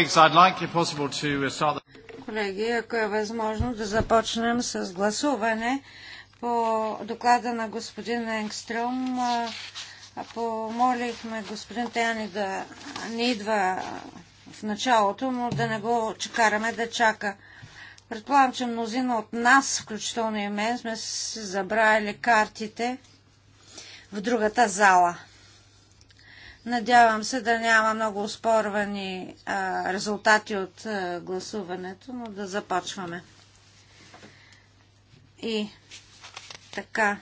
Uh, Колеги, ако е възможно да започнем с гласуване по доклада на господин Енгстрюм. Помолихме господин Тяни да не идва в началото, но да не го караме да чака. Предполагам, че мнозина от нас, включително и мен, сме се забравили картите в другата зала. Надявам се да няма много спорвани резултати от а, гласуването, но да започваме. И така.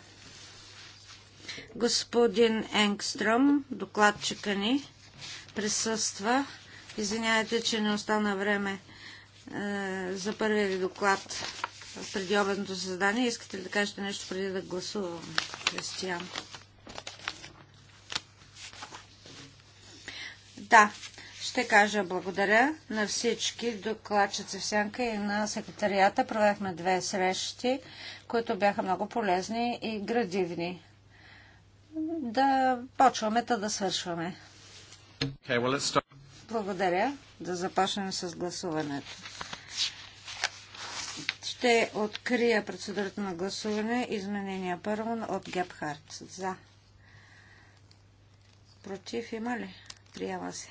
Господин Енгстром, докладчика ни, присъства. Извинявайте, че не остана време за първия ви доклад преди обедното заседание. Искате ли да кажете нещо преди да гласуваме, Кристиян? Да, ще кажа благодаря на всички докладчици в Сянка и на секретарията. Провехме две срещи, които бяха много полезни и градивни. Да почваме, та да свършваме. Okay, well, благодаря. Да започнем с гласуването. Ще открия процедурата на гласуване. Изменения първо от Гепхарт. За. Против има ли? приема се.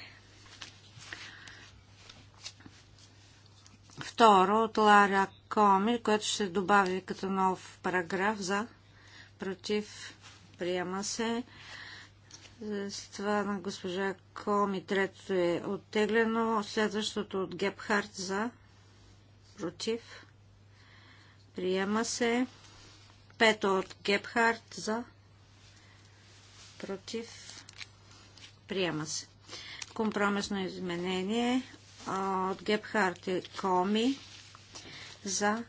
Второ, от Лара Коми, което ще добави като нов параграф за против, приема се. С това на госпожа Коми трето е оттеглено. Следващото от Гепхарт за против. Приема се. Пето от Гепхарт за против. Приема се. Компромисно изменение от Гепхарт и Коми за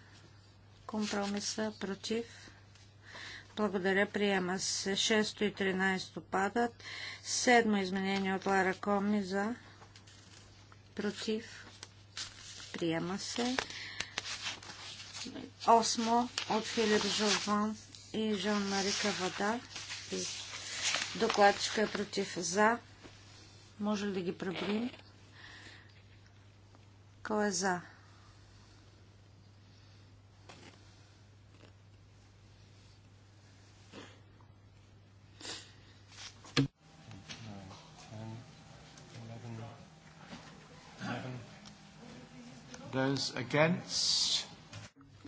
компромиса против. Благодаря, приема се. 6 и 13 падат. Седмо изменение от Лара Коми за против. Приема се. Осмо от Филип Жован и Жан-Мари Кавада. Докладчика е против за. Може ли да ги преброим? Кой е за?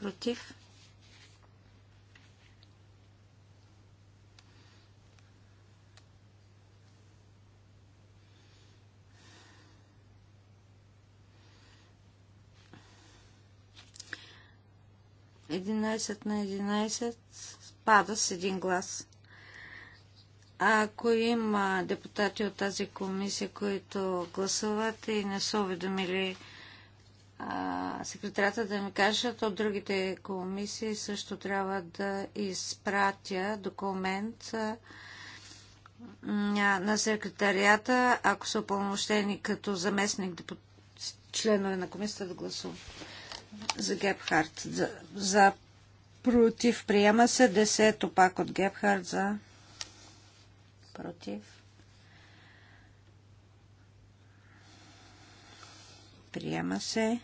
Против. 11 на 11 пада с един глас. А ако има депутати от тази комисия, които гласуват и не са уведомили а, секретарята да ми кажат, от другите комисии също трябва да изпратя документ а, на секретарията, ако са упълномощени като заместник членове на комисията да гласуват за Гепхард. За, за против приема се. Десето пак от Гепхард за против. Приема се.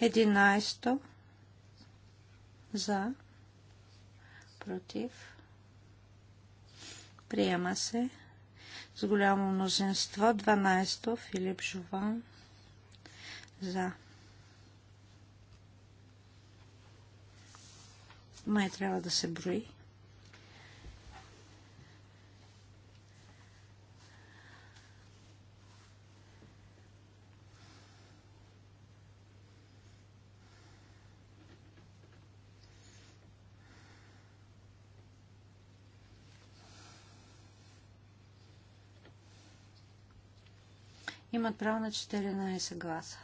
Единайсто за против. Приема се с голямо мнозинство. 12 Филип Жован за. Май трябва да се брои. имат право на 14 гласа.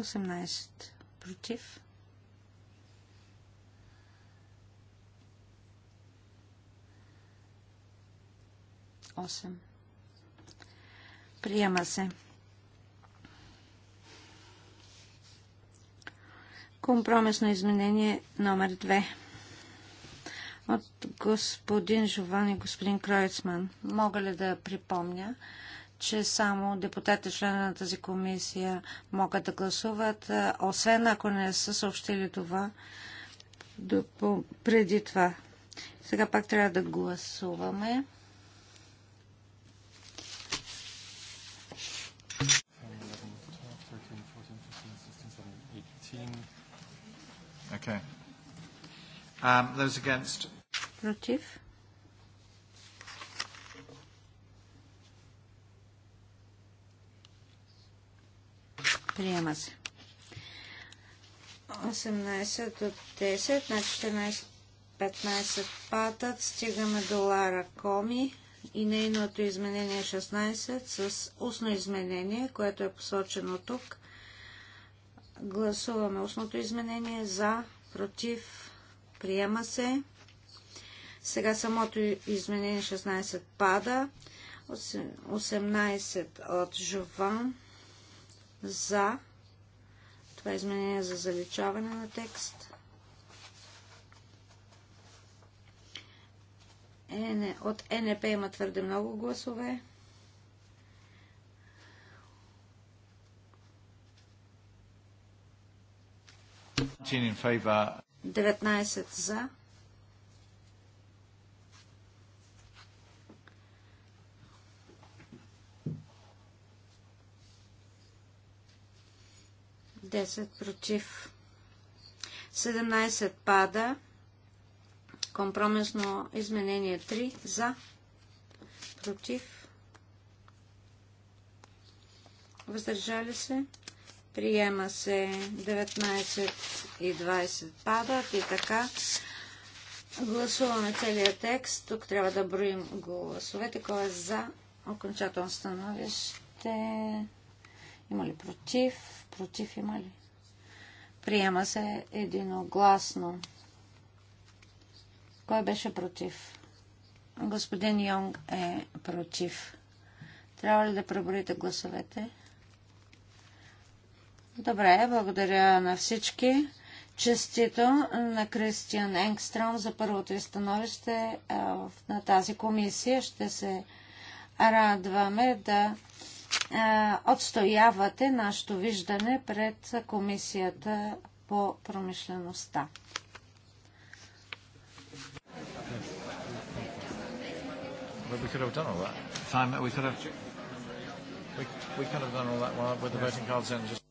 18 против. Приема се. Компромисно изменение номер 2 от господин Жован и господин Кройцман. Мога ли да припомня че само депутати, члена на тази комисия могат да гласуват, освен ако не са съобщили това преди това. Сега пак трябва да гласуваме. Okay. Um, those against? Против. Приема се. 18 от 10 на 14 15 патът. Стигаме до Лара Коми и нейното изменение 16 е с устно изменение, което е посочено тук. Гласуваме устното изменение за, против, приема се. Сега самото изменение 16 пада. 18 от Жован за това е изменение за заличаване на текст. От НП има твърде много гласове. Favor... 19 за. 10 против. 17 пада. Компромисно изменение 3 за. Против. Въздържали се. Приема се 19 и 20 падат и така. Гласуваме целият текст. Тук трябва да броим гласовете. Кой е за окончателно становище? Има ли против? Против има ли? Приема се единогласно. Кой беше против? Господин Йонг е против. Трябва ли да преброите гласовете? Добре, благодаря на всички. Честито на Кристиан Енгстром за първото изстановище на тази комисия. Ще се радваме да отстоявате нашето виждане пред Комисията по промишлеността. we could have done all that. Time, we could have, we, we could have done all that while, with the voting cards in. Just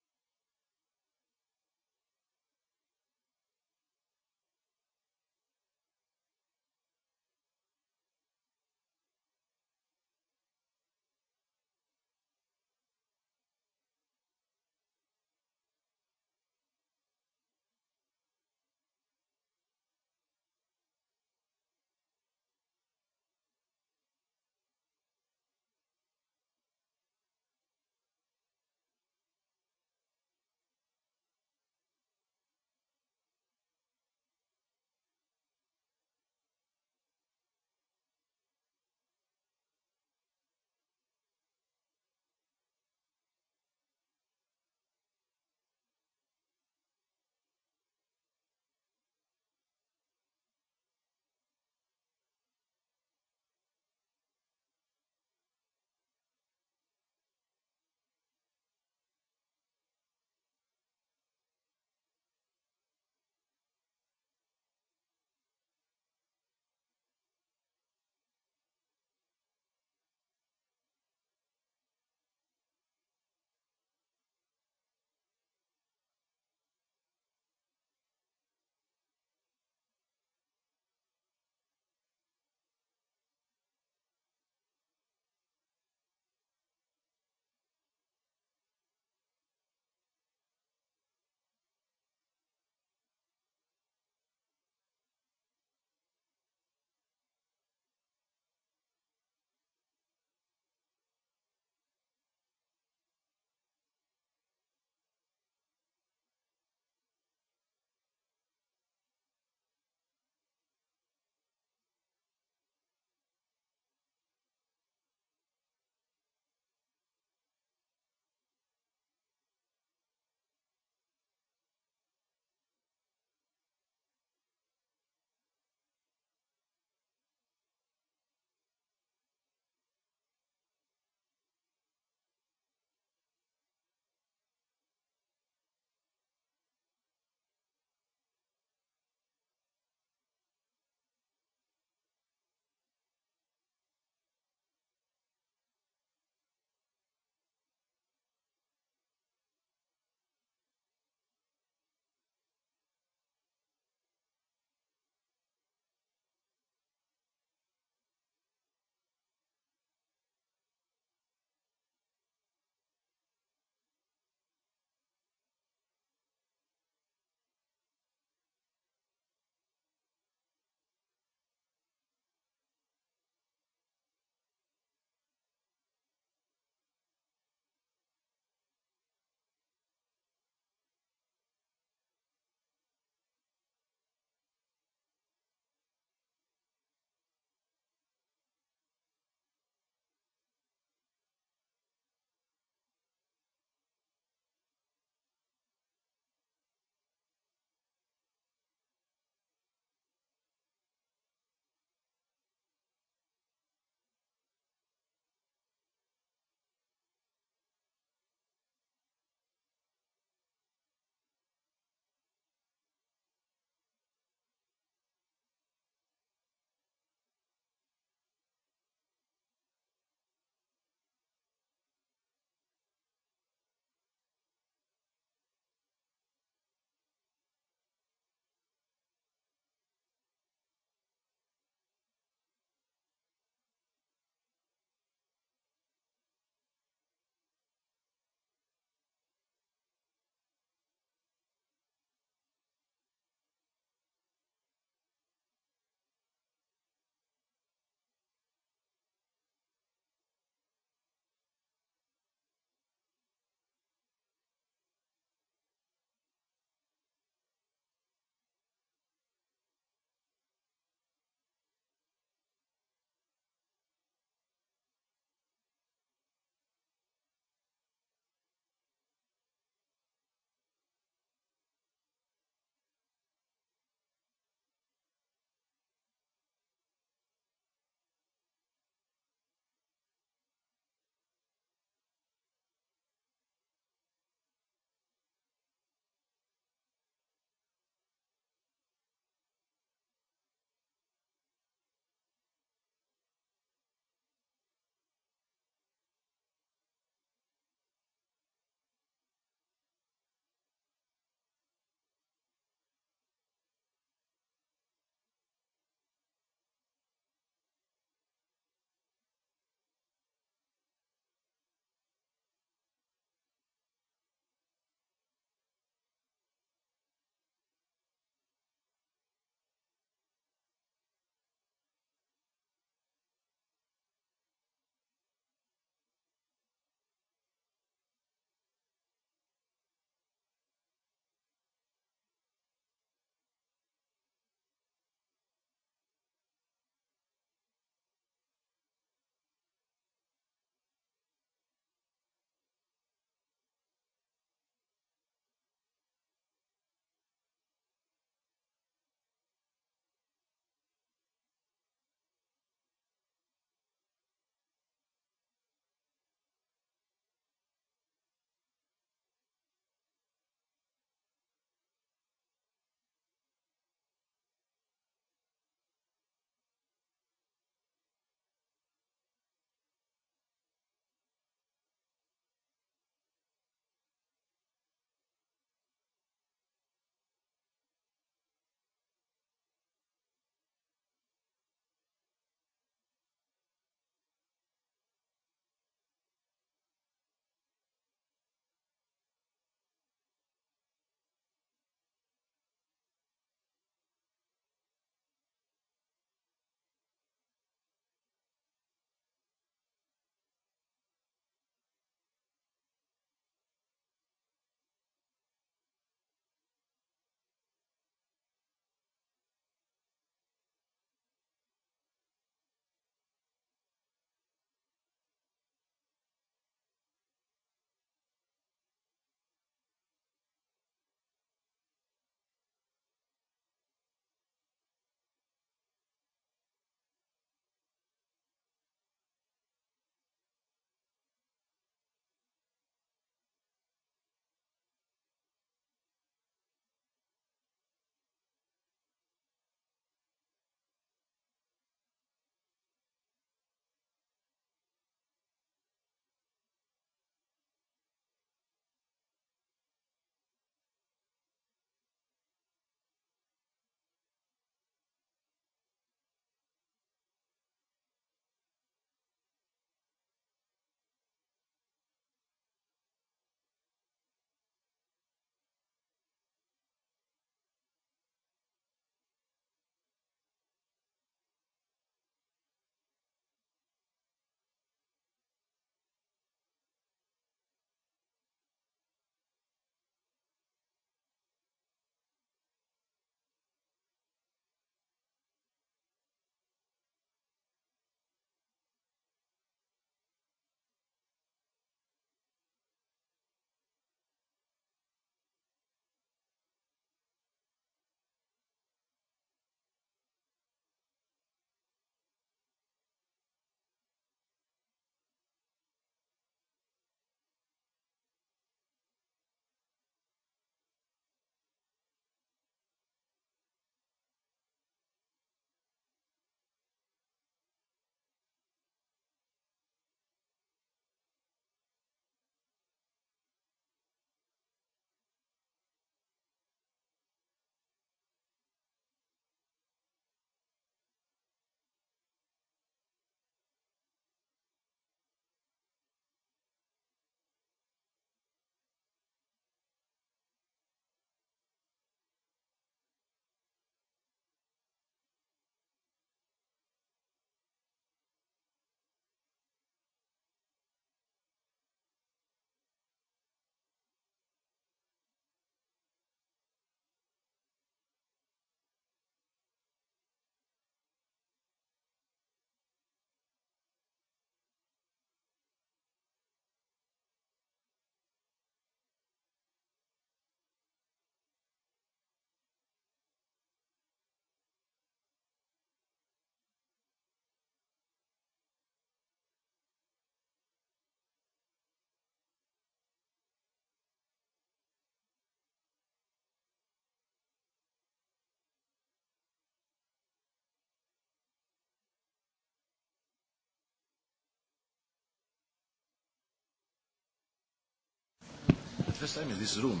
first time in this room.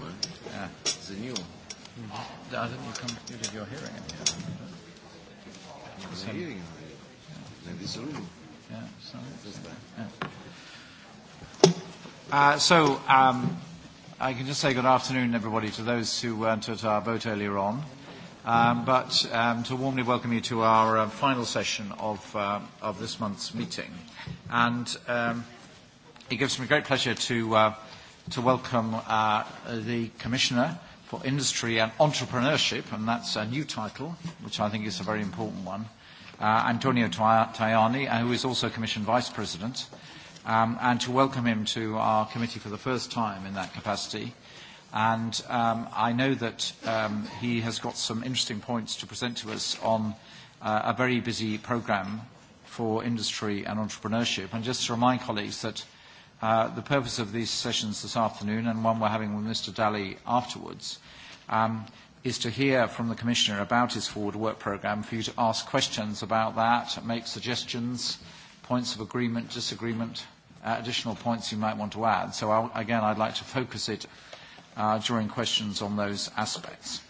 Yeah. It's a new. Mm-hmm. you come you did your hearing was hearing in this room. Yeah. So. Yeah. Uh, so um, I can just say good afternoon, everybody, to those who weren't at our vote earlier on. Um, but um, to warmly welcome you to our uh, final session of, uh, of this month's meeting. And um, it gives me great pleasure to uh, to welcome uh, the Commissioner for Industry and Entrepreneurship, and that's a new title, which I think is a very important one, uh, Antonio Tajani, who is also Commission Vice President, um, and to welcome him to our committee for the first time in that capacity. And um, I know that um, he has got some interesting points to present to us on uh, a very busy programme for industry and entrepreneurship. And just to remind colleagues that uh, the purpose of these sessions this afternoon, and one we're having with Mr. Daly afterwards, um, is to hear from the Commissioner about his forward work programme, for you to ask questions about that, make suggestions, points of agreement, disagreement, uh, additional points you might want to add. So I'll, again, I'd like to focus it uh, during questions on those aspects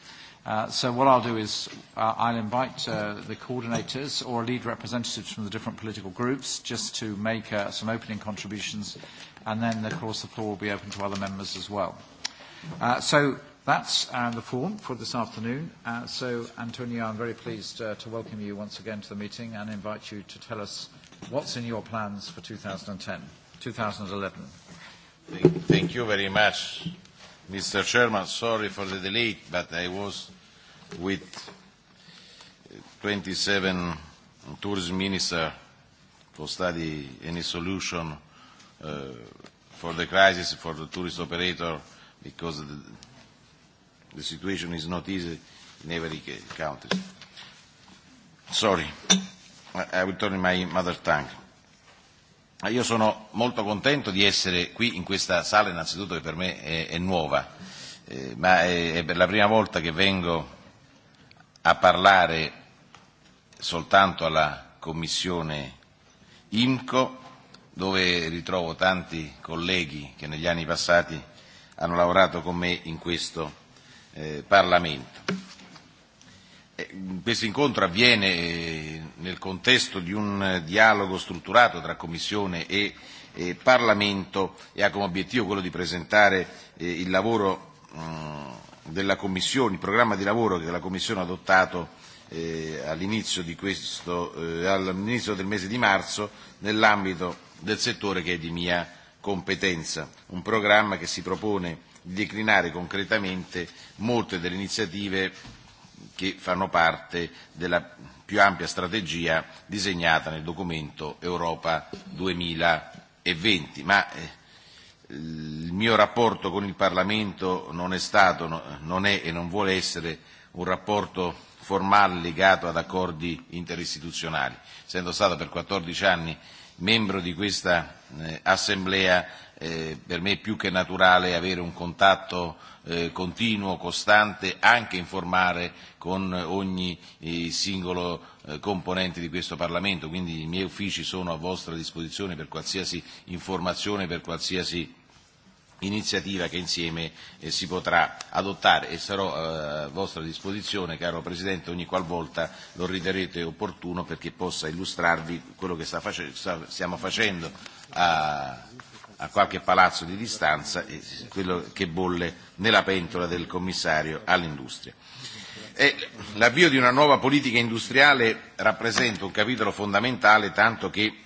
so what I'll do is uh, I'll invite uh, the coordinators or lead representatives from the different political groups just to make uh, some opening contributions, and then, of course, the floor will be open to other members as well. Uh, so that's uh, the form for this afternoon. Uh, so, Antonio, I'm very pleased uh, to welcome you once again to the meeting and invite you to tell us what's in your plans for 2010, 2011. Thank you very much, Mr. Chairman, sorry for the delay, but I was with 27 tourism minister to study any solution uh, for the crisis for the tourist operator because the, the situation is not easy in every country. Sorry, I will turn in my mother tongue. Io sono molto contento di essere qui in questa sala, innanzitutto che per me è, è nuova, eh, ma è, è per la prima volta che vengo a parlare soltanto alla Commissione IMCO, dove ritrovo tanti colleghi che negli anni passati hanno lavorato con me in questo eh, Parlamento. Questo incontro avviene nel contesto di un dialogo strutturato tra Commissione e Parlamento e ha come obiettivo quello di presentare il lavoro della Commissione, il programma di lavoro che la Commissione ha adottato all'inizio, di questo, all'inizio del mese di marzo nell'ambito del settore che è di mia competenza, un programma che si propone di declinare concretamente molte delle iniziative che fanno parte della più ampia strategia disegnata nel documento Europa 2020. Ma il mio rapporto con il Parlamento non è stato, non è e non vuole essere un rapporto formale legato ad accordi interistituzionali. Essendo stato per 14 anni membro di questa eh, assemblea, eh, per me è più che naturale avere un contatto eh, continuo, costante, anche informare con ogni eh, singolo eh, componente di questo Parlamento. Quindi i miei uffici sono a vostra disposizione per qualsiasi informazione, per qualsiasi iniziativa che insieme eh, si potrà adottare e sarò eh, a vostra disposizione, caro Presidente, ogni qualvolta lo riterete opportuno perché possa illustrarvi quello che sta face- sta- stiamo facendo a a qualche palazzo di distanza quello che bolle nella pentola del commissario all'industria. l'avvio di una nuova politica industriale rappresenta un capitolo fondamentale tanto che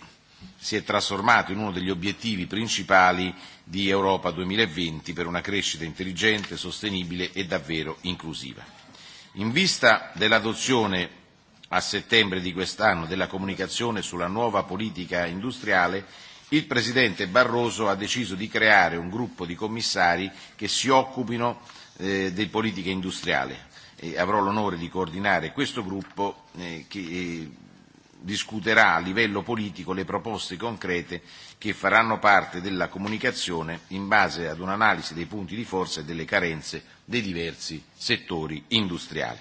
si è trasformato in uno degli obiettivi principali di Europa 2020 per una crescita intelligente, sostenibile e davvero inclusiva. In vista dell'adozione a settembre di quest'anno della comunicazione sulla nuova politica industriale, il Presidente Barroso ha deciso di creare un gruppo di commissari che si occupino eh, di politica industriale. E avrò l'onore di coordinare questo gruppo eh, che eh, discuterà a livello politico le proposte concrete che faranno parte della comunicazione in base ad un'analisi dei punti di forza e delle carenze dei diversi settori industriali.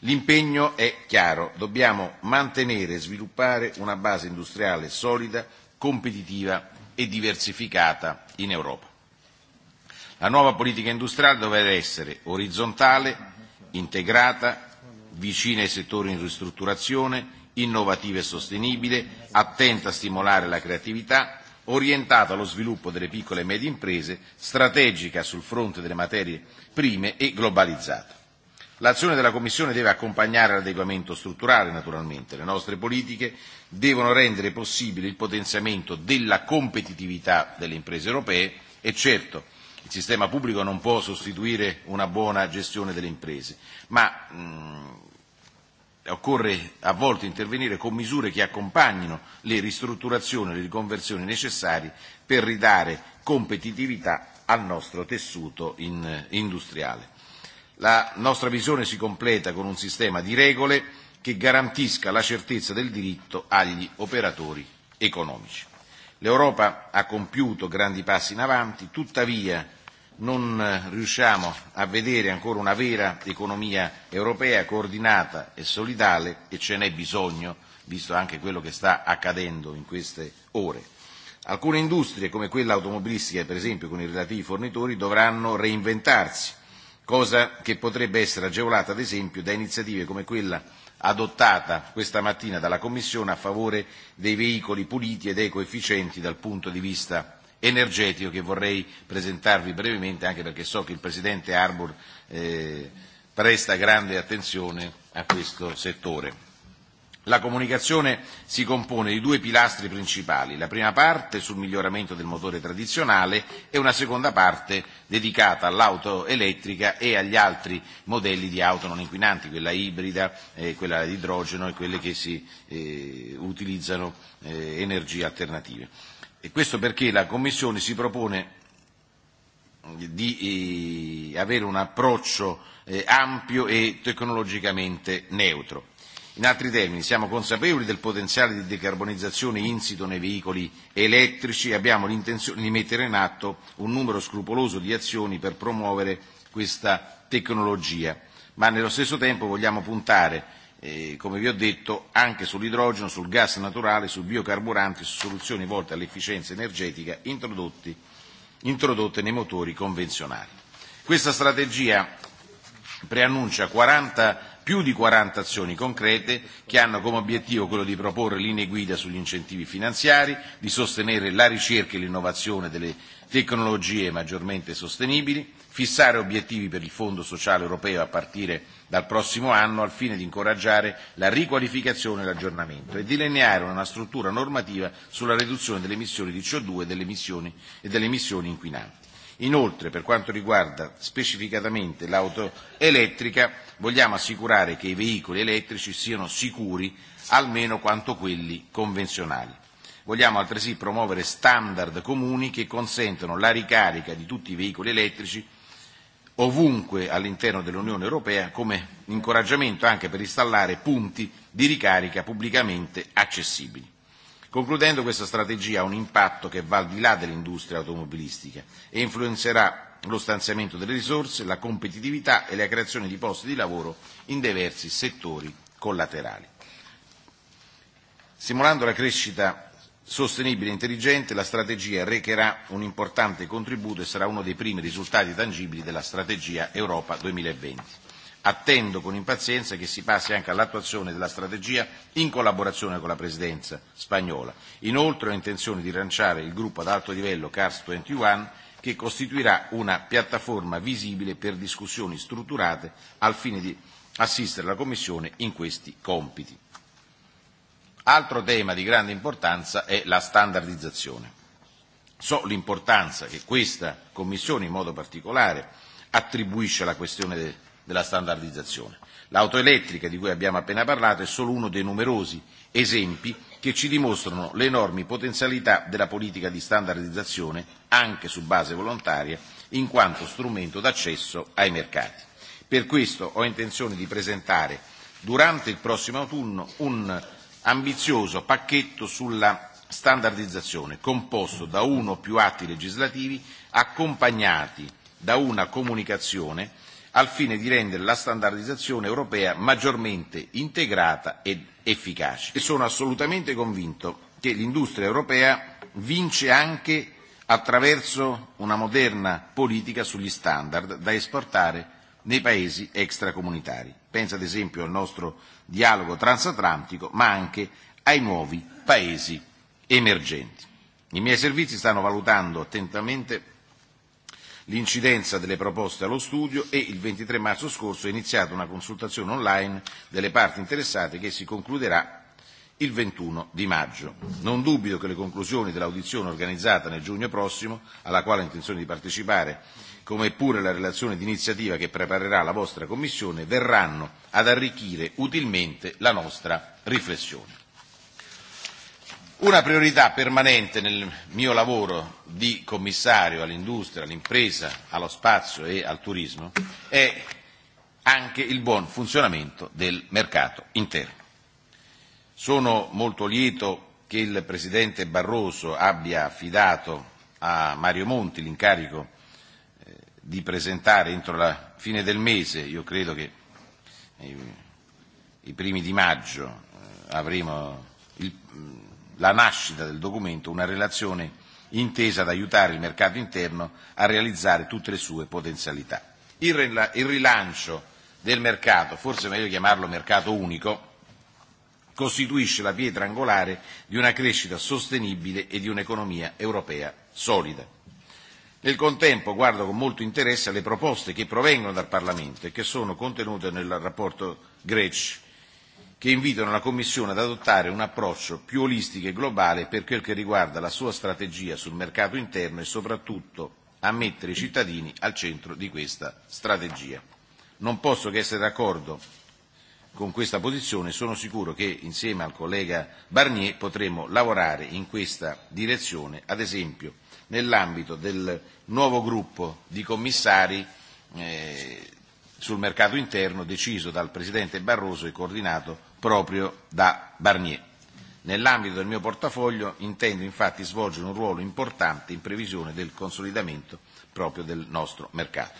L'impegno è chiaro, dobbiamo mantenere e sviluppare una base industriale solida competitiva e diversificata in Europa. La nuova politica industriale dovrà essere orizzontale, integrata, vicina ai settori in ristrutturazione, innovativa e sostenibile, attenta a stimolare la creatività, orientata allo sviluppo delle piccole e medie imprese, strategica sul fronte delle materie prime e globalizzata. L'azione della Commissione deve accompagnare l'adeguamento strutturale, naturalmente. Le nostre politiche devono rendere possibile il potenziamento della competitività delle imprese europee e certo il sistema pubblico non può sostituire una buona gestione delle imprese, ma mh, occorre a volte intervenire con misure che accompagnino le ristrutturazioni e le riconversioni necessarie per ridare competitività al nostro tessuto in, industriale. La nostra visione si completa con un sistema di regole che garantisca la certezza del diritto agli operatori economici. L'Europa ha compiuto grandi passi in avanti, tuttavia non riusciamo a vedere ancora una vera economia europea coordinata e solidale e ce n'è bisogno, visto anche quello che sta accadendo in queste ore. Alcune industrie, come quella automobilistica per esempio con i relativi fornitori, dovranno reinventarsi cosa che potrebbe essere agevolata ad esempio da iniziative come quella adottata questa mattina dalla Commissione a favore dei veicoli puliti ed ecoefficienti dal punto di vista energetico che vorrei presentarvi brevemente anche perché so che il Presidente Harbour eh, presta grande attenzione a questo settore. La comunicazione si compone di due pilastri principali, la prima parte sul miglioramento del motore tradizionale e una seconda parte dedicata all'auto elettrica e agli altri modelli di auto non inquinanti, quella ibrida, eh, quella di idrogeno e quelle che si eh, utilizzano eh, energie alternative. E questo perché la Commissione si propone di eh, avere un approccio eh, ampio e tecnologicamente neutro In altri termini, siamo consapevoli del potenziale di decarbonizzazione insito nei veicoli elettrici e abbiamo l'intenzione di mettere in atto un numero scrupoloso di azioni per promuovere questa tecnologia, ma nello stesso tempo vogliamo puntare come vi ho detto, anche sull'idrogeno, sul gas naturale, su biocarburanti, su soluzioni volte all'efficienza energetica introdotte nei motori convenzionali. Questa strategia preannuncia 40 più di 40 azioni concrete che hanno come obiettivo quello di proporre linee guida sugli incentivi finanziari, di sostenere la ricerca e l'innovazione delle tecnologie maggiormente sostenibili, fissare obiettivi per il Fondo sociale europeo a partire dal prossimo anno al fine di incoraggiare la riqualificazione e l'aggiornamento e delineare una struttura normativa sulla riduzione delle emissioni di CO2 e delle emissioni inquinanti. Inoltre, per quanto riguarda specificatamente l'auto elettrica, vogliamo assicurare che i veicoli elettrici siano sicuri almeno quanto quelli convenzionali. Vogliamo altresì promuovere standard comuni che consentano la ricarica di tutti i veicoli elettrici ovunque all'interno dell'Unione Europea come incoraggiamento anche per installare punti di ricarica pubblicamente accessibili. Concludendo, questa strategia ha un impatto che va al di là dell'industria automobilistica e influenzerà lo stanziamento delle risorse, la competitività e la creazione di posti di lavoro in diversi settori collaterali. Stimolando la crescita sostenibile e intelligente, la strategia recherà un importante contributo e sarà uno dei primi risultati tangibili della strategia Europa 2020. Attendo con impazienza che si passi anche all'attuazione della strategia in collaborazione con la Presidenza spagnola. Inoltre ho intenzione di lanciare il gruppo ad alto livello CARS 21 che costituirà una piattaforma visibile per discussioni strutturate al fine di assistere la Commissione in questi compiti. Altro tema di grande importanza è la standardizzazione. So l'importanza che questa Commissione in modo particolare attribuisce alla questione della standardizzazione. L'auto elettrica di cui abbiamo appena parlato è solo uno dei numerosi esempi che ci dimostrano le enormi potenzialità della politica di standardizzazione, anche su base volontaria, in quanto strumento d'accesso ai mercati. Per questo ho intenzione di presentare durante il prossimo autunno un ambizioso pacchetto sulla standardizzazione, composto da uno o più atti legislativi accompagnati da una comunicazione al fine di rendere la standardizzazione europea maggiormente integrata ed efficace. E sono assolutamente convinto che l'industria europea vince anche attraverso una moderna politica sugli standard da esportare nei paesi extracomunitari. Penso ad esempio al nostro dialogo transatlantico, ma anche ai nuovi paesi emergenti. I miei servizi stanno valutando attentamente l'incidenza delle proposte allo studio e il 23 marzo scorso è iniziata una consultazione online delle parti interessate che si concluderà il 21 di maggio. Non dubito che le conclusioni dell'audizione organizzata nel giugno prossimo, alla quale ho intenzione di partecipare, come pure la relazione d'iniziativa che preparerà la vostra Commissione, verranno ad arricchire utilmente la nostra riflessione. Una priorità permanente nel mio lavoro di commissario all'industria, all'impresa, allo spazio e al turismo è anche il buon funzionamento del mercato interno. Sono molto lieto che il Presidente Barroso abbia affidato a Mario Monti l'incarico di presentare entro la fine del mese, io credo che i primi di maggio avremo la nascita del documento una relazione intesa ad aiutare il mercato interno a realizzare tutte le sue potenzialità. Il, rilancio del mercato, forse è meglio chiamarlo mercato unico, costituisce la pietra angolare di una crescita sostenibile e di un'economia europea solida. Nel contempo guardo con molto interesse alle proposte che provengono dal Parlamento e che sono contenute nel rapporto Grecci che invitano la Commissione ad adottare un approccio più olistico e globale per quel che riguarda la sua strategia sul mercato interno e soprattutto a mettere i cittadini al centro di questa strategia. Non posso che essere d'accordo con questa posizione e sono sicuro che insieme al collega Barnier potremo lavorare in questa direzione, ad esempio nell'ambito del nuovo gruppo di commissari sul mercato interno deciso dal Presidente Barroso e coordinato proprio da Barnier. Nell'ambito del mio portafoglio intendo infatti svolgere un ruolo importante in previsione del consolidamento proprio del nostro mercato.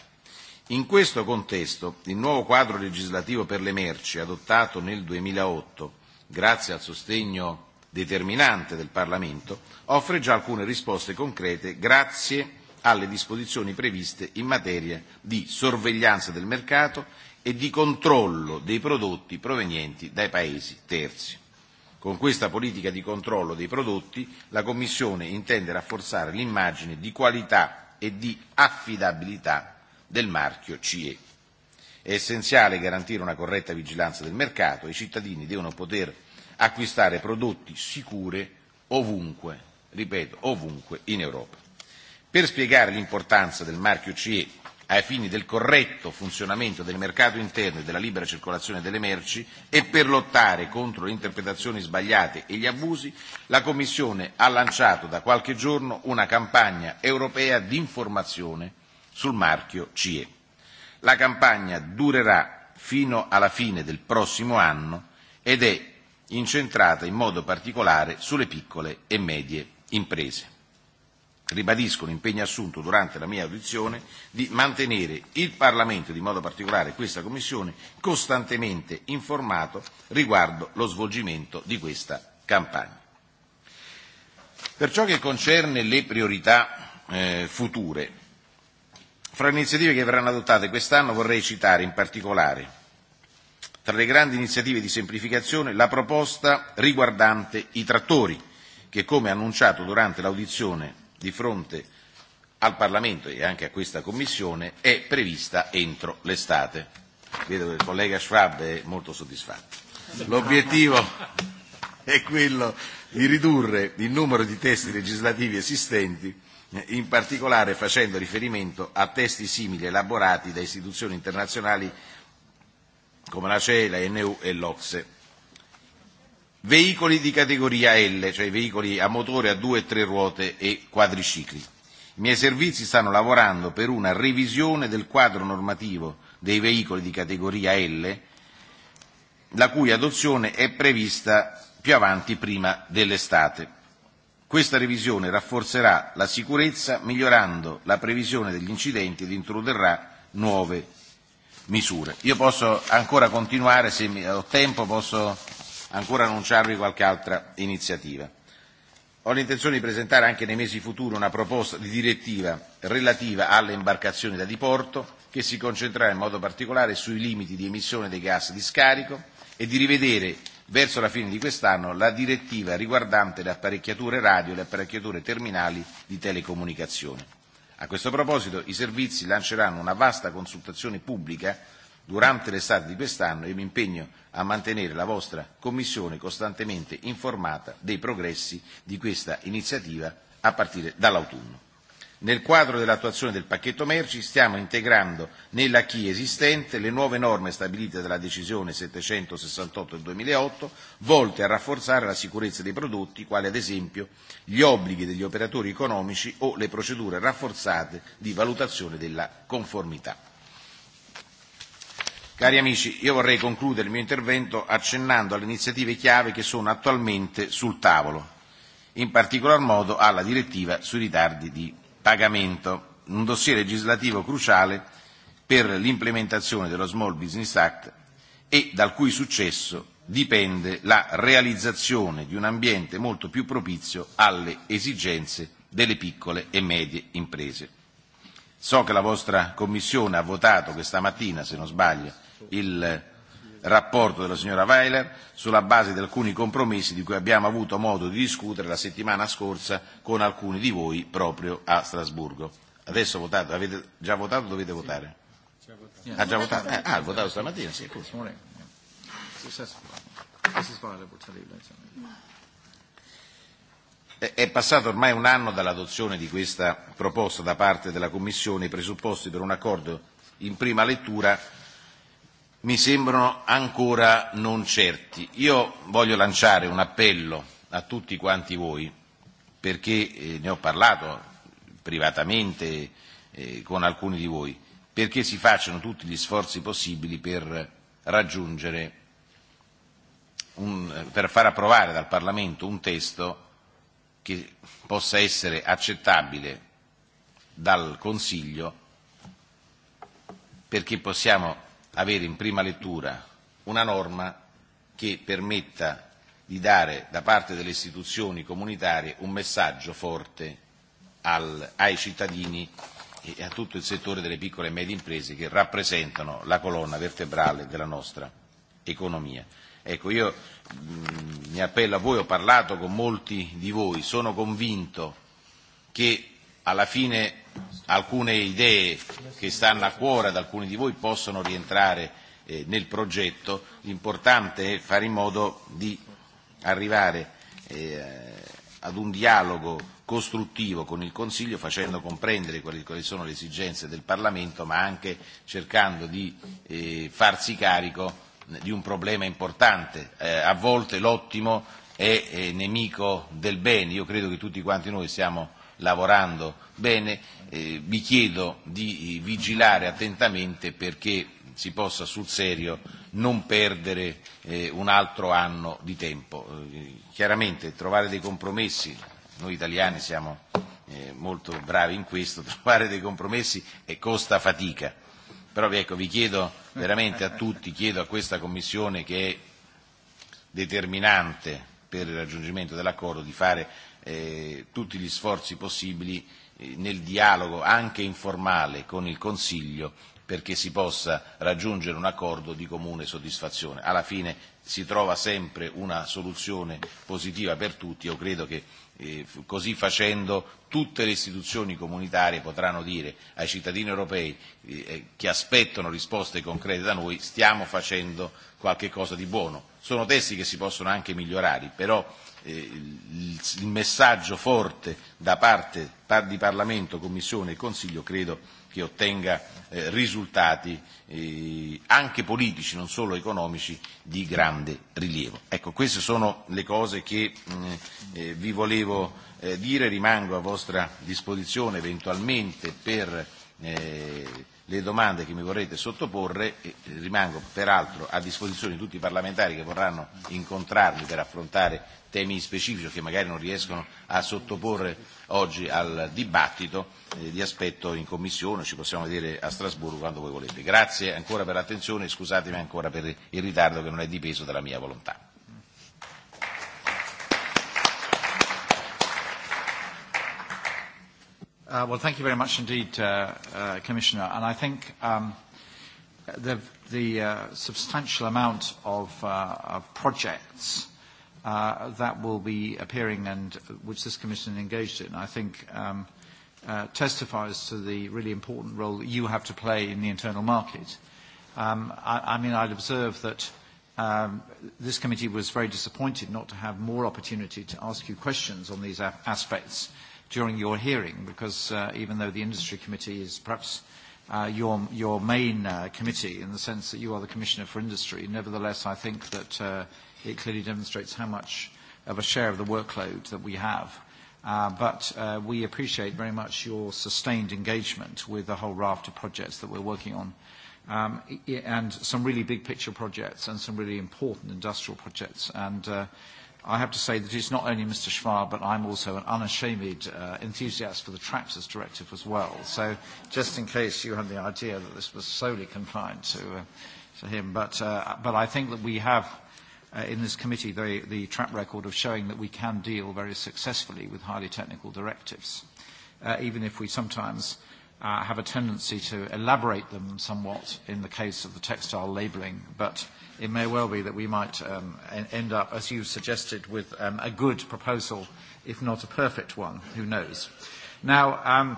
In questo contesto, il nuovo quadro legislativo per le merci, adottato nel 2008 grazie al sostegno determinante del Parlamento, offre già alcune risposte concrete grazie alle disposizioni previste in materia di sorveglianza del mercato e di controllo dei prodotti provenienti dai paesi terzi. Con questa politica di controllo dei prodotti la Commissione intende rafforzare l'immagine di qualità e di affidabilità del marchio CE. È essenziale garantire una corretta vigilanza del mercato e i cittadini devono poter acquistare prodotti sicure ovunque, ripeto, ovunque in Europa. Per spiegare l'importanza del marchio CE ai fini del corretto funzionamento del mercato interno e della libera circolazione delle merci e per lottare contro le interpretazioni sbagliate e gli abusi, la Commissione ha lanciato da qualche giorno una campagna europea di informazione sul marchio CE. La campagna durerà fino alla fine del prossimo anno ed è incentrata in modo particolare sulle piccole e medie imprese. Ribadisco l'impegno assunto durante la mia audizione di mantenere il Parlamento, e in modo particolare questa Commissione, costantemente informato riguardo lo svolgimento di questa campagna. Per ciò che concerne le priorità eh, future, fra le iniziative che verranno adottate quest'anno vorrei citare in particolare tra le grandi iniziative di semplificazione la proposta riguardante i trattori, che come annunciato durante l'audizione di fronte al Parlamento e anche a questa Commissione è prevista entro l'estate. Vedo che il collega Schwab è molto soddisfatto. L'obiettivo è quello di ridurre il numero di testi legislativi esistenti, in particolare facendo riferimento a testi simili elaborati da istituzioni internazionali come la CEE, la NU e l'Ocse veicoli di categoria L, cioè veicoli a motore a due e tre ruote e quadricicli. I miei servizi stanno lavorando per una revisione del quadro normativo dei veicoli di categoria L, la cui adozione è prevista più avanti prima dell'estate. Questa revisione rafforzerà la sicurezza migliorando la previsione degli incidenti ed introdurrà nuove misure. Io posso ancora continuare, se ho tempo posso ancora annunciarvi qualche altra iniziativa. Ho l'intenzione di presentare anche nei mesi futuri una proposta di direttiva relativa alle imbarcazioni da diporto che si concentrerà in modo particolare sui limiti di emissione dei gas di scarico e di rivedere verso la fine di quest'anno la direttiva riguardante le apparecchiature radio e le apparecchiature terminali di telecomunicazione. A questo proposito i servizi lanceranno una vasta consultazione pubblica Durante l'estate di quest'anno io mi impegno a mantenere la vostra Commissione costantemente informata dei progressi di questa iniziativa a partire dall'autunno. Nel quadro dell'attuazione del pacchetto merci stiamo integrando nella chi esistente le nuove norme stabilite dalla decisione 768 del 2008 volte a rafforzare la sicurezza dei prodotti, quali ad esempio gli obblighi degli operatori economici o le procedure rafforzate di valutazione della conformità. Cari amici, io vorrei concludere il mio intervento accennando alle iniziative chiave che sono attualmente sul tavolo, in particolar modo alla direttiva sui ritardi di pagamento, un dossier legislativo cruciale per l'implementazione dello Small Business Act e dal cui successo dipende la realizzazione di un ambiente molto più propizio alle esigenze delle piccole e medie imprese. So che la vostra Commissione ha votato questa mattina, se non sbaglio, il rapporto della signora Weiler sulla base di alcuni compromessi di cui abbiamo avuto modo di discutere la settimana scorsa con alcuni di voi proprio a Strasburgo. Adesso votate, avete già votato o dovete votare? Ha già votato? Eh, ah, ha votato stamattina, sì. È passato ormai un anno dall'adozione di questa proposta da parte della Commissione, i presupposti per un accordo in prima lettura mi sembrano ancora non certi. Io voglio lanciare un appello a tutti quanti voi, perché eh, ne ho parlato privatamente eh, con alcuni di voi, perché si facciano tutti gli sforzi possibili per raggiungere, un, per far approvare dal Parlamento un testo che possa essere accettabile dal Consiglio perché possiamo avere in prima lettura una norma che permetta di dare da parte delle istituzioni comunitarie un messaggio forte al, ai cittadini e a tutto il settore delle piccole e medie imprese che rappresentano la colonna vertebrale della nostra economia. Ecco, io mh, mi appello a voi, ho parlato con molti di voi, sono convinto che alla fine alcune idee che stanno a cuore ad alcuni di voi possono rientrare eh, nel progetto, l'importante è fare in modo di arrivare eh, ad un dialogo costruttivo con il Consiglio facendo comprendere quali, quali sono le esigenze del Parlamento ma anche cercando di eh, farsi carico di un problema importante. Eh, a volte l'ottimo è è nemico del bene, io credo che tutti quanti noi siamo lavorando bene, eh, vi chiedo di vigilare attentamente perché si possa sul serio non perdere eh, un altro anno di tempo. Eh, chiaramente trovare dei compromessi, noi italiani siamo eh, molto bravi in questo, trovare dei compromessi e costa fatica. Però ecco, vi chiedo veramente a tutti, chiedo a questa Commissione che è determinante per il raggiungimento dell'accordo di fare eh, tutti gli sforzi possibili nel dialogo anche informale con il Consiglio perché si possa raggiungere un accordo di comune soddisfazione. Alla fine si trova sempre una soluzione positiva per tutti, io credo che eh, così facendo tutte le istituzioni comunitarie potranno dire ai cittadini europei eh, che aspettano risposte concrete da noi stiamo facendo qualche cosa di buono. Sono testi che si possono anche migliorare, però il, il messaggio forte da parte di Parlamento, Commissione e Consiglio credo che ottenga eh, risultati eh, anche politici, non solo economici, di grande rilievo. Ecco, queste sono le cose che eh, vi volevo eh, dire, rimango a vostra disposizione eventualmente per eh, le domande che mi vorrete sottoporre. e Rimango peraltro a disposizione di tutti i parlamentari che vorranno incontrarmi per affrontare temi specifici che magari non riescono a sottoporre oggi al dibattito di aspetto in commissione, ci possiamo vedere a Strasburgo quando voi volete. Grazie ancora per l'attenzione e scusatemi ancora per il ritardo che non è dipeso dalla mia volontà. Uh, well, thank you very much indeed, uh, uh, Commissioner. And I think um, the, the uh, substantial amount of, uh, of projects uh, that will be appearing and which this Commission engaged in, I think um, uh, testifies to the really important role that you have to play in the internal market. Um, I, I mean, I'd observe that um, this committee was very disappointed not to have more opportunity to ask you questions on these aspects during your hearing, because uh, even though the industry committee is perhaps uh, your, your main uh, committee in the sense that you are the commissioner for industry, nevertheless, I think that uh, it clearly demonstrates how much of a share of the workload that we have. Uh, but uh, we appreciate very much your sustained engagement with the whole raft of projects that we're working on um, and some really big picture projects and some really important industrial projects. And uh, I have to say that it's not only Mr. Schwab, but I'm also an unashamed uh, enthusiast for the Tractors Directive as well. So just in case you had the idea that this was solely confined to, uh, to him, but, uh, but I think that we have uh, in this committee the, the track record of showing that we can deal very successfully with highly technical directives, uh, even if we sometimes uh, have a tendency to elaborate them somewhat in the case of the textile labelling, but it may well be that we might um, end up, as you suggested, with um, a good proposal, if not a perfect one. Who knows? Now, um,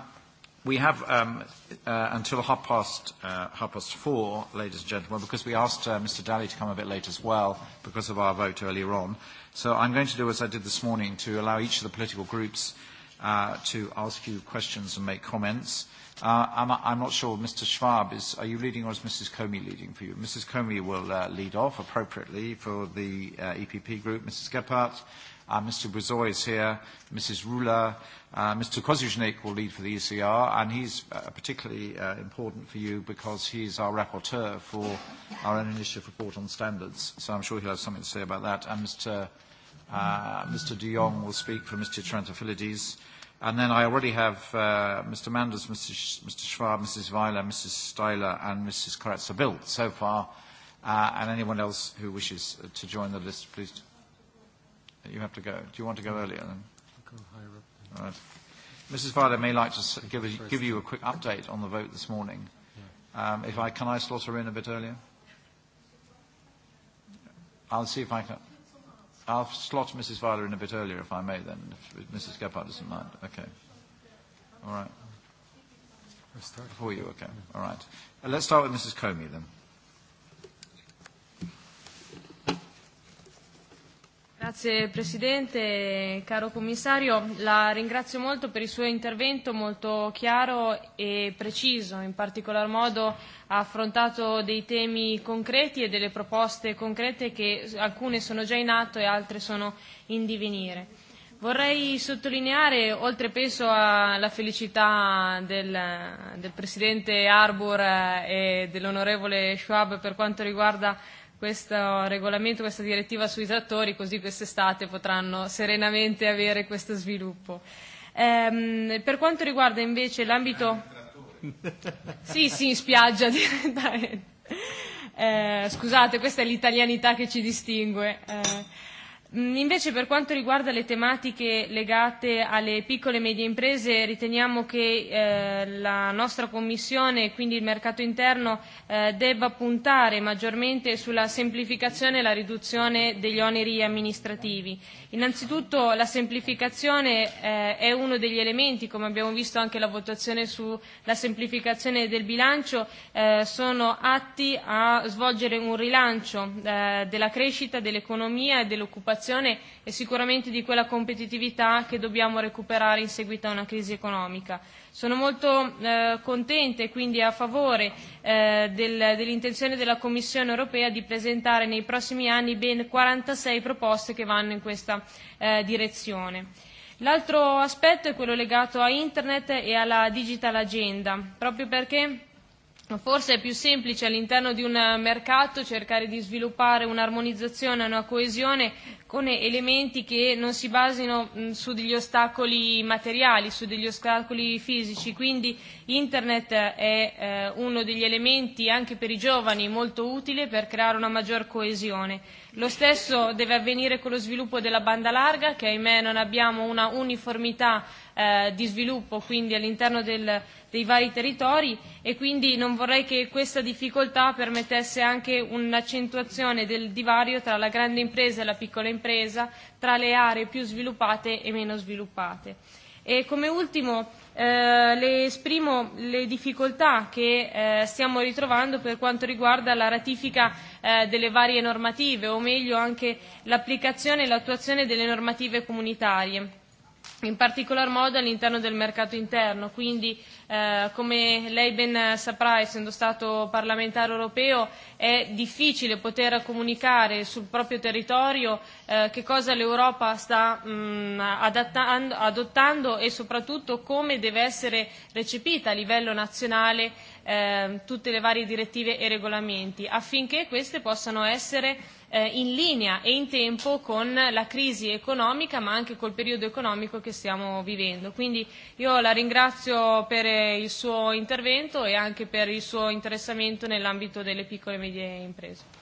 we have um, uh, until half past, uh, half past four, ladies and gentlemen, because we asked uh, Mr. Daly to come a bit late as well because of our vote earlier on. So I'm going to do as I did this morning to allow each of the political groups uh, to ask you questions and make comments. Uh, I'm, I'm not sure. Mr. Schwab, is, are you leading or is Mrs. Comey leading for you? Mrs. Comey will uh, lead off appropriately for the uh, EPP group. Mrs. Gephardt, uh, Mr. Brazoy is here. Mrs. Rula, uh, Mr. Kozuznik will lead for the ECR, and he's uh, particularly uh, important for you because he's our rapporteur for our own initiative report on standards. So I'm sure he'll have something to say about that. And Mr. Uh, Mr. De Jong will speak for Mr. Trantafilides. And then I already have uh, Mr. Manders, Mr. Mr. Schwab, Mrs. Weiler, Mrs. Steiler, and Mrs. Karatza built so far. Uh, and anyone else who wishes to join the list, please. You have to go. Do you want to go earlier then? All right. Mrs. Weiler may like to give, a, give you a quick update on the vote this morning. Um, if I can, I slot her in a bit earlier. I'll see if I can. I'll slot Mrs. Weiler in a bit earlier, if I may, then, if Mrs. Gephardt doesn't mind. Okay. All right. Before you, okay. All right. Let's start with Mrs. Comey, then. Grazie Presidente, caro Commissario, la ringrazio molto per il suo intervento molto chiaro e preciso, in particolar modo ha affrontato dei temi concreti e delle proposte concrete che alcune sono già in atto e altre sono in divenire. Vorrei sottolineare, oltre penso alla felicità del, del Presidente Arbour e dell'onorevole Schwab per quanto riguarda questo regolamento, questa direttiva sui trattori, così quest'estate potranno serenamente avere questo sviluppo. Ehm, per quanto riguarda invece l'ambito... Sì, sì, in spiaggia direttamente. Eh, scusate, questa è l'italianità che ci distingue. Eh, Invece per quanto riguarda le tematiche legate alle piccole e medie imprese riteniamo che eh, la nostra Commissione e quindi il mercato interno eh, debba puntare maggiormente sulla semplificazione e la riduzione degli oneri amministrativi Innanzitutto la semplificazione eh, è uno degli elementi, come abbiamo visto anche la votazione sulla semplificazione del bilancio, eh, sono atti a svolgere un rilancio eh, della crescita, dell'economia e dell'occupazione e sicuramente di quella competitività che dobbiamo recuperare in seguito a una crisi economica. Sono molto eh, contenta e quindi a favore eh, del, dell'intenzione della Commissione europea di presentare nei prossimi anni ben 46 proposte che vanno in questa eh, direzione. L'altro aspetto è quello legato a Internet e alla Digital Agenda, proprio perché Forse è più semplice all'interno di un mercato cercare di sviluppare un'armonizzazione, una coesione con elementi che non si basino su degli ostacoli materiali, su degli ostacoli fisici. Quindi Internet è uno degli elementi anche per i giovani molto utile per creare una maggior coesione. Lo stesso deve avvenire con lo sviluppo della banda larga, che ahimè non abbiamo una uniformità eh, di sviluppo quindi all'interno del, dei vari territori e quindi non vorrei che questa difficoltà permettesse anche un'accentuazione del divario tra la grande impresa e la piccola impresa, tra le aree più sviluppate e meno sviluppate. E come ultimo eh, le esprimo le difficoltà che eh, stiamo ritrovando per quanto riguarda la ratifica eh, delle varie normative, o meglio anche l'applicazione e l'attuazione delle normative comunitarie in particolar modo all'interno del mercato interno. Quindi, eh, come lei ben saprà, essendo stato parlamentare europeo, è difficile poter comunicare sul proprio territorio eh, che cosa l'Europa sta mh, adottando e soprattutto come deve essere recepita a livello nazionale eh, tutte le varie direttive e regolamenti, affinché queste possano essere eh, in linea e in tempo con la crisi economica ma anche col periodo economico che stiamo vivendo. Quindi io la ringrazio per il suo intervento e anche per il suo interessamento nell'ambito delle piccole e medie imprese.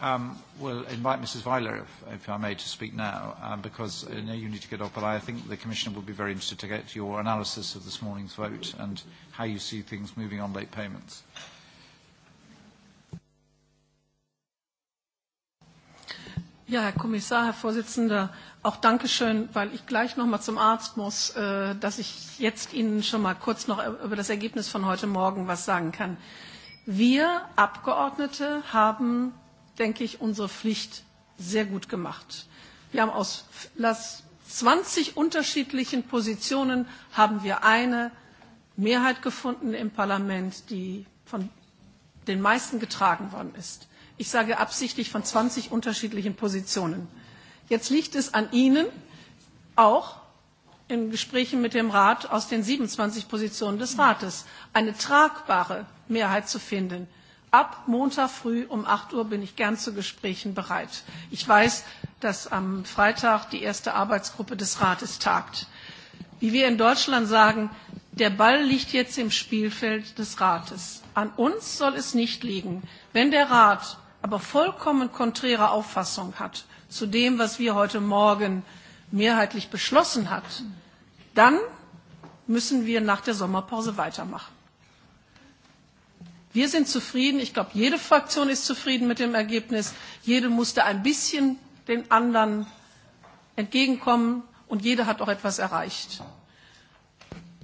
um, will invite Mrs. Weiler, if, if I may, to speak now, um, because I know you need to get off, but I think the Commissioner will be very interested to get your analysis of this morning's vote and how you see things moving on late payments. Ja, Herr Kommissar, Herr Vorsitzender, auch Dankeschön, weil ich gleich noch mal zum Arzt muss, dass ich jetzt Ihnen schon mal kurz noch über das Ergebnis von heute Morgen was sagen kann. Wir Abgeordnete haben denke ich, unsere Pflicht sehr gut gemacht. Wir haben aus zwanzig unterschiedlichen Positionen haben wir eine Mehrheit gefunden im Parlament, die von den meisten getragen worden ist. Ich sage absichtlich von zwanzig unterschiedlichen Positionen. Jetzt liegt es an Ihnen, auch in Gesprächen mit dem Rat aus den 27 Positionen des Rates eine tragbare Mehrheit zu finden Ab Montag früh um 8 Uhr bin ich gern zu Gesprächen bereit. Ich weiß, dass am Freitag die erste Arbeitsgruppe des Rates tagt. Wie wir in Deutschland sagen, der Ball liegt jetzt im Spielfeld des Rates. An uns soll es nicht liegen. Wenn der Rat aber vollkommen konträre Auffassung hat zu dem, was wir heute Morgen mehrheitlich beschlossen hat, dann müssen wir nach der Sommerpause weitermachen. Wir sind zufrieden. Ich glaube, jede Fraktion ist zufrieden mit dem Ergebnis. Jede musste ein bisschen den anderen entgegenkommen und jede hat auch etwas erreicht.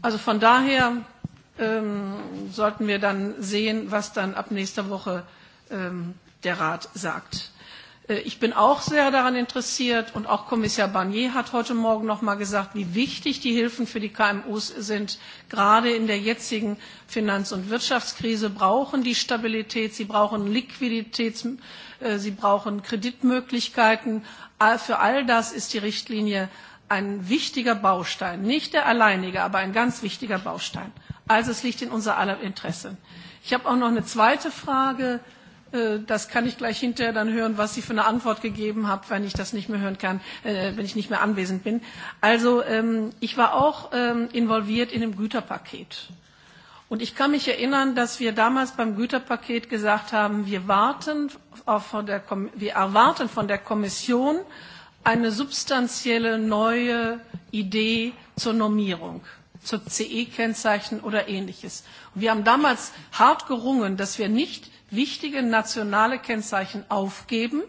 Also von daher ähm, sollten wir dann sehen, was dann ab nächster Woche ähm, der Rat sagt. Ich bin auch sehr daran interessiert und auch Kommissar Barnier hat heute Morgen noch einmal gesagt, wie wichtig die Hilfen für die KMU sind. Gerade in der jetzigen Finanz- und Wirtschaftskrise brauchen die Stabilität, sie brauchen Liquidität, sie brauchen Kreditmöglichkeiten. Für all das ist die Richtlinie ein wichtiger Baustein, nicht der alleinige, aber ein ganz wichtiger Baustein. Also es liegt in unser aller Interesse. Ich habe auch noch eine zweite Frage Das kann ich gleich hinterher dann hören, was Sie für eine Antwort gegeben haben, wenn ich das nicht mehr hören kann, wenn ich nicht mehr anwesend bin. Also ich war auch involviert in dem Güterpaket. Und ich kann mich erinnern, dass wir damals beim Güterpaket gesagt haben, wir, warten von der, wir erwarten von der Kommission eine substanzielle neue Idee zur Normierung zur CE-Kennzeichen oder ähnliches. Wir haben damals hart gerungen, dass wir nicht wichtige nationale Kennzeichen aufgeben,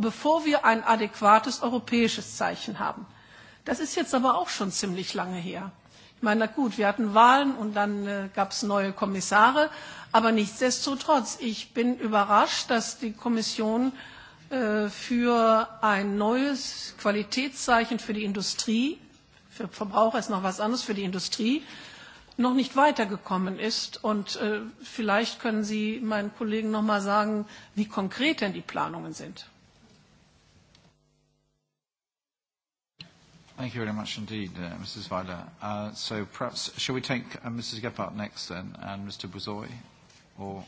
bevor wir ein adäquates europäisches Zeichen haben. Das ist jetzt aber auch schon ziemlich lange her. Ich meine, na gut, wir hatten Wahlen und dann äh, gab es neue Kommissare, aber nichtsdestotrotz, ich bin überrascht, dass die Kommission äh, für ein neues Qualitätszeichen für die Industrie, für Verbraucher ist noch was anderes, für die Industrie noch nicht weitergekommen ist. Und äh, vielleicht können Sie meinen Kollegen noch mal sagen, wie konkret denn die Planungen sind. Thank you very much indeed, uh, Mrs. Weiler. Uh, so perhaps, shall we take uh, Mrs. Gephardt next then, and Mr. Buzoy? Or,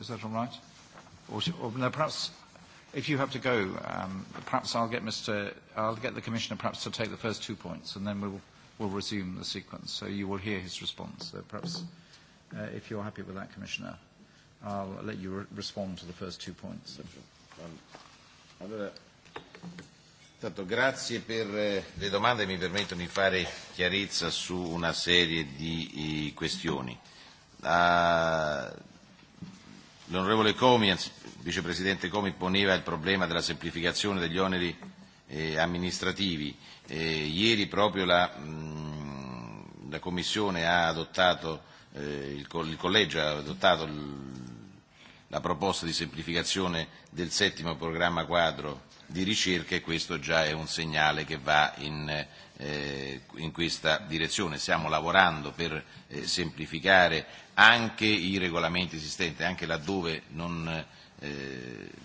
is that all right? Or, or no, perhaps if you have to go, um, perhaps I'll get Mr. I'll get the Commissioner perhaps to take the first two points, and then we'll will resume the sequence. So you will hear his response. So perhaps, uh, if you're happy with that, Commissioner, I'll let you re- respond to the first two points. Allora, intanto grazie per le domande che mi permettono di fare chiarezza su una serie di questioni. L'onorevole Comi, anzi, vicepresidente Comi, poneva il problema della semplificazione degli oneri eh, amministrativi. Eh, ieri proprio la, mh, la Commissione ha adottato, eh, il, il Collegio ha adottato il, la proposta di semplificazione del settimo programma quadro di ricerca e questo già è un segnale che va in, eh, in questa direzione. Stiamo lavorando per eh, semplificare anche i regolamenti esistenti, anche laddove non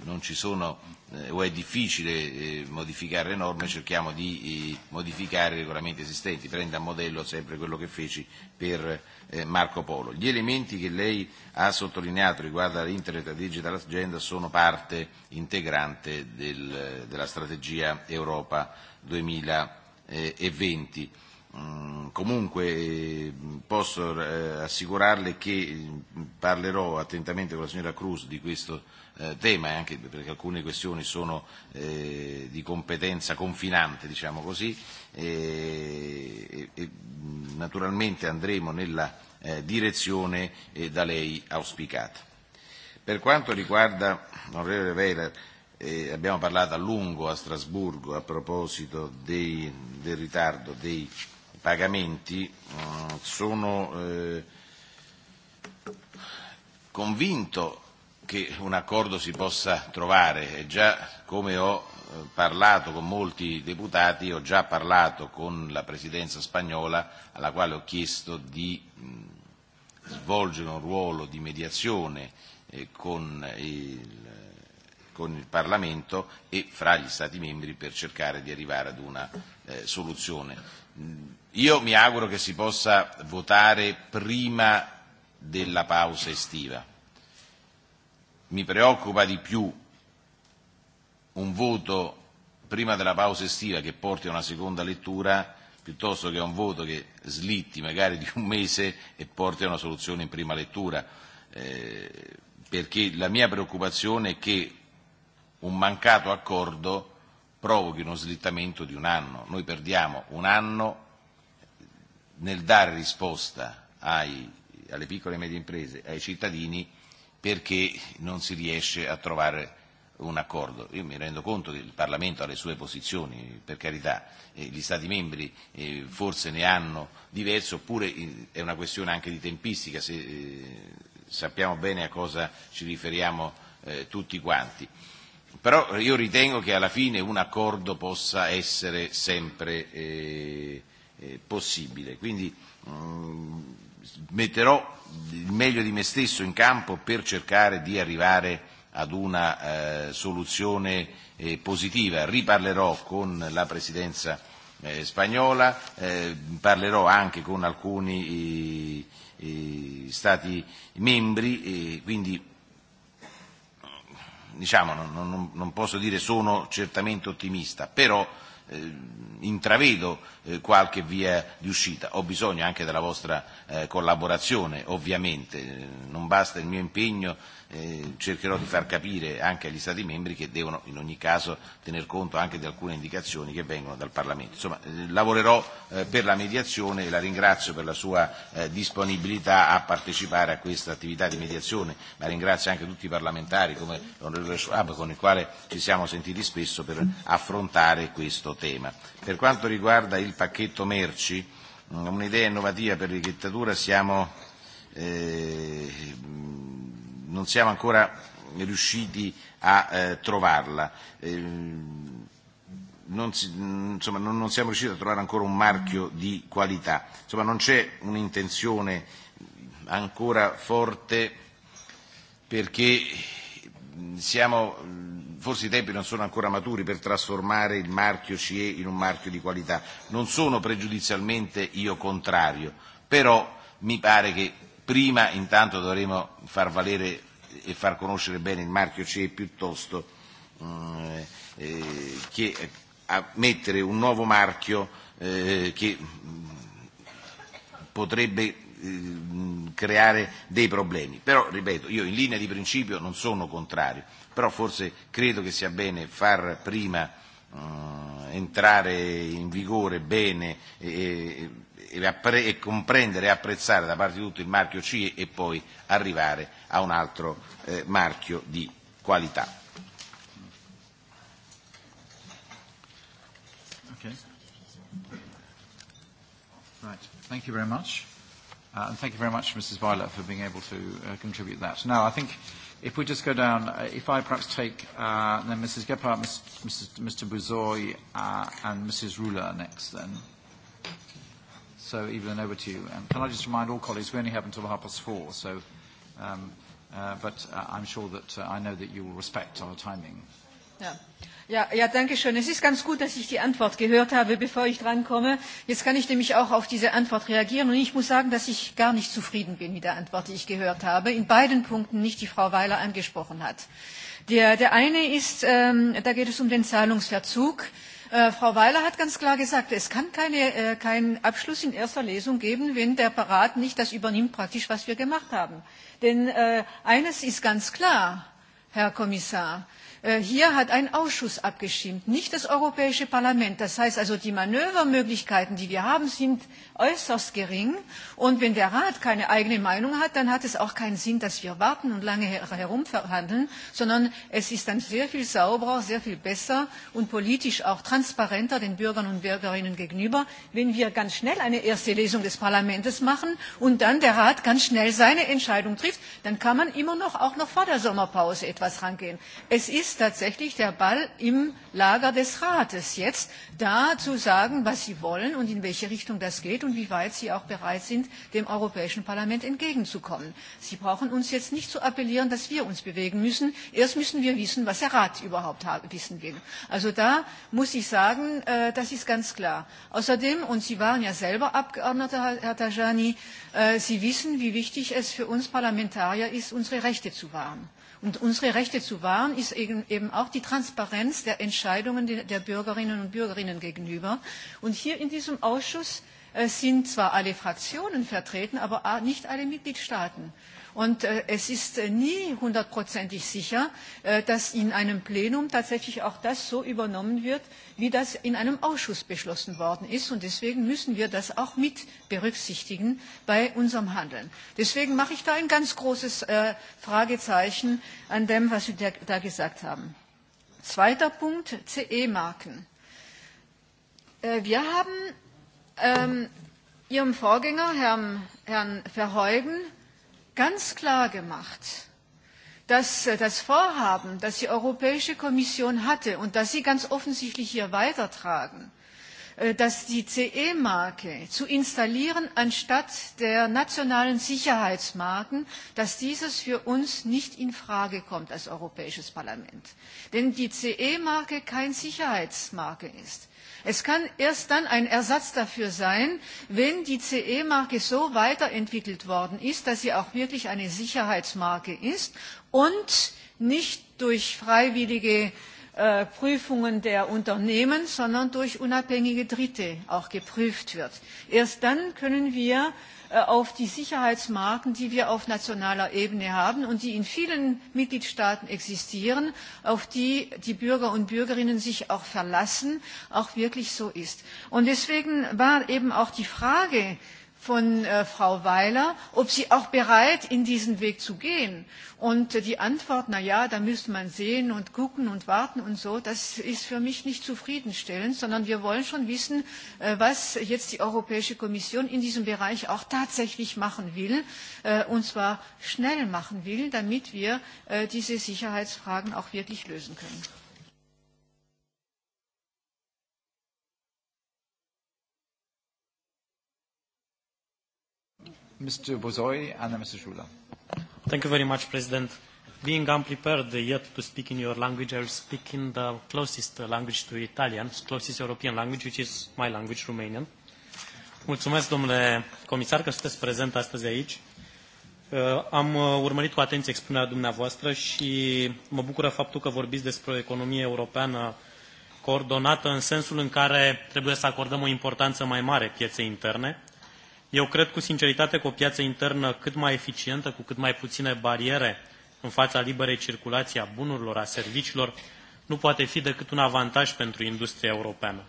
non ci sono eh, o è difficile eh, modificare le norme, cerchiamo di eh, modificare i regolamenti esistenti, prenda a modello sempre quello che feci per eh, Marco Polo. Gli elementi che lei ha sottolineato riguardo all'Internet e Digital Agenda sono parte integrante del, della strategia Europa 2020. Comunque posso assicurarle che parlerò attentamente con la signora Cruz di questo eh, tema, anche perché alcune questioni sono eh, di competenza confinante, diciamo così, e, e naturalmente andremo nella eh, direzione eh, da lei auspicata. Per quanto riguarda, l'onorevole Vela, eh, abbiamo parlato a lungo a Strasburgo a proposito dei, del ritardo dei pagamenti, sono eh, convinto che un accordo si possa trovare e già come ho parlato con molti deputati, ho già parlato con la presidenza spagnola alla quale ho chiesto di svolgere un ruolo di mediazione con il, con il Parlamento e fra gli Stati membri per cercare di arrivare ad una eh, soluzione. Io mi auguro che si possa votare prima della pausa estiva mi preoccupa di più un voto prima della pausa estiva che porti a una seconda lettura piuttosto che a un voto che slitti magari di un mese e porti a una soluzione in prima lettura. Eh, perché la mia preoccupazione è che un mancato accordo provochi uno slittamento di un anno. Noi perdiamo un anno nel dare risposta ai, alle piccole e medie imprese, ai cittadini, perché non si riesce a trovare un accordo. Io mi rendo conto che il Parlamento ha le sue posizioni, per carità, e gli Stati membri eh, forse ne hanno diverse, oppure è una questione anche di tempistica, se eh, sappiamo bene a cosa ci riferiamo eh, tutti quanti. Però io ritengo che alla fine un accordo possa essere sempre eh, eh, possibile. Quindi mh, metterò il meglio di me stesso in campo per cercare di arrivare ad una eh, soluzione eh, positiva. Riparlerò con la Presidenza eh, spagnola, eh, parlerò anche con alcuni eh, eh, Stati membri, eh, quindi diciamo, non, non, non posso dire sono certamente ottimista, però eh, intravedo qualche via di uscita. Ho bisogno anche della vostra collaborazione, ovviamente, non basta il mio impegno, cercherò di far capire anche agli Stati membri che devono in ogni caso tener conto anche di alcune indicazioni che vengono dal Parlamento. Insomma, lavorerò per la mediazione e la ringrazio per la sua disponibilità a partecipare a questa attività di mediazione, ma ringrazio anche tutti i parlamentari come l'onorevole Schwab con il quale ci siamo sentiti spesso per affrontare questo tema. Per quanto riguarda il pacchetto merci, un'idea innovativa per l'etichettatura, siamo, eh, non siamo ancora riusciti a eh, trovarla. Eh, non, si, insomma, non, non siamo riusciti a trovare ancora un marchio di qualità. Insomma, non c'è un'intenzione ancora forte perché siamo forse i tempi non sono ancora maturi per trasformare il marchio CE in un marchio di qualità. Non sono pregiudizialmente io contrario, però mi pare che prima intanto dovremo far valere e far conoscere bene il marchio CE piuttosto eh, che a mettere un nuovo marchio eh, che potrebbe creare dei problemi. Però, ripeto, io in linea di principio non sono contrario però forse credo che sia bene far prima entrare in vigore bene e, e, e, appre- e comprendere e apprezzare da parte di tutti il marchio CE e poi arrivare a un altro eh, marchio di qualità. Okay. Right. Thank you very much. Uh, and thank you very much, Mrs. Violet, for being able to uh, contribute that. Now, I think If we just go down, if I perhaps take uh, then Mrs. Gephardt, Mrs. Mr. Buzoy uh, and Mrs. Ruler next then. So Evelyn, over to you. And can I just remind all colleagues, we only have until half past four, so, um, uh, but uh, I'm sure that uh, I know that you will respect our timing. Yeah. Ja, ja, danke schön. Es ist ganz gut, dass ich die Antwort gehört habe, bevor ich drankomme. Jetzt kann ich nämlich auch auf diese Antwort reagieren. Und ich muss sagen, dass ich gar nicht zufrieden bin mit der Antwort, die ich gehört habe. In beiden Punkten nicht, die Frau Weiler angesprochen hat. Der, der eine ist, ähm, da geht es um den Zahlungsverzug. Frau Weiler hat ganz klar gesagt, es kann keine, keinen Abschluss in erster Lesung geben, wenn der Parat nicht das übernimmt, praktisch, was wir gemacht haben. Denn eines ist ganz klar, Herr Kommissar, Hier hat ein Ausschuss abgestimmt, nicht das Europäische Parlament. Das heißt also, die Manövermöglichkeiten, die wir haben, sind äußerst gering. Und wenn der Rat keine eigene Meinung hat, dann hat es auch keinen Sinn, dass wir warten und lange herumverhandeln, sondern es ist dann sehr viel sauberer, sehr viel besser und politisch auch transparenter den Bürgern und Bürgerinnen gegenüber, wenn wir ganz schnell eine erste Lesung des Parlaments machen und dann der Rat ganz schnell seine Entscheidung trifft, dann kann man immer noch auch noch vor der Sommerpause etwas rangehen. Es ist tatsächlich der Ball im Lager des Rates jetzt, da zu sagen, was sie wollen und in welche Richtung das geht und wie weit sie auch bereit sind, dem Europäischen Parlament entgegenzukommen. Sie brauchen uns jetzt nicht zu appellieren, dass wir uns bewegen müssen. Erst müssen wir wissen, was der Rat überhaupt wissen will. Also da muss ich sagen, das ist ganz klar. Außerdem, und Sie waren ja selber Abgeordneter, Herr Tajani, Sie wissen, wie wichtig es für uns Parlamentarier ist, unsere Rechte zu wahren. Und unsere Rechte zu wahren ist eben auch die Transparenz der Entscheidungen der Bürgerinnen und Bürgerinnen gegenüber. Und hier in diesem Ausschuss sind zwar alle Fraktionen vertreten, aber nicht alle Mitgliedstaaten. Und es ist nie hundertprozentig sicher, dass in einem Plenum tatsächlich auch das so übernommen wird, wie das in einem Ausschuss beschlossen worden ist. Und deswegen müssen wir das auch mit berücksichtigen bei unserem Handeln. Deswegen mache ich da ein ganz großes Fragezeichen an dem, was Sie da gesagt haben. Zweiter Punkt, CE-Marken. Wir haben Ihrem Vorgänger, Herrn Verheugen, ganz klar gemacht, dass das Vorhaben, das die Europäische Kommission hatte und das Sie ganz offensichtlich hier weitertragen, dass die CE-Marke zu installieren anstatt der nationalen Sicherheitsmarken, dass dieses für uns nicht in Frage kommt als Europäisches Parlament. Denn die CE-Marke keine Sicherheitsmarke ist. Es kann erst dann ein Ersatz dafür sein, wenn die CE-Marke so weiterentwickelt worden ist, dass sie auch wirklich eine Sicherheitsmarke ist und nicht durch freiwillige Prüfungen der Unternehmen, sondern durch unabhängige Dritte auch geprüft wird. Erst dann können wir auf die Sicherheitsmarken, die wir auf nationaler Ebene haben und die in vielen Mitgliedstaaten existieren, auf die die Bürger und Bürgerinnen sich auch verlassen, auch wirklich so ist. Und deswegen war eben auch die Frage, von Frau Weiler, ob sie auch bereit in diesen Weg zu gehen. Und die Antwort, na ja, da müsste man sehen und gucken und warten und so, das ist für mich nicht zufriedenstellend, sondern wir wollen schon wissen, was jetzt die Europäische Kommission in diesem Bereich auch tatsächlich machen will, und zwar schnell machen will, damit wir diese Sicherheitsfragen auch wirklich lösen können. Mr. Bozoi and Mr. Shula. Thank you very much, President. Being unprepared yet to speak in your language, I will speak in the closest language to Italian, closest European language, which is my language, Romanian. Mulțumesc, domnule comisar, că sunteți prezent astăzi aici. Am urmărit cu atenție expunerea dumneavoastră și mă bucură faptul că vorbiți despre o economie europeană coordonată în sensul în care trebuie să acordăm o importanță mai mare pieței interne Eu cred cu sinceritate că o piață internă cât mai eficientă, cu cât mai puține bariere în fața liberei circulații a bunurilor, a serviciilor, nu poate fi decât un avantaj pentru industria europeană.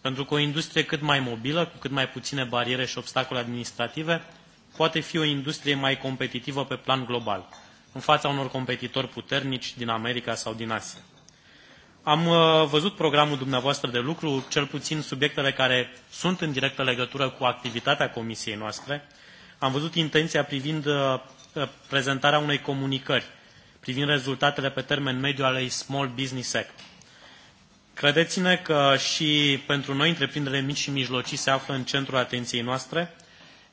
Pentru că o industrie cât mai mobilă, cu cât mai puține bariere și obstacole administrative, poate fi o industrie mai competitivă pe plan global, în fața unor competitori puternici din America sau din Asia. Am văzut programul dumneavoastră de lucru, cel puțin subiectele care sunt în directă legătură cu activitatea comisiei noastre. Am văzut intenția privind prezentarea unei comunicări privind rezultatele pe termen mediu ale Small Business Act. Credeți-ne că și pentru noi întreprinderile mici și mijlocii se află în centrul atenției noastre,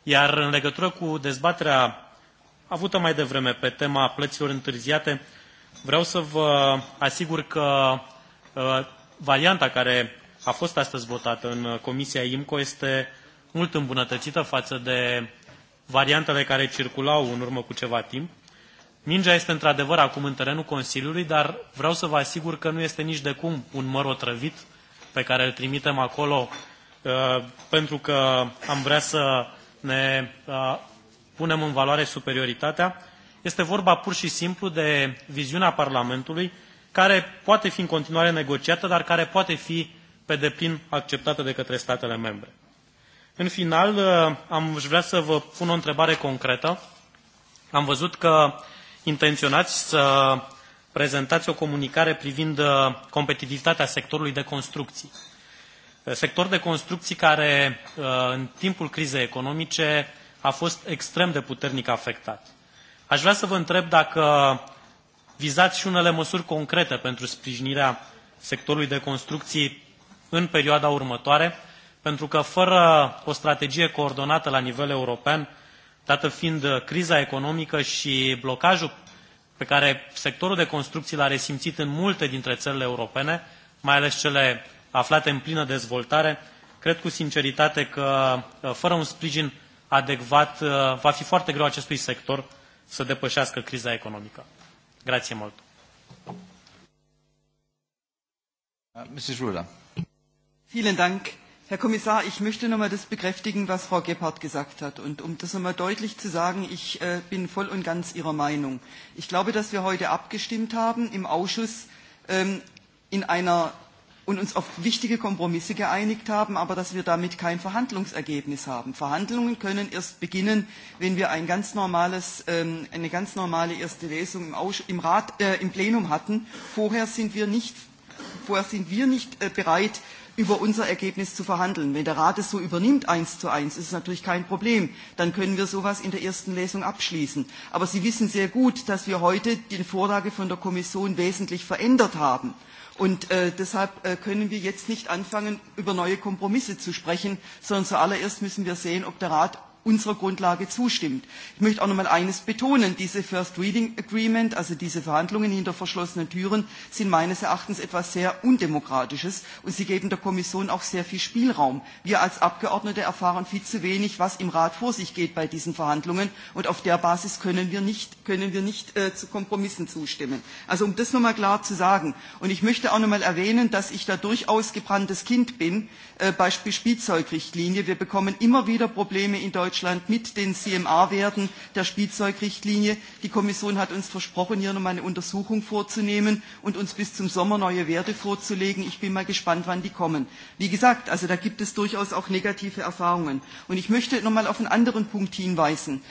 iar în legătură cu dezbaterea avută mai devreme pe tema plăților întârziate, vreau să vă asigur că varianta care a fost astăzi votată în Comisia IMCO este mult îmbunătățită față de variantele care circulau în urmă cu ceva timp. Mingea este într-adevăr acum în terenul Consiliului, dar vreau să vă asigur că nu este nici de cum un măr otrăvit pe care îl trimitem acolo pentru că am vrea să ne punem în valoare superioritatea. Este vorba pur și simplu de viziunea Parlamentului care poate fi în continuare negociată, dar care poate fi pe deplin acceptată de către statele membre. În final, am vrea să vă pun o întrebare concretă. Am văzut că intenționați să prezentați o comunicare privind competitivitatea sectorului de construcții. Sector de construcții care în timpul crizei economice a fost extrem de puternic afectat. Aș vrea să vă întreb dacă vizați și unele măsuri concrete pentru sprijinirea sectorului de construcții în perioada următoare, pentru că fără o strategie coordonată la nivel european, dată fiind criza economică și blocajul pe care sectorul de construcții l-a resimțit în multe dintre țările europene, mai ales cele aflate în plină dezvoltare, cred cu sinceritate că fără un sprijin adecvat va fi foarte greu acestui sector să depășească criza economică. Grazie molto. Mrs. Ruder. Vielen Dank. Herr Kommissar, ich möchte noch mal das bekräftigen, was Frau Gebhardt gesagt hat. Und um das nochmal deutlich zu sagen, ich äh, bin voll und ganz Ihrer Meinung. Ich glaube, dass wir heute abgestimmt haben im Ausschuss ähm, in einer und uns auf wichtige Kompromisse geeinigt haben, aber dass wir damit kein Verhandlungsergebnis haben. Verhandlungen können erst beginnen, wenn wir ein ganz normales, ähm, eine ganz normale erste Lesung im, Aus im, Rat, äh, im Plenum hatten. Vorher sind wir nicht, vorher sind wir nicht äh, bereit, über unser Ergebnis zu verhandeln. Wenn der Rat es so übernimmt, eins zu eins, ist es natürlich kein Problem. Dann können wir sowas in der ersten Lesung abschließen. Aber Sie wissen sehr gut, dass wir heute die Vorlage von der Kommission wesentlich verändert haben. Und äh, deshalb äh, können wir jetzt nicht anfangen, über neue Kompromisse zu sprechen, sondern zuallererst müssen wir sehen, ob der Rat unserer Grundlage zustimmt. Ich möchte auch noch einmal eines betonen. Diese First Reading Agreement, also diese Verhandlungen hinter verschlossenen Türen, sind meines Erachtens etwas sehr Undemokratisches und sie geben der Kommission auch sehr viel Spielraum. Wir als Abgeordnete erfahren viel zu wenig, was im Rat vor sich geht bei diesen Verhandlungen und auf der Basis können wir nicht, können wir nicht äh, zu Kompromissen zustimmen. Also um das noch einmal klar zu sagen. Und ich möchte auch noch einmal erwähnen, dass ich da durchaus gebranntes Kind bin, Beispiel Spielzeugrichtlinie. Wir bekommen immer wieder Probleme in Deutschland mit den CMA-Werten der Spielzeugrichtlinie. Die Kommission hat uns versprochen, hier nochmal eine Untersuchung vorzunehmen und uns bis zum Sommer neue Werte vorzulegen. Ich bin mal gespannt, wann die kommen. Wie gesagt, also da gibt es durchaus auch negative Erfahrungen. Und ich möchte nochmal auf einen anderen Punkt hinweisen.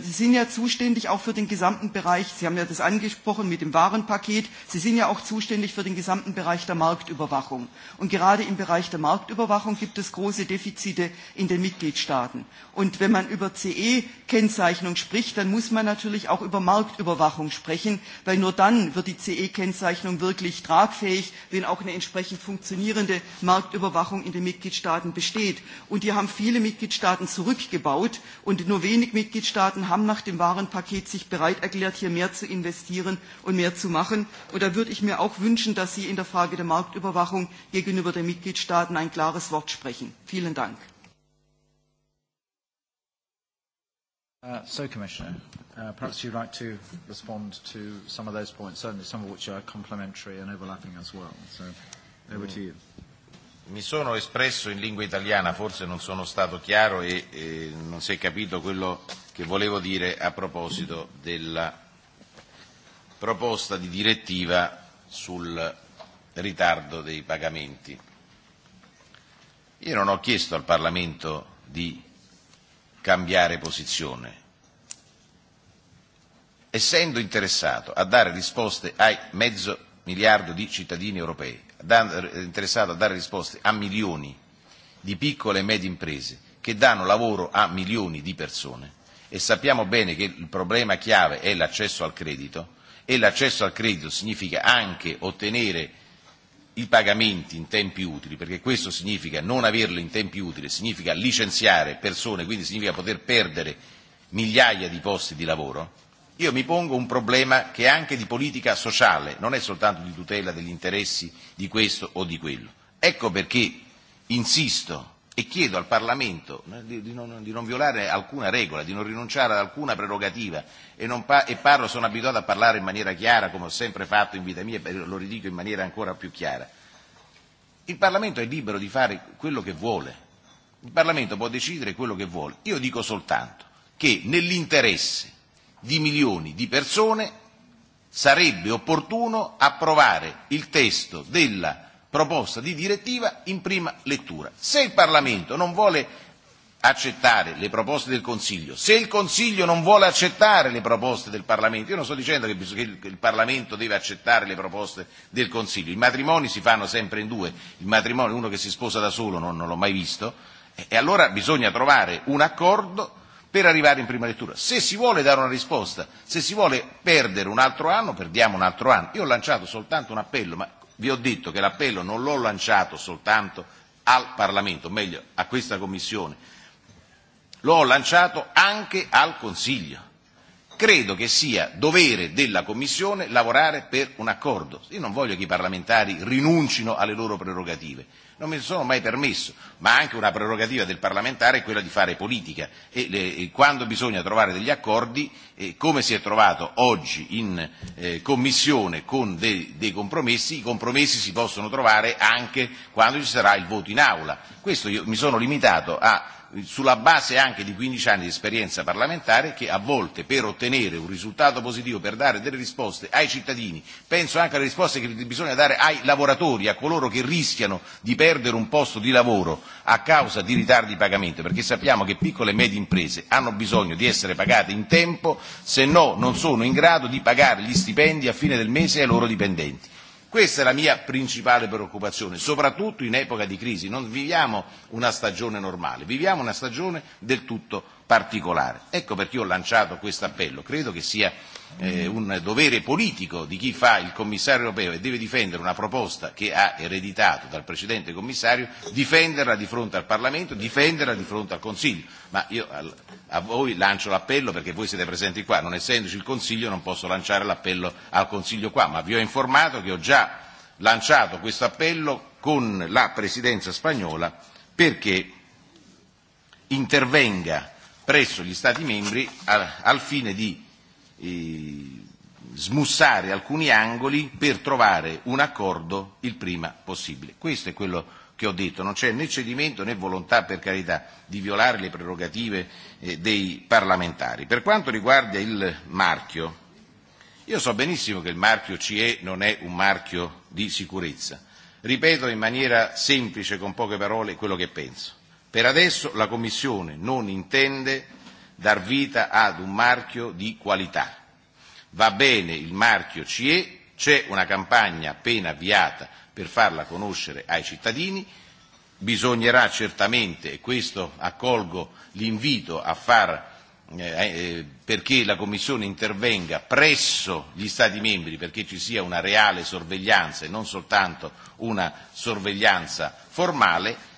Sie sind ja zuständig auch für den gesamten Bereich. Sie haben ja das angesprochen mit dem Warenpaket. Sie sind ja auch zuständig für den gesamten Bereich der Marktüberwachung. Und gerade im Bereich der Marktüberwachung Überwachung gibt es große Defizite in den Mitgliedstaaten. Und wenn man über CE-Kennzeichnung spricht, dann muss man natürlich auch über Marktüberwachung sprechen, weil nur dann wird die CE-Kennzeichnung wirklich tragfähig, wenn auch eine entsprechend funktionierende Marktüberwachung in den Mitgliedstaaten besteht. Und hier haben viele Mitgliedstaaten zurückgebaut und nur wenig Mitgliedstaaten haben nach dem Warenpaket sich bereit erklärt, hier mehr zu investieren und mehr zu machen. Und da würde ich mir auch wünschen, dass Sie in der Frage der Marktüberwachung gegenüber den Mitgliedstaaten ein klares klares Wort sprechen. Vielen Dank. So, Commissioner, perhaps you'd like to respond to some of those points, certainly some of which are complementary and overlapping as well. So, over to you. Mi sono espresso in lingua italiana, forse non sono stato chiaro e, e non si è capito quello che volevo dire a proposito della proposta di direttiva sul ritardo dei pagamenti. Io non ho chiesto al Parlamento di cambiare posizione. Essendo interessato a dare risposte ai mezzo miliardo di cittadini europei, interessato a dare risposte a milioni di piccole e medie imprese che danno lavoro a milioni di persone, e sappiamo bene che il problema chiave è l'accesso al credito, e l'accesso al credito significa anche ottenere i pagamenti in tempi utili, perché questo significa non averlo in tempi utili, significa licenziare persone, quindi significa poter perdere migliaia di posti di lavoro, io mi pongo un problema che è anche di politica sociale, non è soltanto di tutela degli interessi di questo o di quello. Ecco perché insisto e chiedo al Parlamento di, di, non, di non violare alcuna regola, di non rinunciare ad alcuna prerogativa e, non pa- e parlo, sono abituato a parlare in maniera chiara come ho sempre fatto in vita mia e lo ridico in maniera ancora più chiara. Il Parlamento è libero di fare quello che vuole, il Parlamento può decidere quello che vuole. Io dico soltanto che nell'interesse di milioni di persone sarebbe opportuno approvare il testo della proposta di direttiva in prima lettura. Se il Parlamento non vuole accettare le proposte del Consiglio, se il Consiglio non vuole accettare le proposte del Parlamento, io non sto dicendo che, il Parlamento deve accettare le proposte del Consiglio, i matrimoni si fanno sempre in due, il matrimonio uno che si sposa da solo non, non l'ho mai visto, e allora bisogna trovare un accordo per arrivare in prima lettura. Se si vuole dare una risposta, se si vuole perdere un altro anno, perdiamo un altro anno. Io ho lanciato soltanto un appello, ma vi ho detto che l'appello non l'ho lanciato soltanto al Parlamento, o meglio a questa Commissione, l'ho lanciato anche al Consiglio. Credo che sia dovere della Commissione lavorare per un accordo. Io non voglio che i parlamentari rinuncino alle loro prerogative, non mi sono mai permesso, ma anche una prerogativa del parlamentare è quella di fare politica e, le, e quando bisogna trovare degli accordi, eh, come si è trovato oggi in eh, commissione con de, dei compromessi, i compromessi si possono trovare anche quando ci sarà il voto in aula. Questo io mi sono limitato a sulla base anche di 15 anni di esperienza parlamentare che a volte per ottenere un risultato positivo, per dare delle risposte ai cittadini, penso anche alle risposte che bisogna dare ai lavoratori, a coloro che rischiano di perdere un posto di lavoro a causa di ritardi di pagamento, perché sappiamo che piccole e medie imprese hanno bisogno di essere pagate in tempo, se no non sono in grado di pagare gli stipendi a fine del mese ai loro dipendenti. Questa è la mia principale preoccupazione, soprattutto in epoca di crisi. Non viviamo una stagione normale, viviamo una stagione del tutto particolare. Ecco perché ho lanciato questo appello. Credo che sia eh, un dovere politico di chi fa il commissario europeo e deve difendere una proposta che ha ereditato dal precedente commissario, difenderla di fronte al Parlamento, difenderla di fronte al Consiglio. Ma io a voi lancio l'appello perché voi siete presenti qua, non essendoci il Consiglio non posso lanciare l'appello al Consiglio qua, ma vi ho informato che ho già lanciato questo appello con la Presidenza spagnola perché intervenga presso gli Stati membri al, al fine di eh, smussare alcuni angoli per trovare un accordo il prima possibile. Questo è quello che ho detto, non c'è né cedimento né volontà, per carità, di violare le prerogative eh, dei parlamentari. Per quanto riguarda il marchio, io so benissimo che il marchio CE non è un marchio di sicurezza. Ripeto in maniera semplice, con poche parole, quello che penso Per adesso la Commissione non intende dar vita ad un marchio di qualità. Va bene il marchio CE, c'è una campagna appena avviata per farla conoscere ai cittadini, bisognerà certamente, e questo accolgo l'invito a far eh, perché la Commissione intervenga presso gli Stati membri perché ci sia una reale sorveglianza e non soltanto una sorveglianza formale,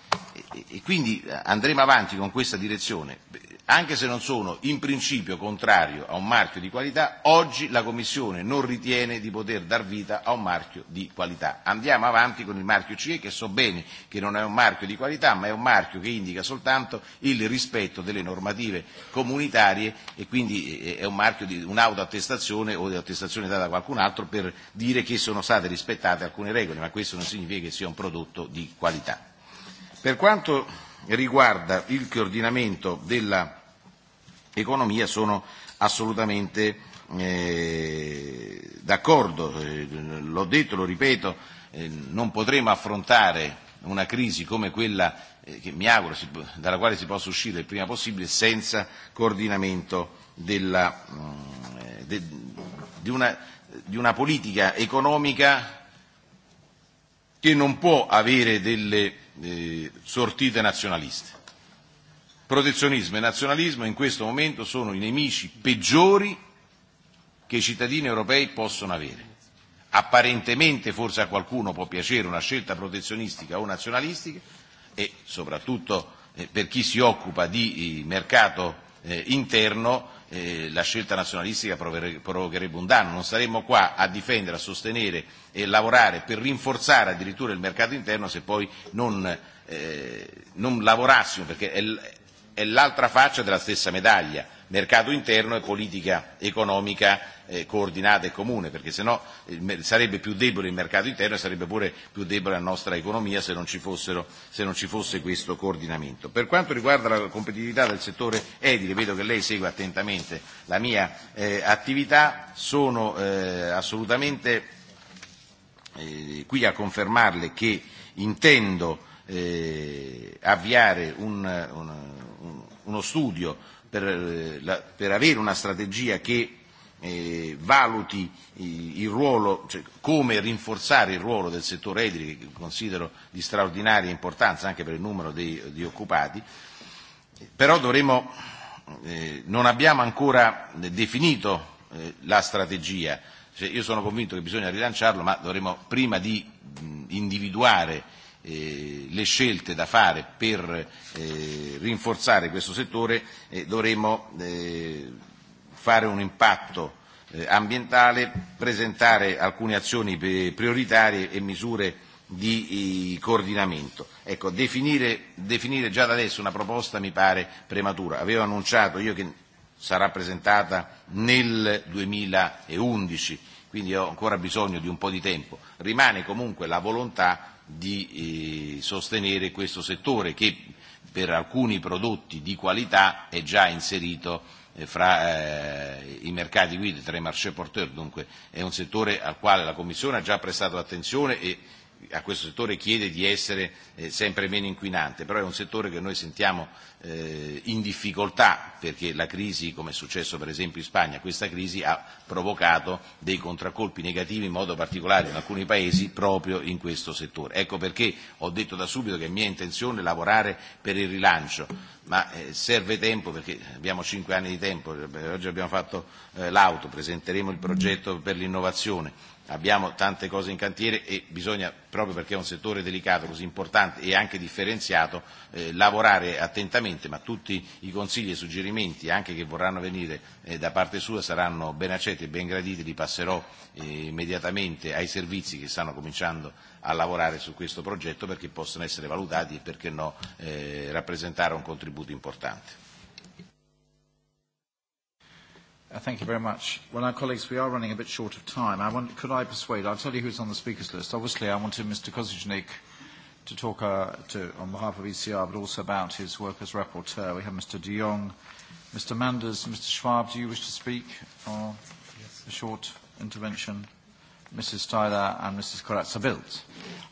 e quindi andremo avanti con questa direzione, anche se non sono in principio contrario a un marchio di qualità, oggi la Commissione non ritiene di poter dar vita a un marchio di qualità. Andiamo avanti con il marchio CE che so bene che non è un marchio di qualità, ma è un marchio che indica soltanto il rispetto delle normative comunitarie e quindi è un marchio di un'autoattestazione o di attestazione data da qualcun altro per dire che sono state rispettate alcune regole, ma questo non significa che sia un prodotto di qualità. Per quanto riguarda il coordinamento dell'economia sono assolutamente eh, d'accordo, l'ho detto, lo ripeto, eh, non potremo affrontare una crisi come quella che mi auguro si, dalla quale si possa uscire il prima possibile senza coordinamento della, de, di, una, di una politica economica che non può avere delle eh, sortite nazionaliste. Protezionismo e nazionalismo in questo momento sono i nemici peggiori che i cittadini europei possono avere. Apparentemente forse a qualcuno può piacere una scelta protezionistica o nazionalistica e soprattutto per chi si occupa di mercato interno eh, la scelta nazionalistica provocherebbe un danno, non saremmo qua a difendere, a sostenere e lavorare per rinforzare addirittura il mercato interno se poi non, eh, non lavorassimo, perché è l'altra faccia della stessa medaglia mercato interno e politica economica eh, coordinata e comune, perché sennò eh, sarebbe più debole il mercato interno e sarebbe pure più debole la nostra economia se non, ci fossero, se non ci fosse questo coordinamento. Per quanto riguarda la competitività del settore edile, vedo che lei segue attentamente la mia eh, attività, sono eh, assolutamente eh, qui a confermarle che intendo eh, avviare un, un, uno studio per, la, per avere una strategia che eh, valuti il ruolo, cioè come rinforzare il ruolo del settore edile, che considero di straordinaria importanza anche per il numero di, di occupati, però dovremo, eh, non abbiamo ancora definito eh, la strategia, cioè, io sono convinto che bisogna rilanciarlo, ma dovremo prima di individuare le scelte da fare per eh, rinforzare questo settore eh, dovremo eh, fare un impatto eh, ambientale, presentare alcune azioni prioritarie e misure di coordinamento. Ecco, definire, definire già da adesso una proposta mi pare prematura. Avevo annunciato io che sarà presentata nel 2011, quindi ho ancora bisogno di un po' di tempo. Rimane comunque la volontà di eh, sostenere questo settore che per alcuni prodotti di qualità è già inserito eh, fra eh, i mercati guida, tra i marché porteur, dunque è un settore al quale la Commissione ha già prestato attenzione e a questo settore chiede di essere eh, sempre meno inquinante, però è un settore che noi sentiamo eh, in difficoltà perché la crisi, come è successo per esempio in Spagna, questa crisi ha provocato dei contraccolpi negativi in modo particolare in alcuni paesi proprio in questo settore. Ecco perché ho detto da subito che è mia intenzione lavorare per il rilancio, ma eh, serve tempo perché abbiamo cinque anni di tempo, oggi abbiamo fatto eh, l'auto, presenteremo il progetto per l'innovazione abbiamo tante cose in cantiere e bisogna, proprio perché è un settore delicato, così importante e anche differenziato, eh, lavorare attentamente Presidente, ma tutti i consigli e suggerimenti, anche che vorranno venire eh, da parte sua, saranno ben accetti e ben graditi, li passerò eh, immediatamente ai servizi che stanno cominciando a lavorare su questo progetto perché possono essere valutati e perché no eh, rappresentare un contributo importante. Thank you very much. Well, now, colleagues, we are running a bit short of time. I want, could I persuade, I'll tell you who's on the speakers list. Obviously, I wanted Mr. Kozicnik to talk uh, to, on behalf of ECR, but also about his work as rapporteur. We have Mr. de Jong, Mr. Manders, Mr. Schwab, do you wish to speak for yes. a short intervention? Mrs. Tyler and Mrs. Corazza-Bildt.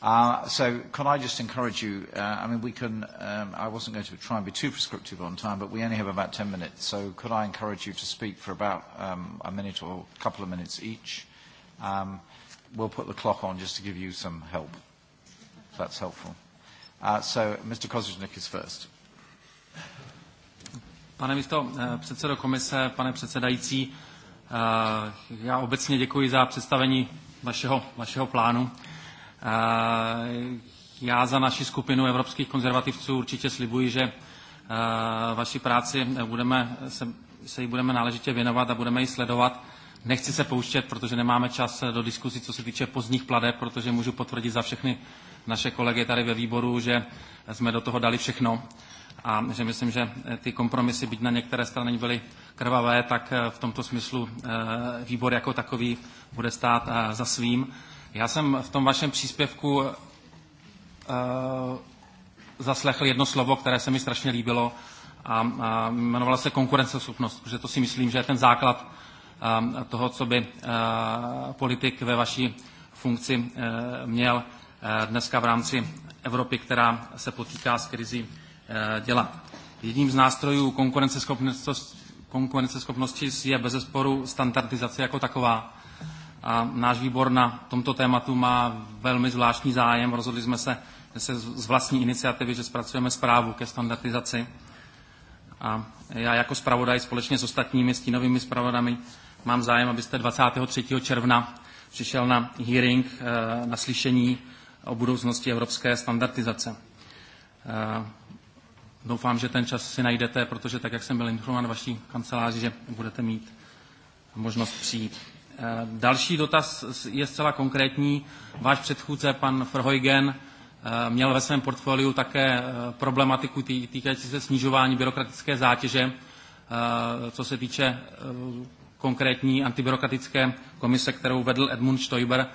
Uh, so can I just encourage you, uh, I mean, we can, um, I wasn't going to try and be too prescriptive on time, but we only have about 10 minutes, so could I encourage you to speak for about um, a minute or a couple of minutes each? Um, we'll put the clock on just to give you some help if that's helpful. so Mr. Kozuznik is first. Pane místo předsedo komise, pane předsedající, já obecně děkuji za představení vašeho, vašeho plánu. Já za naši skupinu evropských konzervativců určitě slibuji, že vaši práci budeme, se, se jí budeme náležitě věnovat a budeme ji sledovat. Nechci se pouštět, protože nemáme čas do diskuzí, co se týče pozdních pladeb, protože můžu potvrdit za všechny naše kolegy tady ve výboru, že jsme do toho dali všechno a že myslím, že ty kompromisy, byť na některé strany byly krvavé, tak v tomto smyslu výbor jako takový bude stát za svým. Já jsem v tom vašem příspěvku zaslechl jedno slovo, které se mi strašně líbilo a, a jmenovala se konkurenceschopnost, protože to si myslím, že je ten základ toho, co by politik ve vaší funkci měl dneska v rámci Evropy, která se potýká s krizí, dělat. Jedním z nástrojů konkurenceschopnosti, konkurenceschopnosti je bezesporu standardizace jako taková. A náš výbor na tomto tématu má velmi zvláštní zájem. Rozhodli jsme se, se z vlastní iniciativy, že zpracujeme zprávu ke standardizaci. A já jako zpravodaj společně s ostatními stínovými zpravodami mám zájem, abyste 23. června přišel na hearing, na slyšení o budoucnosti evropské standardizace. Doufám, že ten čas si najdete, protože tak, jak jsem byl informován vaší kanceláři, že budete mít možnost přijít. Další dotaz je zcela konkrétní. Váš předchůdce, pan Verheugen, měl ve svém portfoliu také problematiku týkající se snižování byrokratické zátěže, co se týče konkrétní antibyrokratické komise, kterou vedl Edmund Stoiber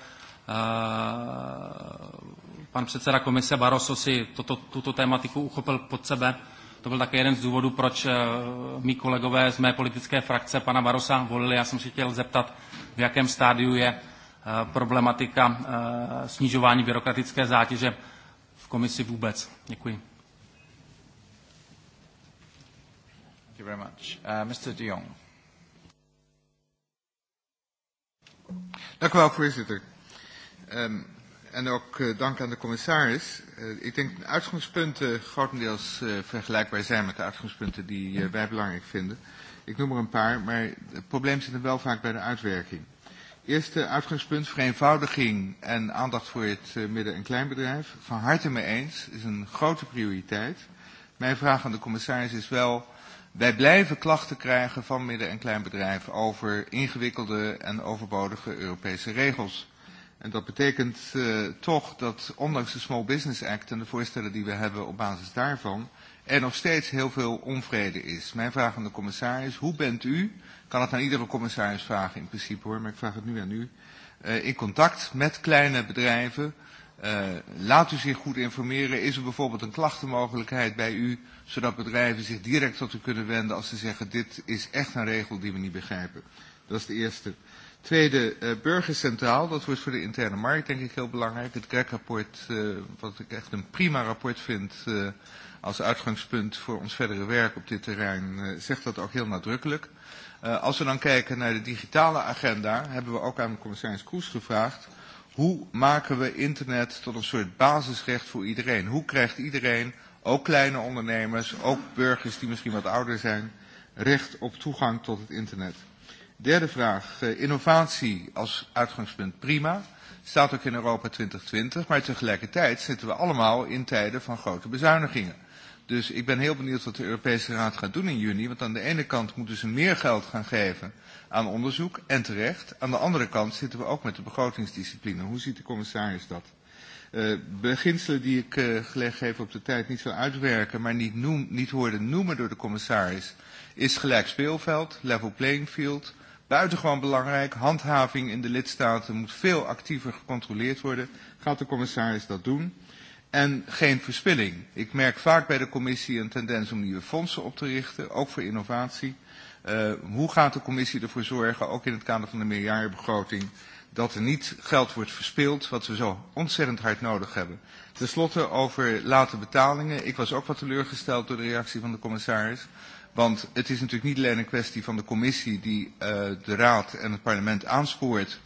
pan předseda komise Barroso si toto, tuto tématiku uchopil pod sebe. To byl také jeden z důvodů, proč mý kolegové z mé politické frakce pana Barosa volili. Já jsem si chtěl zeptat, v jakém stádiu je problematika snižování byrokratické zátěže v komisi vůbec. Děkuji. Děkuji Uh, Mr. De Jong. Děkuji, Um, en ook uh, dank aan de commissaris. Uh, ik denk dat de uitgangspunten grotendeels uh, vergelijkbaar zijn met de uitgangspunten die uh, wij belangrijk vinden. Ik noem er een paar, maar het probleem zit er wel vaak bij de uitwerking. Eerste uitgangspunt, vereenvoudiging en aandacht voor het uh, midden- en kleinbedrijf. Van harte mee eens, is een grote prioriteit. Mijn vraag aan de commissaris is wel, wij blijven klachten krijgen van midden- en kleinbedrijven over ingewikkelde en overbodige Europese regels. En dat betekent uh, toch dat ondanks de Small Business Act en de voorstellen die we hebben op basis daarvan, er nog steeds heel veel onvrede is. Mijn vraag aan de commissaris, hoe bent u, ik kan het aan iedere commissaris vragen in principe hoor, maar ik vraag het nu aan u, uh, in contact met kleine bedrijven? Uh, laat u zich goed informeren. Is er bijvoorbeeld een klachtenmogelijkheid bij u, zodat bedrijven zich direct tot u kunnen wenden als ze zeggen dit is echt een regel die we niet begrijpen? Dat is de eerste. Tweede, uh, burgers centraal. Dat wordt voor de interne markt denk ik heel belangrijk. Het GREC-rapport, uh, wat ik echt een prima rapport vind uh, als uitgangspunt voor ons verdere werk op dit terrein, uh, zegt dat ook heel nadrukkelijk. Uh, als we dan kijken naar de digitale agenda, hebben we ook aan de commissaris Kroes gevraagd... Hoe maken we internet tot een soort basisrecht voor iedereen? Hoe krijgt iedereen, ook kleine ondernemers, ook burgers die misschien wat ouder zijn, recht op toegang tot het internet? Derde vraag. innovatie als uitgangspunt prima. Staat ook in Europa 2020. Maar tegelijkertijd zitten we allemaal in tijden van grote bezuinigingen. Dus ik ben heel benieuwd wat de Europese Raad gaat doen in juni. Want aan de ene kant moeten ze meer geld gaan geven aan onderzoek en terecht. Aan de andere kant zitten we ook met de begrotingsdiscipline. Hoe ziet de commissaris dat? Uh, beginselen die ik uh, gelegd heb op de tijd niet zou uitwerken, maar niet, noem, niet hoorde noemen door de commissaris, is gelijk speelveld, level playing field, Buitengewoon belangrijk, handhaving in de lidstaten moet veel actiever gecontroleerd worden. Gaat de commissaris dat doen? En geen verspilling. Ik merk vaak bij de commissie een tendens om nieuwe fondsen op te richten, ook voor innovatie. Uh, hoe gaat de commissie ervoor zorgen, ook in het kader van de meerjarenbegroting, dat er niet geld wordt verspild, wat we zo ontzettend hard nodig hebben. Ten slotte over late betalingen. Ik was ook wat teleurgesteld door de reactie van de commissaris. Want het is natuurlijk niet alleen een kwestie van de commissie die uh, de raad en het parlement aanspoort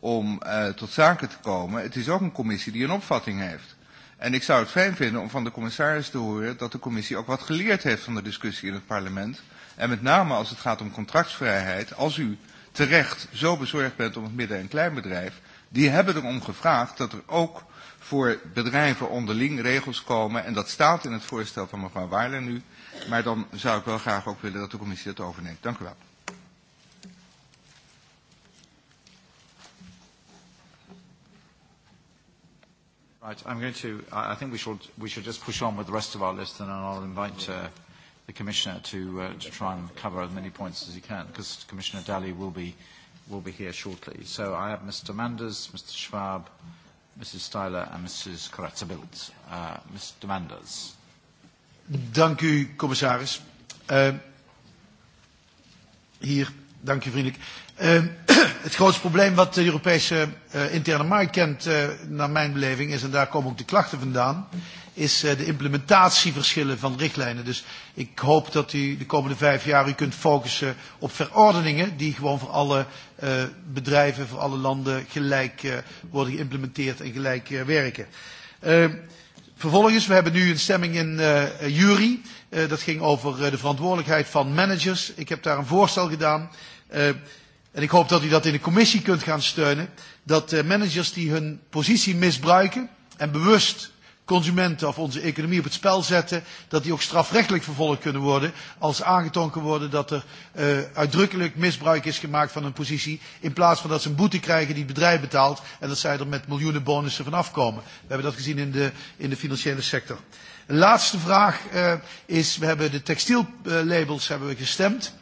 om uh, tot zaken te komen. Het is ook een commissie die een opvatting heeft. En ik zou het fijn vinden om van de commissaris te horen dat de commissie ook wat geleerd heeft van de discussie in het parlement. En met name als het gaat om contractsvrijheid, als u terecht zo bezorgd bent om het midden- en kleinbedrijf, die hebben erom gevraagd dat er ook voor bedrijven onderling regels komen. En dat staat in het voorstel van mevrouw Waarlen nu. Maar dan zou ik wel graag ook willen dat de commissie dat overneemt. Dank u wel. Right, I'm going to, I think we should, we should just push on with the rest of our list and then I'll invite uh, the Commissioner to, uh, to try and cover as many points as he can because Commissioner Daly will be, will be here shortly. So I have Mr. Manders, Mr. Schwab, Mrs. Styler and Mrs. Karatzabilt. Uh, Mr. Manders. Dank u, commissaris. Uh, hier, dank u vriendelijk. Uh, het grootste probleem wat de Europese uh, interne markt kent, uh, naar mijn beleving, is, en daar komen ook de klachten vandaan, is uh, de implementatieverschillen van richtlijnen. Dus ik hoop dat u de komende vijf jaar u kunt focussen op verordeningen die gewoon voor alle uh, bedrijven, voor alle landen gelijk uh, worden geïmplementeerd en gelijk uh, werken. Uh, Vervolgens, we hebben nu een stemming in uh, jury. Uh, dat ging over uh, de verantwoordelijkheid van managers. Ik heb daar een voorstel gedaan. Uh, en ik hoop dat u dat in de commissie kunt gaan steunen. Dat uh, managers die hun positie misbruiken en bewust consumenten of onze economie op het spel zetten, dat die ook strafrechtelijk vervolgd kunnen worden als aangetoond kan worden dat er uh, uitdrukkelijk misbruik is gemaakt van hun positie, in plaats van dat ze een boete krijgen die het bedrijf betaalt en dat zij er met miljoenen bonussen van afkomen. We hebben dat gezien in de, in de financiële sector. Een laatste vraag uh, is, we hebben de textiellabels hebben we gestemd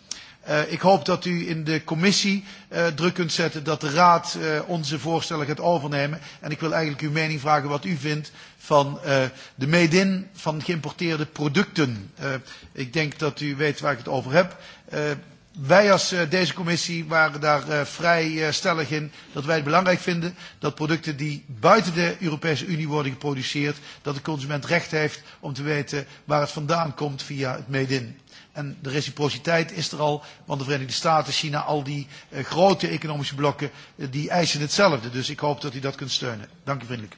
ik hoop dat u in de commissie uh, druk kunt zetten dat de raad uh, onze voorstellen gaat overnemen. En ik wil eigenlijk uw mening vragen wat u vindt van uh, de made-in van geïmporteerde producten. Uh, ik denk dat u weet waar ik het over heb. Uh, wij als deze commissie waren daar vrij stellig in dat wij het belangrijk vinden dat producten die buiten de Europese Unie worden geproduceerd, dat de consument recht heeft om te weten waar het vandaan komt via het made-in. En de reciprociteit is er al, want de Verenigde Staten, China, al die uh, grote economische blokken, uh, die eisen hetzelfde. Dus ik hoop dat u dat kunt steunen. Dank u vriendelijk.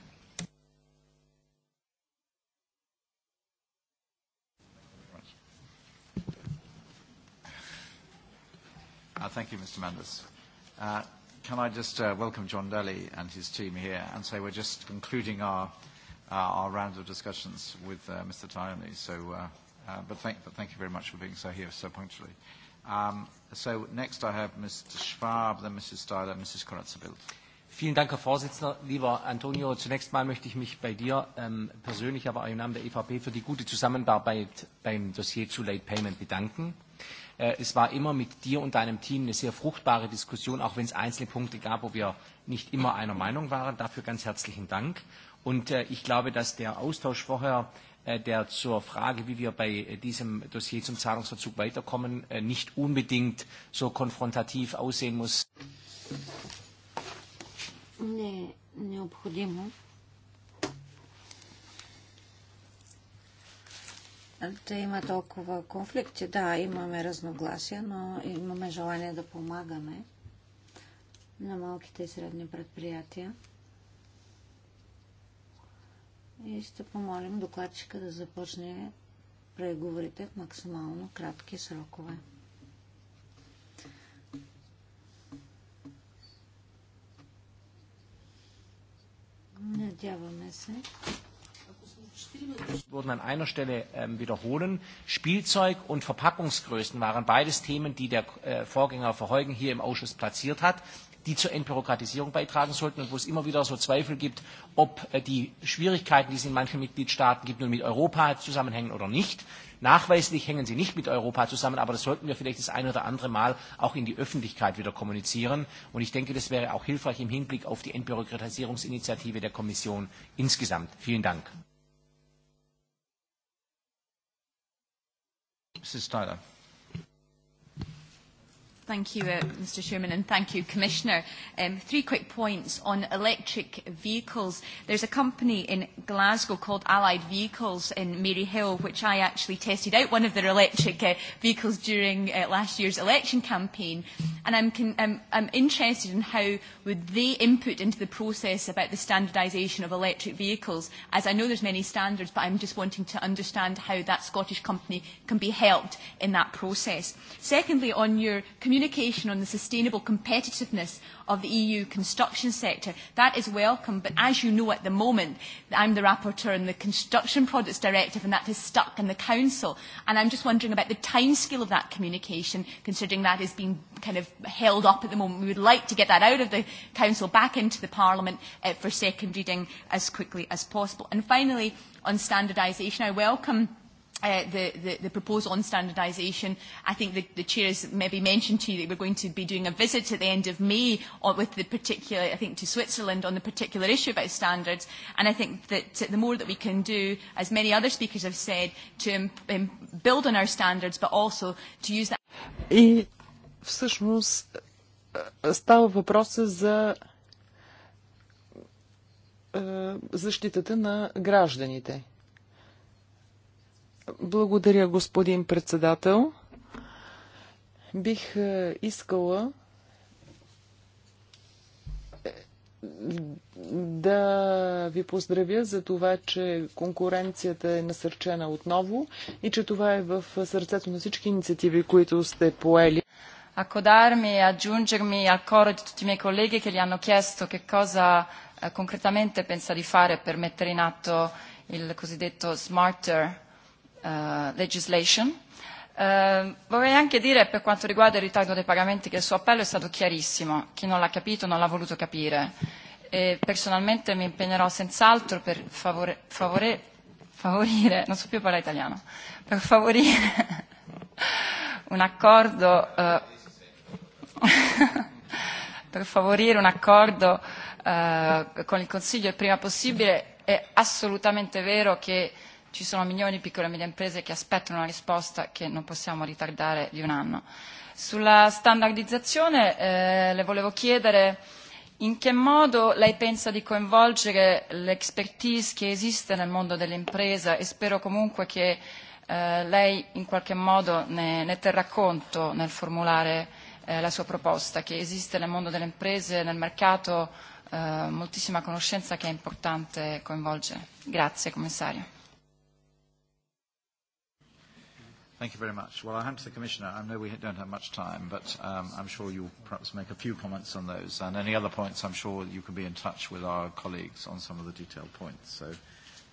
Uh, thank you, Mr. Manders. Uh, can I just uh, welcome John Daly and his team here and say we're just concluding our, uh, our round of discussions with uh, Mr. Tyone. So uh, but, thank, but thank you very much for being so here so punctually. Um, so next I have Mr. Schwab, then Mrs. Styler, Mrs. Koratzabild. Vielen Dank, Herr Vorsitzender. Lieber Antonio, zunächst mal möchte ich mich bei dir ähm, persönlich, aber auch im Namen der EVP für die gute Zusammenarbeit beim Dossier zu Late Payment bedanken. Äh, es war immer mit dir und deinem Team eine sehr fruchtbare Diskussion, auch wenn es einzelne Punkte gab, wo wir nicht immer einer Meinung waren. Dafür ganz herzlichen Dank. Und äh, ich glaube, dass der Austausch vorher Äh, der zur Frage, wie wir bei äh, diesem Dossier zum Zahlungsverzug weiterkommen, äh, nicht unbedingt so konfrontativ aussehen muss. Не е необходимо да има толкова конфликти. Да, имаме разногласия, но имаме желание да помагаме на малките и средни предприятия и ще помолим докладчика да започне преговорите в максимално кратки срокове. Надяваме се. Wurden an einer Stelle ähm, wiederholen. Spielzeug und Verpackungsgrößen waren beides Themen, die der äh, Vorgänger Verheugen hier im Ausschuss platziert hat die zur Entbürokratisierung beitragen sollten und wo es immer wieder so Zweifel gibt, ob die Schwierigkeiten, die es in manchen Mitgliedstaaten gibt, nun mit Europa zusammenhängen oder nicht. Nachweislich hängen sie nicht mit Europa zusammen, aber das sollten wir vielleicht das eine oder andere Mal auch in die Öffentlichkeit wieder kommunizieren. Und ich denke, das wäre auch hilfreich im Hinblick auf die Entbürokratisierungsinitiative der Kommission insgesamt. Vielen Dank. Mrs. Tyler. Thank you, uh, Mr Chairman, and thank you, Commissioner. Um, three quick points on electric vehicles. There's a company in Glasgow called Allied Vehicles in Maryhill, which I actually tested out one of their electric uh, vehicles during uh, last year's election campaign. And I'm, con- I'm, I'm interested in how would they input into the process about the standardisation of electric vehicles, as I know there's many standards, but I'm just wanting to understand how that Scottish company can be helped in that process. Secondly, on your community communication on the sustainable competitiveness of the EU construction sector. That is welcome, but as you know at the moment, I'm the rapporteur on the Construction Products Directive and that is stuck in the Council. And I'm just wondering about the timescale of that communication, considering that is being kind of held up at the moment. We would like to get that out of the Council back into the Parliament uh, for second reading as quickly as possible. And finally, on standardisation, I welcome uh, the, the, the proposal on standardisation. I think the, the Chair has maybe mentioned to you that we're going to be doing a visit at the end of May on, with the particular, I think to Switzerland on the particular issue about standards. And I think that the more that we can do, as many other speakers have said, to um, um, build on our standards, but also to use that. И всъщност става въпроса за защитата на гражданите. Благодаря, господин председател. Бих е, искала е, да ви поздравя за това, че конкуренцията е насърчена отново и че това е в сърцето на всички инициативи, които сте поели. Accodarmi e aggiungermi al coro di tutti i miei colleghi che gli hanno chiesto che cosa concretamente pensa di fare per mettere in atto il cosiddetto smarter legislation. vorrei anche dire per quanto riguarda il ritardo dei pagamenti che il suo appello è stato chiarissimo, chi non l'ha capito non l'ha voluto capire e personalmente mi impegnerò senz'altro per favore, favore, favorire, non so più parlare italiano, per favorire un accordo, per favorire un accordo con il Consiglio il prima possibile. È assolutamente vero che ci sono milioni di piccole e medie imprese che aspettano una risposta che non possiamo ritardare di un anno. Sulla standardizzazione eh, le volevo chiedere in che modo lei pensa di coinvolgere l'expertise che esiste nel mondo dell'impresa e spero comunque che eh, lei in qualche modo ne, ne terrà conto nel formulare eh, la sua proposta, che esiste nel mondo delle imprese, nel mercato, eh, moltissima conoscenza che è importante coinvolgere. Grazie commissario. Thank you very much. Well, I'll hand to the Commissioner. I know we don't have much time, but um, I'm sure you'll perhaps make a few comments on those. And any other points, I'm sure you can be in touch with our colleagues on some of the detailed points. So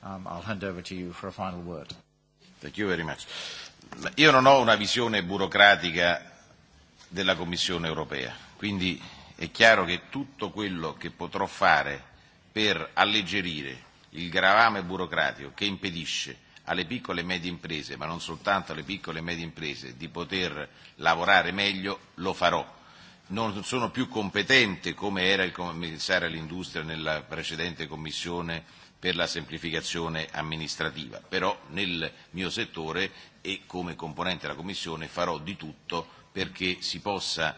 um, I'll hand over to you for a final word. Thank you very much. Io non ho una visione burocratica della Commissione europea, quindi è chiaro che tutto quello che potrò fare per alleggerire il gravame burocratico che impedisce alle piccole e medie imprese, ma non soltanto alle piccole e medie imprese, di poter lavorare meglio, lo farò. Non sono più competente come era il commissario all'industria nella precedente commissione per la semplificazione amministrativa, però nel mio settore e come componente della commissione farò di tutto perché si possa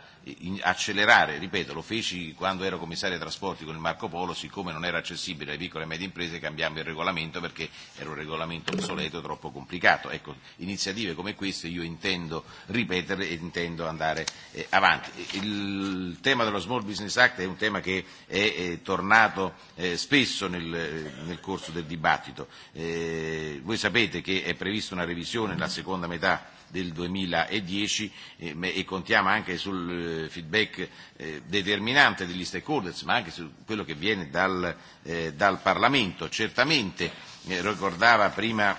accelerare, ripeto, lo feci quando ero commissario ai trasporti con il Marco Polo, siccome non era accessibile alle piccole e medie imprese cambiamo il regolamento perché era un regolamento obsoleto e troppo complicato. Ecco, iniziative come queste io intendo ripetere e intendo andare eh, avanti. Il tema dello Small Business Act è un tema che è, è tornato eh, spesso nel, nel corso del dibattito. Eh, voi sapete che è prevista una revisione nella seconda metà del 2010 eh, e contiamo anche sul eh, feedback eh, determinante degli stakeholders, ma anche su quello che viene dal, eh, dal Parlamento. Certamente, eh, ricordava prima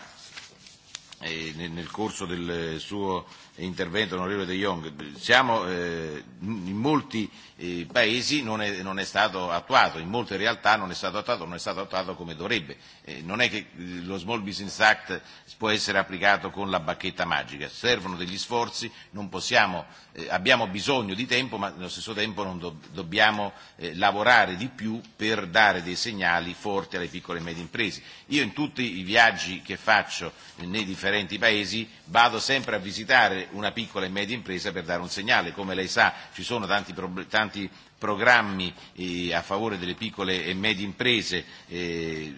eh, nel corso del suo intervento onorevole De Jong, siamo, eh, in molti eh, paesi non è, non è stato attuato, in molte realtà non è stato attuato, non è stato attuato come dovrebbe. Eh, non è che lo Small Business Act può essere applicato con la bacchetta magica, servono degli sforzi, non possiamo, eh, abbiamo bisogno di tempo ma nello stesso tempo non do, dobbiamo eh, lavorare di più per dare dei segnali forti alle piccole e medie imprese. Io in tutti i viaggi che faccio nei differenti paesi vado sempre a visitare una piccola e media impresa per dare un segnale. Come lei sa ci sono tanti, tanti programmi eh, a favore delle piccole e medie imprese eh,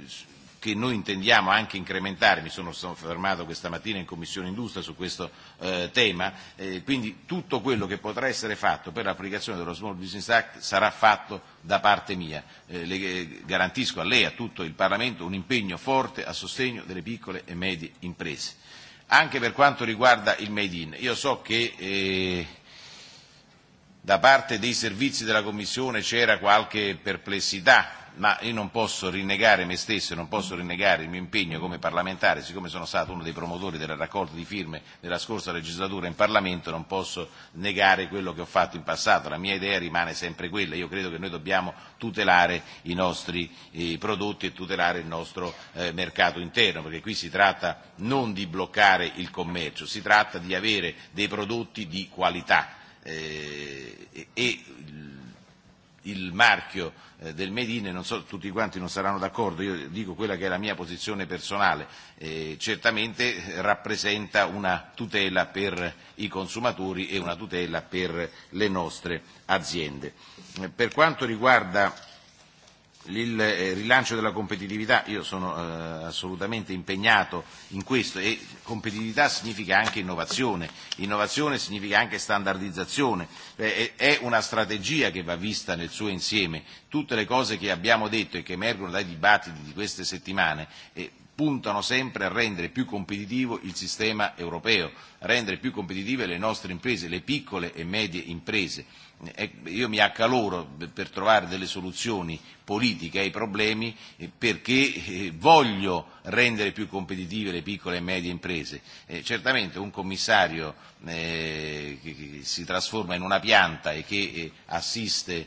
che noi intendiamo anche incrementare, mi sono fermato questa mattina in Commissione Industria su questo eh, tema, eh, quindi tutto quello che potrà essere fatto per l'applicazione dello Small Business Act sarà fatto da parte mia. Eh, le garantisco a lei e a tutto il Parlamento un impegno forte a sostegno delle piccole e medie imprese anche per quanto riguarda il Made in. Io so che eh, da parte dei servizi della Commissione c'era qualche perplessità ma io non posso rinnegare me stesso, non posso rinnegare il mio impegno come parlamentare, siccome sono stato uno dei promotori della raccolta di firme della scorsa legislatura in Parlamento, non posso negare quello che ho fatto in passato, la mia idea rimane sempre quella, io credo che noi dobbiamo tutelare i nostri prodotti e tutelare il nostro mercato interno, perché qui si tratta non di bloccare il commercio, si tratta di avere dei prodotti di qualità e il marchio eh, del Made in, non so, tutti quanti non saranno d'accordo, io dico quella che è la mia posizione personale, eh, certamente rappresenta una tutela per i consumatori e una tutela per le nostre aziende. Per quanto riguarda il rilancio della competitività, io sono eh, assolutamente impegnato in questo e competitività significa anche innovazione, innovazione significa anche standardizzazione, è una strategia che va vista nel suo insieme, tutte le cose che abbiamo detto e che emergono dai dibattiti di queste settimane eh, puntano sempre a rendere più competitivo il sistema europeo, a rendere più competitive le nostre imprese, le piccole e medie imprese io mi accaloro per trovare delle soluzioni politiche ai problemi perché voglio rendere più competitive le piccole e medie imprese. Certamente un commissario che si trasforma in una pianta e che assiste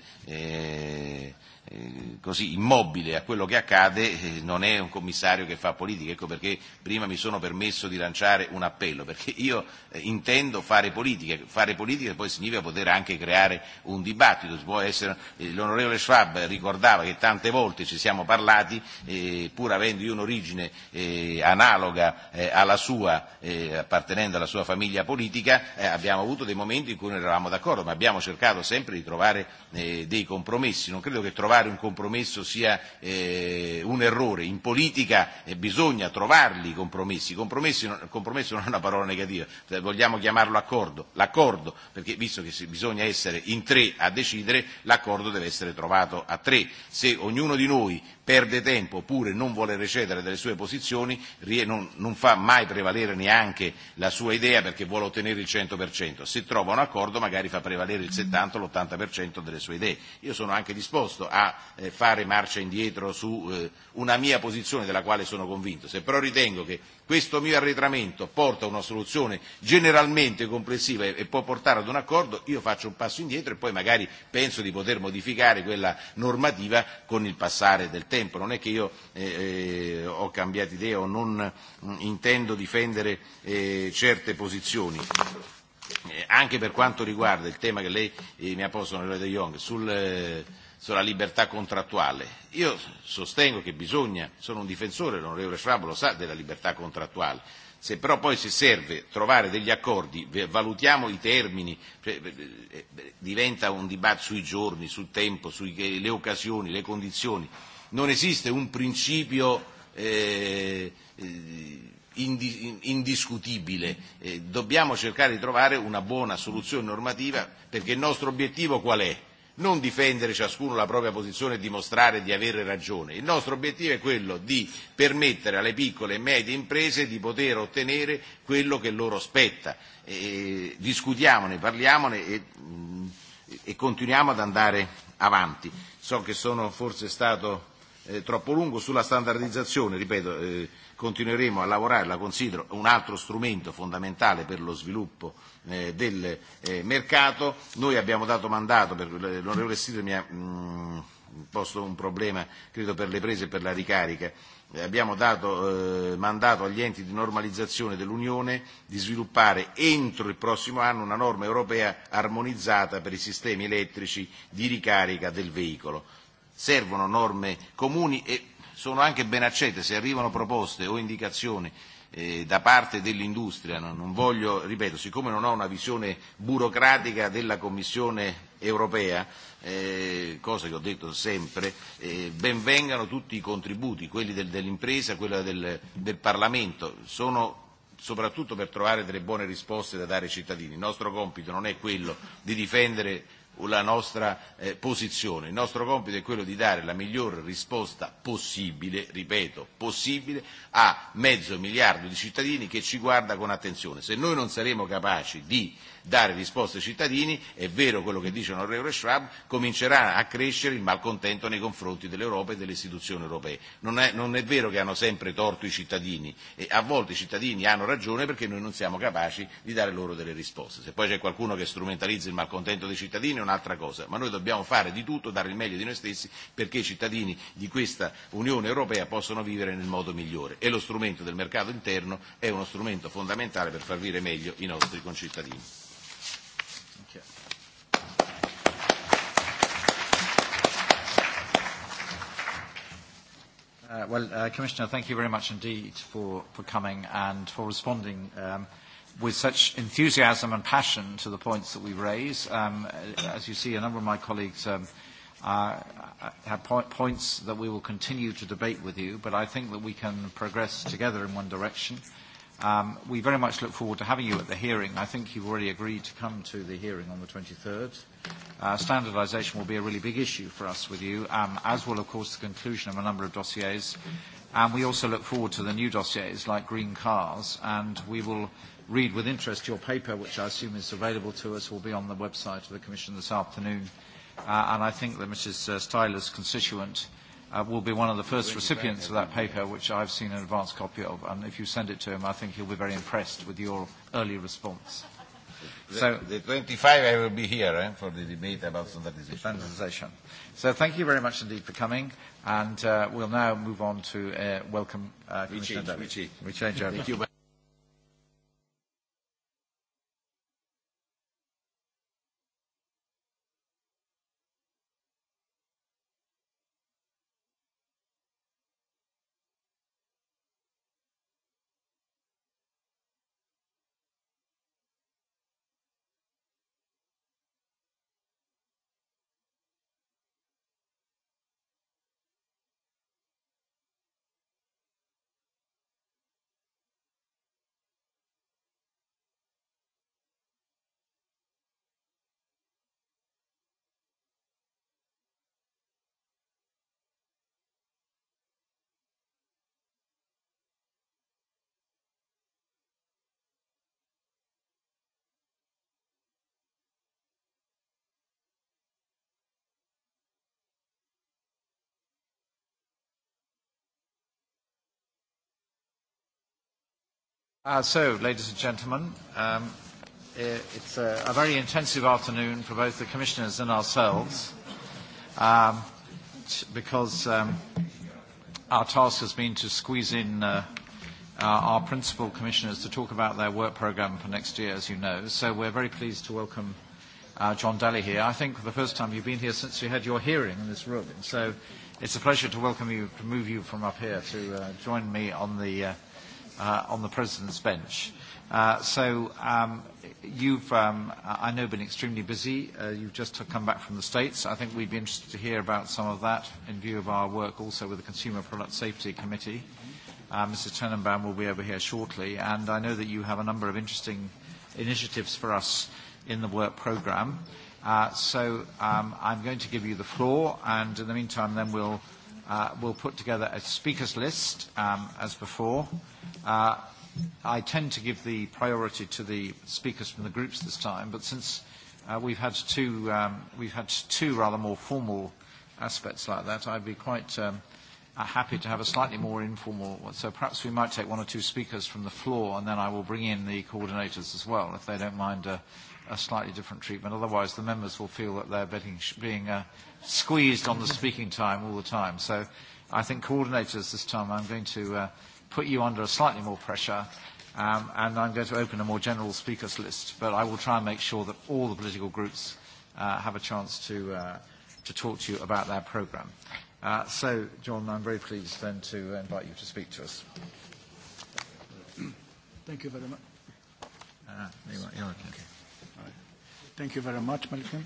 così immobile a quello che accade non è un commissario che fa politica. Ecco perché prima mi sono permesso di lanciare un appello, perché io intendo fare politica. Fare politica poi significa poter anche creare un dibattito. Può essere, l'onorevole Schwab ricordava che tante volte ci siamo parlati, pur avendo io un'origine analoga alla sua, appartenendo alla sua famiglia politica, abbiamo avuto dei momenti in cui non eravamo d'accordo, ma abbiamo cercato sempre di trovare dei compromessi. Non credo che trovare trovare un compromesso sia eh, un errore. In politica eh, bisogna trovarli i compromessi. Compromessi non, compromesso non è una parola negativa, vogliamo chiamarlo accordo. L'accordo, perché visto che bisogna essere in tre a decidere, l'accordo deve essere trovato a tre. Se ognuno di noi perde tempo oppure non vuole recedere dalle sue posizioni, non, non fa mai prevalere neanche la sua idea perché vuole ottenere il 100%. Se trova un accordo magari fa prevalere il 70 o l'80% delle sue idee. Io sono anche disposto a fare marcia indietro su una mia posizione della quale sono convinto. Se però ritengo che Questo mio arretramento porta a una soluzione generalmente complessiva e può portare ad un accordo, io faccio un passo indietro e poi magari penso di poter modificare quella normativa con il passare del tempo. Non è che io eh, ho cambiato idea o non intendo difendere eh, certe posizioni anche per quanto riguarda il tema che lei mi ha posto, onorevole De Jong, sul, sulla libertà contrattuale. Io sostengo che bisogna, sono un difensore, l'onorevole Schwab lo sa, della libertà contrattuale. Se però poi si serve trovare degli accordi, valutiamo i termini, diventa un dibattito sui giorni, sul tempo, sulle occasioni, le condizioni. Non esiste un principio eh, indiscutibile. Eh, dobbiamo cercare di trovare una buona soluzione normativa perché il nostro obiettivo qual è? non difendere ciascuno la propria posizione e dimostrare di avere ragione. Il nostro obiettivo è quello di permettere alle piccole e medie imprese di poter ottenere quello che loro spetta. E discutiamone, parliamone e, e continuiamo ad andare avanti. So che sono forse stato eh, troppo lungo sulla standardizzazione, ripeto, eh, continueremo a lavorare, la considero un altro strumento fondamentale per lo sviluppo eh, del eh, mercato. Noi abbiamo dato mandato, per l'onorevole Stile mi ha mh, posto un problema, credo, per le prese e per la ricarica. Abbiamo dato eh, mandato agli enti di normalizzazione dell'Unione di sviluppare entro il prossimo anno una norma europea armonizzata per i sistemi elettrici di ricarica del veicolo servono norme comuni e sono anche ben accette se arrivano proposte o indicazioni eh, da parte dell'industria, non, non voglio, ripeto, siccome non ho una visione burocratica della Commissione europea, eh, cosa che ho detto sempre, eh, vengano tutti i contributi, quelli del, dell'impresa, quelli del, del Parlamento, sono soprattutto per trovare delle buone risposte da dare ai cittadini. Il nostro compito non è quello di difendere la nostra eh, posizione. Il nostro compito è quello di dare la miglior risposta possibile, ripeto, possibile a mezzo miliardo di cittadini che ci guarda con attenzione. Se noi non saremo capaci di eh, dare risposte ai cittadini, è vero quello che dice l'onorevole Schwab, comincerà a crescere il malcontento nei confronti dell'Europa e delle istituzioni europee. Non è, non è vero che hanno sempre torto i cittadini e a volte i cittadini hanno ragione perché noi non siamo capaci di dare loro delle risposte. Se poi c'è qualcuno che strumentalizza il malcontento dei cittadini è un'altra cosa, ma noi dobbiamo fare di tutto, dare il meglio di noi stessi perché i cittadini di questa Unione Europea possono vivere nel modo migliore e lo strumento del mercato interno è uno strumento fondamentale per far vivere meglio i nostri concittadini. Uh, well, uh, Commissioner, thank you very much indeed for, for coming and for responding um, with such enthusiasm and passion to the points that we raise. Um, as you see, a number of my colleagues um, uh, have po points that we will continue to debate with you, but I think that we can progress together in one direction. Uh, Um, we very much look forward to having you at the hearing. I think you've already agreed to come to the hearing on the 23rd. Uh, standardisation will be a really big issue for us with you, um, as will, of course, the conclusion of a number of dossiers. And we also look forward to the new dossiers like green cars, and we will read with interest your paper, which I assume is available to us, will be on the website of the Commission this afternoon. Uh, and I think that Mrs. Uh, Styler's constituent uh, will be one of the first recipients of that paper, which I've seen an advanced copy of. And if you send it to him, I think he'll be very impressed with your early response. So the 25, I will be here eh, for the debate about standardization. standardization. So thank you very much indeed for coming, and uh, we'll now move on to uh, welcome uh, Commissioner. Richie. Richie. Richie. Richie. We change over. Thank you. Uh, so, ladies and gentlemen, um, it's a, a very intensive afternoon for both the commissioners and ourselves, um, because um, our task has been to squeeze in uh, our, our principal commissioners to talk about their work programme for next year, as you know. So we're very pleased to welcome uh, John Daly here. I think for the first time you've been here since you had your hearing in this room. So it's a pleasure to welcome you, to move you from up here to uh, join me on the. Uh, uh, on the President's bench. Uh, so um, you've, um, I know, been extremely busy. Uh, you've just come back from the States. I think we'd be interested to hear about some of that in view of our work also with the Consumer Product Safety Committee. Uh, Mr. Tenenbaum will be over here shortly. And I know that you have a number of interesting initiatives for us in the work programme. Uh, so um, I'm going to give you the floor, and in the meantime, then we'll, uh, we'll put together a speakers list um, as before Uh, I tend to give the priority to the speakers from the groups this time, but since uh, we've had two, um, we've had two rather more formal aspects like that, I'd be quite um, uh happy to have a slightly more informal one. So perhaps we might take one or two speakers from the floor, and then I will bring in the coordinators as well, if they don't mind a, a slightly different treatment. Otherwise, the members will feel that they're being, being uh, squeezed on the speaking time all the time. So I think coordinators this time, I'm going to. Uh, put you under slightly more pressure, um, and I'm going to open a more general speakers list, but I will try and make sure that all the political groups uh, have a chance to, uh, to talk to you about their programme. Uh, so, John, I'm very pleased then to invite you to speak to us. Thank you very much. Uh, you're, okay. Okay. right. Thank you very much, Malcolm.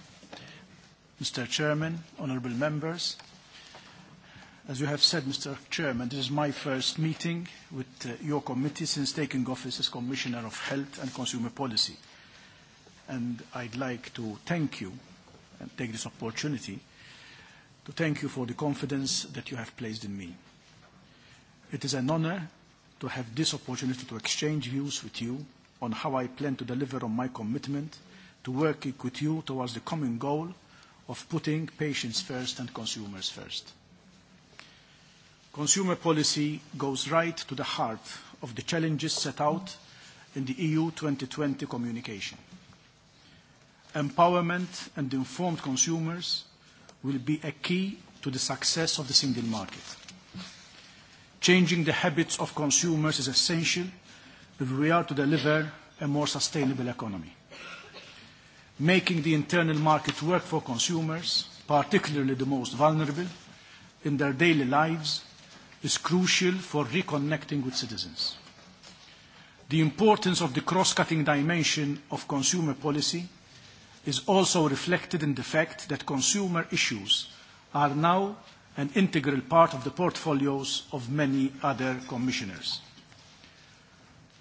Mr. Chairman, honourable members, As you have said, Mr. Chairman, this is my first meeting with your committee since taking office as Commissioner of Health and Consumer Policy. And I'd like to thank you and take this opportunity to thank you for the confidence that you have placed in me. It is an honor to have this opportunity to exchange views with you on how I plan to deliver on my commitment to work with you towards the common goal of putting patients first and consumers first. Consumer policy goes right to the heart of the challenges set out in the EU 2020 communication. Empowerment and informed consumers will be a key to the success of the single market. Changing the habits of consumers is essential if we are to deliver a more sustainable economy. Making the internal market work for consumers, particularly the most vulnerable, in their daily lives is crucial for reconnecting with citizens. The importance of the cross-cutting dimension of consumer policy is also reflected in the fact that consumer issues are now an integral part of the portfolios of many other commissioners.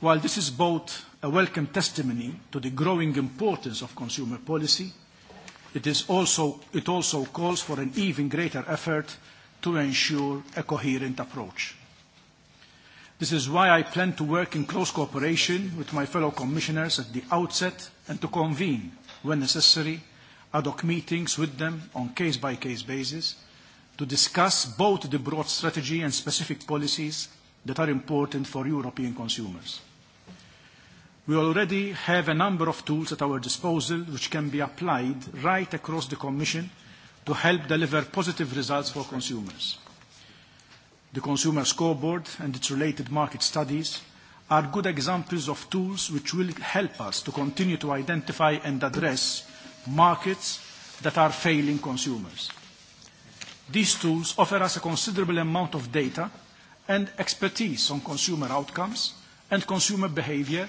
While this is both a welcome testimony to the growing importance of consumer policy, it, is also, it also calls for an even greater effort to ensure a coherent approach. This is why I plan to work in close cooperation with my fellow commissioners at the outset and to convene, when necessary, ad hoc meetings with them on a case-by-case basis to discuss both the broad strategy and specific policies that are important for European consumers. We already have a number of tools at our disposal which can be applied right across the Commission – to help deliver positive results for consumers. The Consumer Scoreboard and its related market studies are good examples of tools which will help us to continue to identify and address markets that are failing consumers. These tools offer us a considerable amount of data and expertise on consumer outcomes and consumer behavior,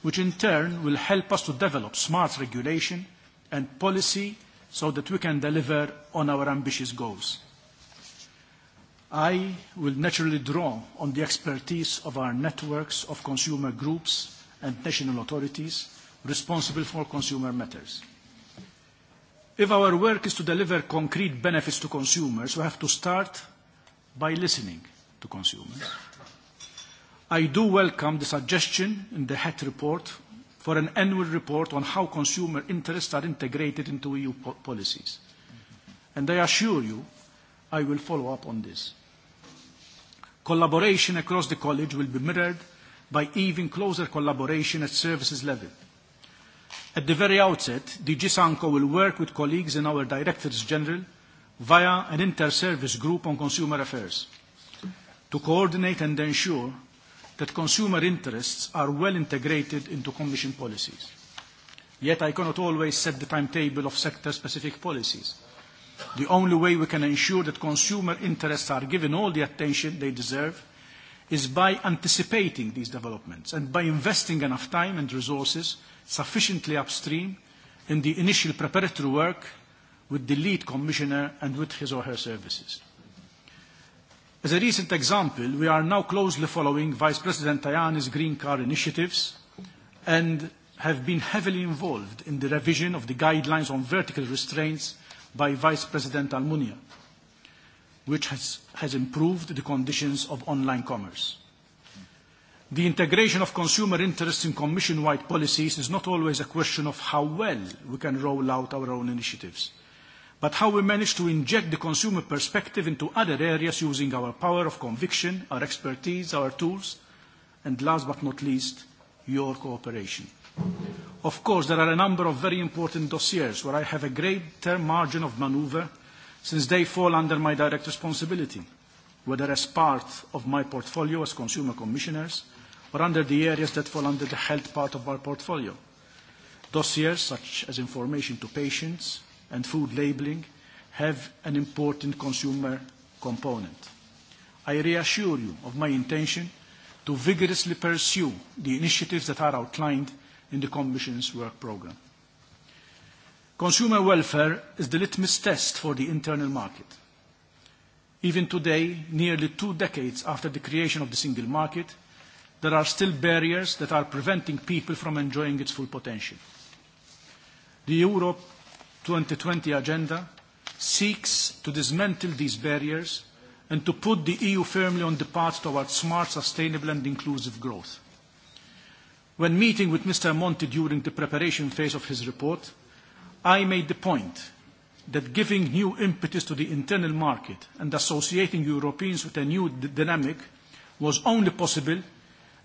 which in turn will help us to develop smart regulation and policy so that we can deliver on our ambitious goals. I will naturally draw on the expertise of our networks of consumer groups and national authorities responsible for consumer matters. If our work is to deliver concrete benefits to consumers, we have to start by listening to consumers. I do welcome the suggestion in the HET report for an annual report on how consumer interests are integrated into EU policies. And I assure you, I will follow up on this. Collaboration across the College will be mirrored by even closer collaboration at services level. At the very outset, DG SANCO will work with colleagues in our Directors General via an inter-service group on consumer affairs to coordinate and ensure that consumer interests are well integrated into Commission policies. Yet I cannot always set the timetable of sector-specific policies. The only way we can ensure that consumer interests are given all the attention they deserve is by anticipating these developments and by investing enough time and resources sufficiently upstream in the initial preparatory work with the lead commissioner and with his or her services. As a recent example, we are now closely following Vice President Tajani's green car initiatives and have been heavily involved in the revision of the guidelines on vertical restraints by Vice President Almunia, which has, has improved the conditions of online commerce. The integration of consumer interests in Commission-wide policies is not always a question of how well we can roll out our own initiatives but how we manage to inject the consumer perspective into other areas using our power of conviction, our expertise, our tools, and last but not least, your cooperation. Of course, there are a number of very important dossiers where I have a greater margin of manoeuvre since they fall under my direct responsibility, whether as part of my portfolio as consumer commissioners or under the areas that fall under the health part of our portfolio. Dossiers such as information to patients, and food labelling have an important consumer component. I reassure you of my intention to vigorously pursue the initiatives that are outlined in the Commission's work programme. Consumer welfare is the litmus test for the internal market. Even today, nearly two decades after the creation of the single market, there are still barriers that are preventing people from enjoying its full potential. The Europe 2020 agenda seeks to dismantle these barriers and to put the EU firmly on the path towards smart, sustainable and inclusive growth. When meeting with Mr. Monti during the preparation phase of his report, I made the point that giving new impetus to the internal market and associating Europeans with a new dynamic was only possible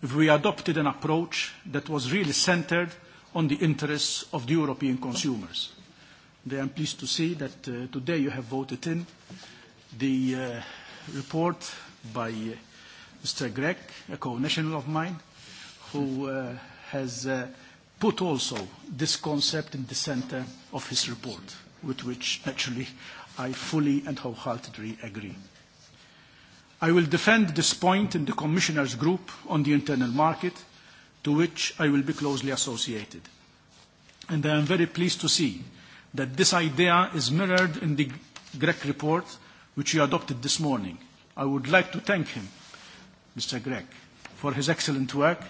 if we adopted an approach that was really centred on the interests of the European consumers. I I'm pleased to see that today you have voted in the report by Mr. Grech, a co-national of mine, who has put also this concept in the center of his report, with which actually I fully and wholeheartedly agree. I will defend this point in the Commissioners' Group on the internal market, to which I will be closely associated. And I am very pleased to see that this idea is mirrored in the Grech report, which he adopted this morning. I would like to thank him, Mr. Grech, for his excellent work,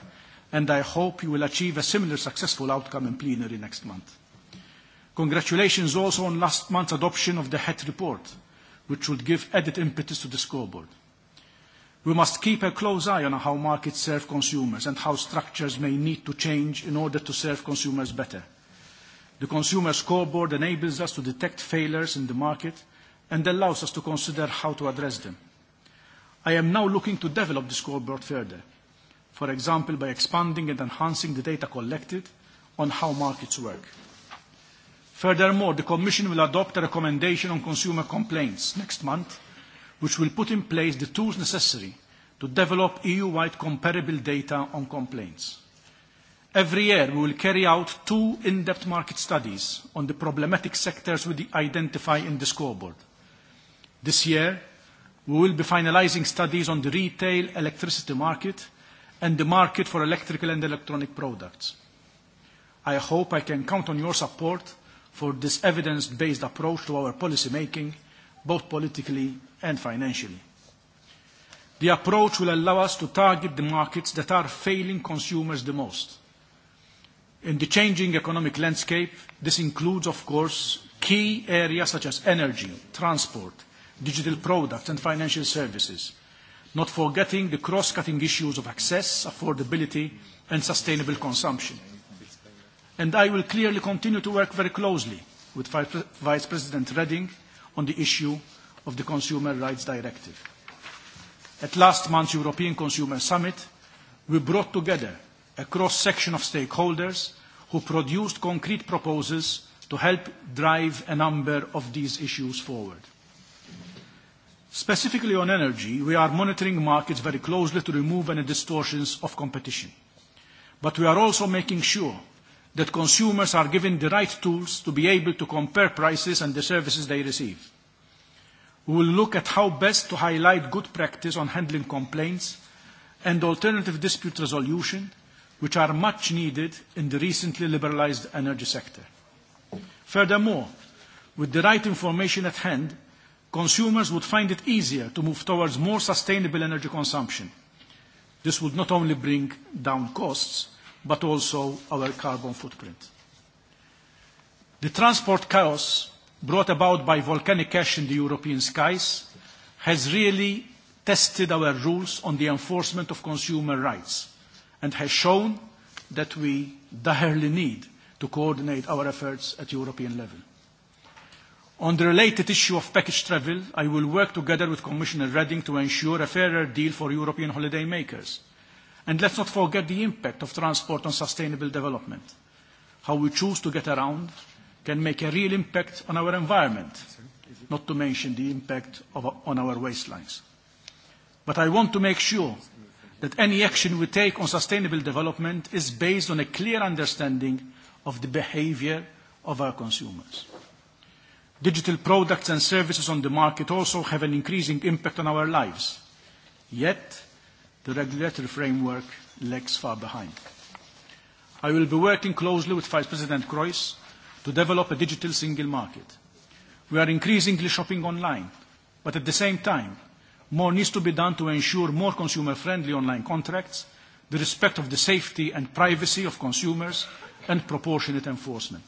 and I hope you will achieve a similar successful outcome in plenary next month. Congratulations also on last month's adoption of the HET report, which would give added impetus to the scoreboard. We must keep a close eye on how markets serve consumers and how structures may need to change in order to serve consumers better. The consumer scoreboard enables us to detect failures in the market and allows us to consider how to address them. I am now looking to develop the scoreboard further, for example, by expanding and enhancing the data collected on how markets work. Furthermore, the Commission will adopt a recommendation on consumer complaints next month, which will put in place the tools necessary to develop EU-wide comparable data on complaints. Every year, we will carry out two in-depth market studies on the problematic sectors we identify in the scoreboard. This year, we will be finalizing studies on the retail electricity market and the market for electrical and electronic products. I hope I can count on your support for this evidence-based approach to our policy making, both politically and financially. The approach will allow us to target the markets that are failing consumers the most In the changing economic landscape, this includes, of course, key areas such as energy, transport, digital products and financial services, not forgetting the cross-cutting issues of access, affordability and sustainable consumption. And I will clearly continue to work very closely with Vice President Reding on the issue of the Consumer Rights Directive. At last month's European Consumer Summit, we brought together a cross-section of stakeholders who produced concrete proposals to help drive a number of these issues forward. Specifically on energy, we are monitoring markets very closely to remove any distortions of competition. But we are also making sure that consumers are given the right tools to be able to compare prices and the services they receive. We will look at how best to highlight good practice on handling complaints and alternative dispute resolution which are much needed in the recently liberalised energy sector. Furthermore, with the right information at hand, consumers would find it easier to move towards more sustainable energy consumption. This would not only bring down costs, but also our carbon footprint. The transport chaos brought about by volcanic ash in the European skies has really tested our rules on the enforcement of consumer rights and has shown that we direly need to coordinate our efforts at European level. On the related issue of package travel, I will work together with Commissioner Reding to ensure a fairer deal for European holiday makers. And let's not forget the impact of transport on sustainable development. How we choose to get around can make a real impact on our environment, not to mention the impact of, on our waistlines. But I want to make sure that any action we take on sustainable development is based on a clear understanding of the behavior of our consumers. Digital products and services on the market also have an increasing impact on our lives. Yet, the regulatory framework lags far behind. I will be working closely with Vice President Kroes to develop a digital single market. We are increasingly shopping online, but at the same time, More needs to be done to ensure more consumer-friendly online contracts, the respect of the safety and privacy of consumers, and proportionate enforcement.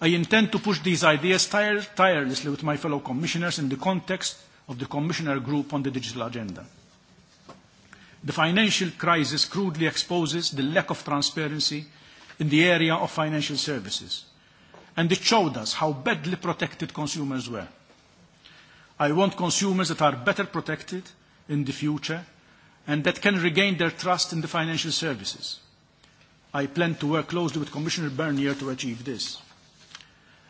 I intend to push these ideas tire tirelessly with my fellow commissioners in the context of the commissioner group on the digital agenda. The financial crisis crudely exposes the lack of transparency in the area of financial services, and it showed us how badly protected consumers were. I want consumers that are better protected in the future and that can regain their trust in the financial services. I plan to work closely with Commissioner Bernier to achieve this.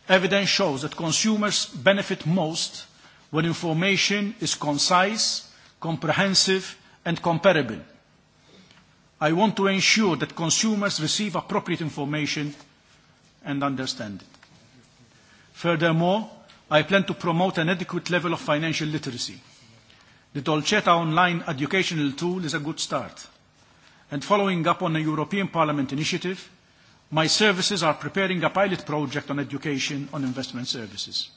Evidence shows that consumers benefit most when information is concise, comprehensive and comparable. I want to ensure that consumers receive appropriate information and understand it. Furthermore, I plan to promote an adequate level of financial literacy. The Dolcetta online educational tool is a good start. And following up on a European Parliament initiative, my services are preparing a pilot project on education on investment services.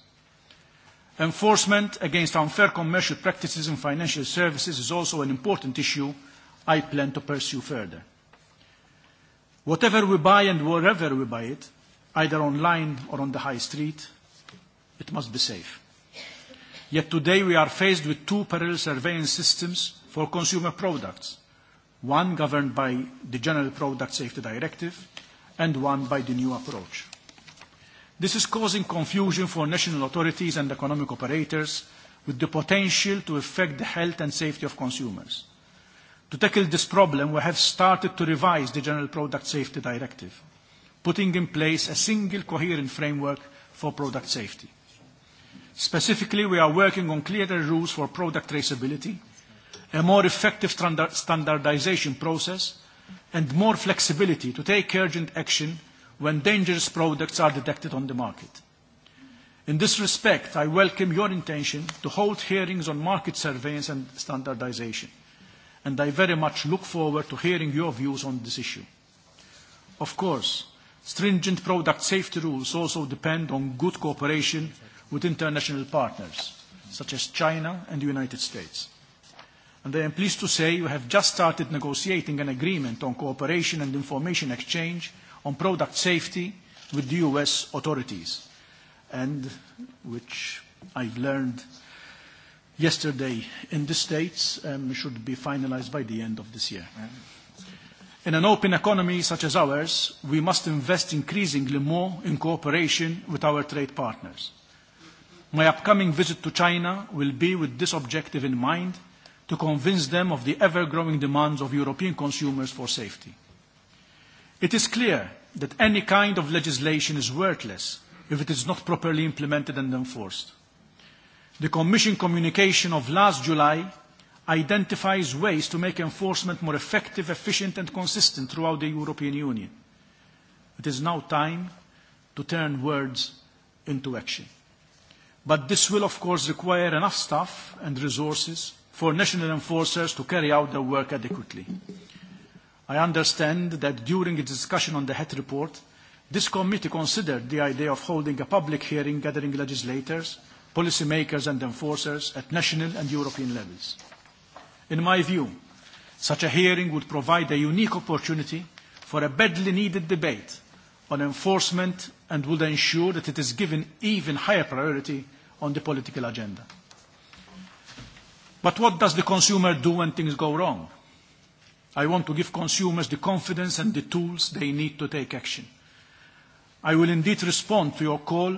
Enforcement against unfair commercial practices in financial services is also an important issue I plan to pursue further. Whatever we buy and wherever we buy it, either online or on the high street, It must be safe. Yet today we are faced with two parallel surveillance systems for consumer products, one governed by the General Product Safety Directive and one by the new approach. This is causing confusion for national authorities and economic operators with the potential to affect the health and safety of consumers. To tackle this problem, we have started to revise the General Product Safety Directive, putting in place a single coherent framework for product safety. Specifically, we are working on clearer rules for product traceability, a more effective standardization process, and more flexibility to take urgent action when dangerous products are detected on the market. In this respect, I welcome your intention to hold hearings on market surveillance and standardization, and I very much look forward to hearing your views on this issue. Of course, stringent product safety rules also depend on good cooperation with international partners such as China and the United States. And I am pleased to say we have just started negotiating an agreement on cooperation and information exchange on product safety with the US authorities, and which I learned yesterday in the States um, should be finalized by the end of this year. In an open economy such as ours, we must invest increasingly more in cooperation with our trade partners My upcoming visit to China will be with this objective in mind to convince them of the ever-growing demands of European consumers for safety. It is clear that any kind of legislation is worthless if it is not properly implemented and enforced. The Commission communication of last July identifies ways to make enforcement more effective, efficient and consistent throughout the European Union. It is now time to turn words into action. But this will, of course, require enough staff and resources for national enforcers to carry out their work adequately. I understand that during its discussion on the HET report, this committee considered the idea of holding a public hearing gathering legislators, policymakers and enforcers at national and European levels. In my view, such a hearing would provide a unique opportunity for a badly needed debate on enforcement and would ensure that it is given even higher priority on the political agenda. But what does the consumer do when things go wrong? I want to give consumers the confidence and the tools they need to take action. I will indeed respond to your call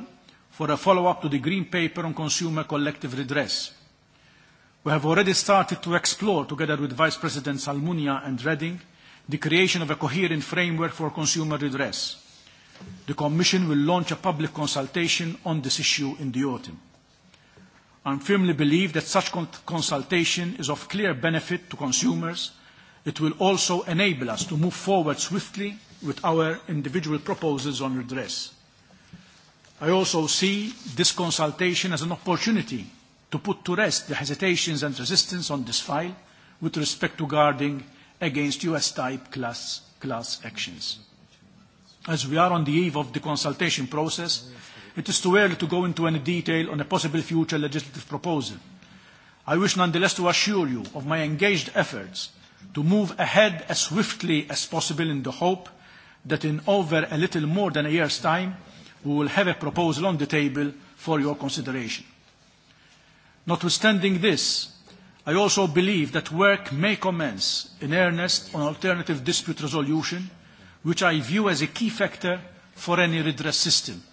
for a follow-up to the Green Paper on Consumer Collective Redress. We have already started to explore, together with Vice Presidents Almunia and Reding the creation of a coherent framework for consumer redress. The Commission will launch a public consultation on this issue in the autumn. I firmly believe that such consultation is of clear benefit to consumers. It will also enable us to move forward swiftly with our individual proposals on redress. I also see this consultation as an opportunity to put to rest the hesitations and resistance on this file with respect to guarding against US-type class, actions as we are on the eve of the consultation process, it is too early to go into any detail on a possible future legislative proposal. I wish nonetheless to assure you of my engaged efforts to move ahead as swiftly as possible in the hope that in over a little more than a year's time, we will have a proposal on the table for your consideration. Notwithstanding this, I also believe that work may commence in earnest on alternative dispute resolution which I view as a key factor for any redress system,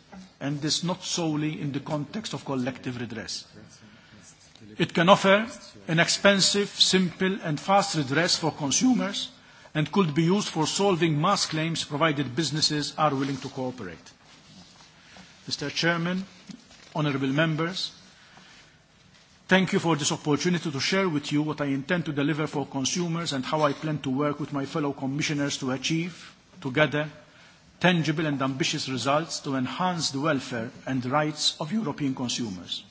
and this not solely in the context of collective redress. It can offer an expensive, simple and fast redress for consumers and could be used for solving mass claims provided businesses are willing to cooperate. Mr. Chairman, honourable members, thank you for this opportunity to share with you what I intend to deliver for consumers and how I plan to work with my fellow commissioners to achieve together tangible and ambitious results to enhance the welfare and rights of European consumers.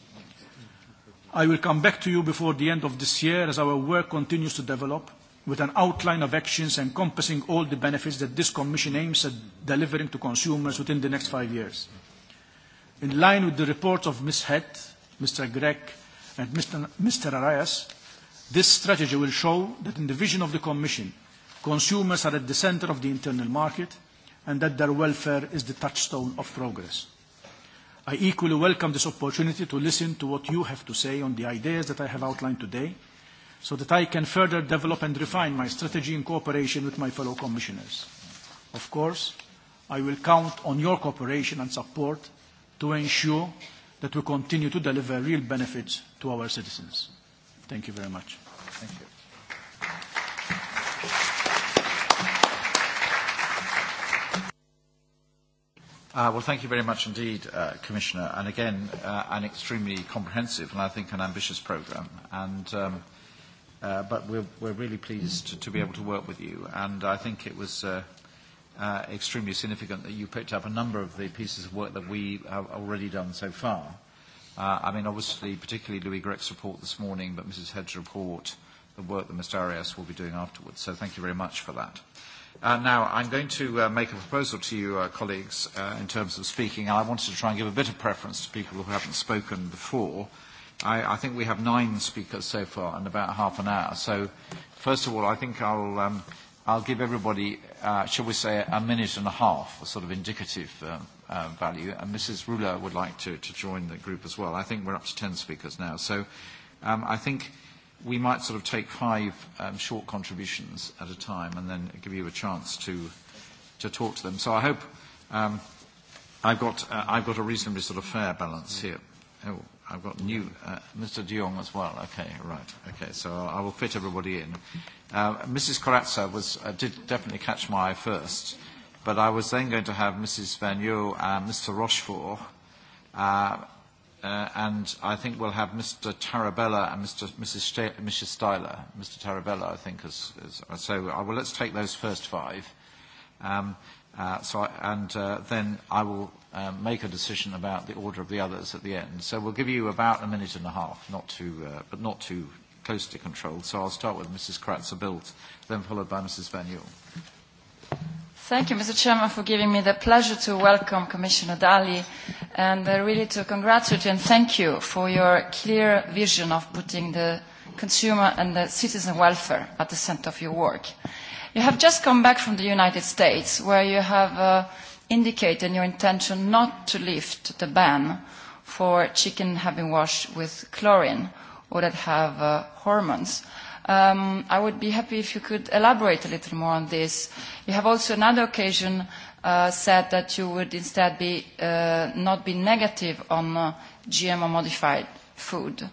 I will come back to you before the end of this year as our work continues to develop with an outline of actions encompassing all the benefits that this Commission aims at delivering to consumers within the next five years. In line with the reports of Ms. Het, Mr. Grech and Mr. Arias, this strategy will show that in the vision of the Commission, consumers are at the center of the internal market and that their welfare is the touchstone of progress. I equally welcome this opportunity to listen to what you have to say on the ideas that I have outlined today so that I can further develop and refine my strategy in cooperation with my fellow commissioners. Of course, I will count on your cooperation and support to ensure that we continue to deliver real benefits to our citizens. Thank you very much. Thank you. Uh, well, thank you very much indeed, uh, Commissioner. And again, uh, an extremely comprehensive and I think an ambitious programme. And um, uh, but we're, we're really pleased to, to be able to work with you. And I think it was uh, uh, extremely significant that you picked up a number of the pieces of work that we have already done so far. Uh, I mean, obviously, particularly Louis Greck's report this morning, but Mrs. Hedge's report, the work that Mr. Arias will be doing afterwards. So thank you very much for that. Uh, now, I'm going to uh, make a proposal to you, uh, colleagues, uh, in terms of speaking. I wanted to try and give a bit of preference to people who haven't spoken before. I, I think we have nine speakers so far and about half an hour. So, first of all, I think I'll, um, I'll give everybody, uh, shall we say, a minute and a half, a sort of indicative uh, uh, value. And Mrs. Ruler would like to, to join the group as well. I think we're up to ten speakers now. So, um, I think we might sort of take five um, short contributions at a time and then give you a chance to, to talk to them. So I hope um, I've, got, uh, I've got a reasonably sort of fair balance here. Oh, I've got new, uh, Mr. De Jong as well. Okay, right. Okay, so I will fit everybody in. Uh, Mrs. Corazza was, uh, did definitely catch my eye first, but I was then going to have Mrs. Van Yeo and Mr. Rochefort. Uh, Uh, and I think we'll have Mr. Tarabella and Mr. Mrs. St- Mrs. Styler. Mr. Tarabella, I think, is, is so. I, well, let's take those first five. Um, uh, so, I, and uh, then I will um, make a decision about the order of the others at the end. So we'll give you about a minute and a half, not too, uh, but not too closely controlled. So I'll start with Mrs. Kratzer-Bilt, then followed by Mrs. Van Yule. Thank you, Mr. Chairman, for giving me the pleasure to welcome Commissioner Dalli and uh, really to congratulate you and thank you for your clear vision of putting the consumer and the citizen welfare at the center of your work. You have just come back from the United States where you have uh, indicated your intention not to lift the ban for chicken having washed with chlorine or that have uh, hormones. Uh, Um, I would be happy if you could elaborate a little more on this. You have also another occasion uh, said that you would instead be uh, not be negative on uh, GMO modified food.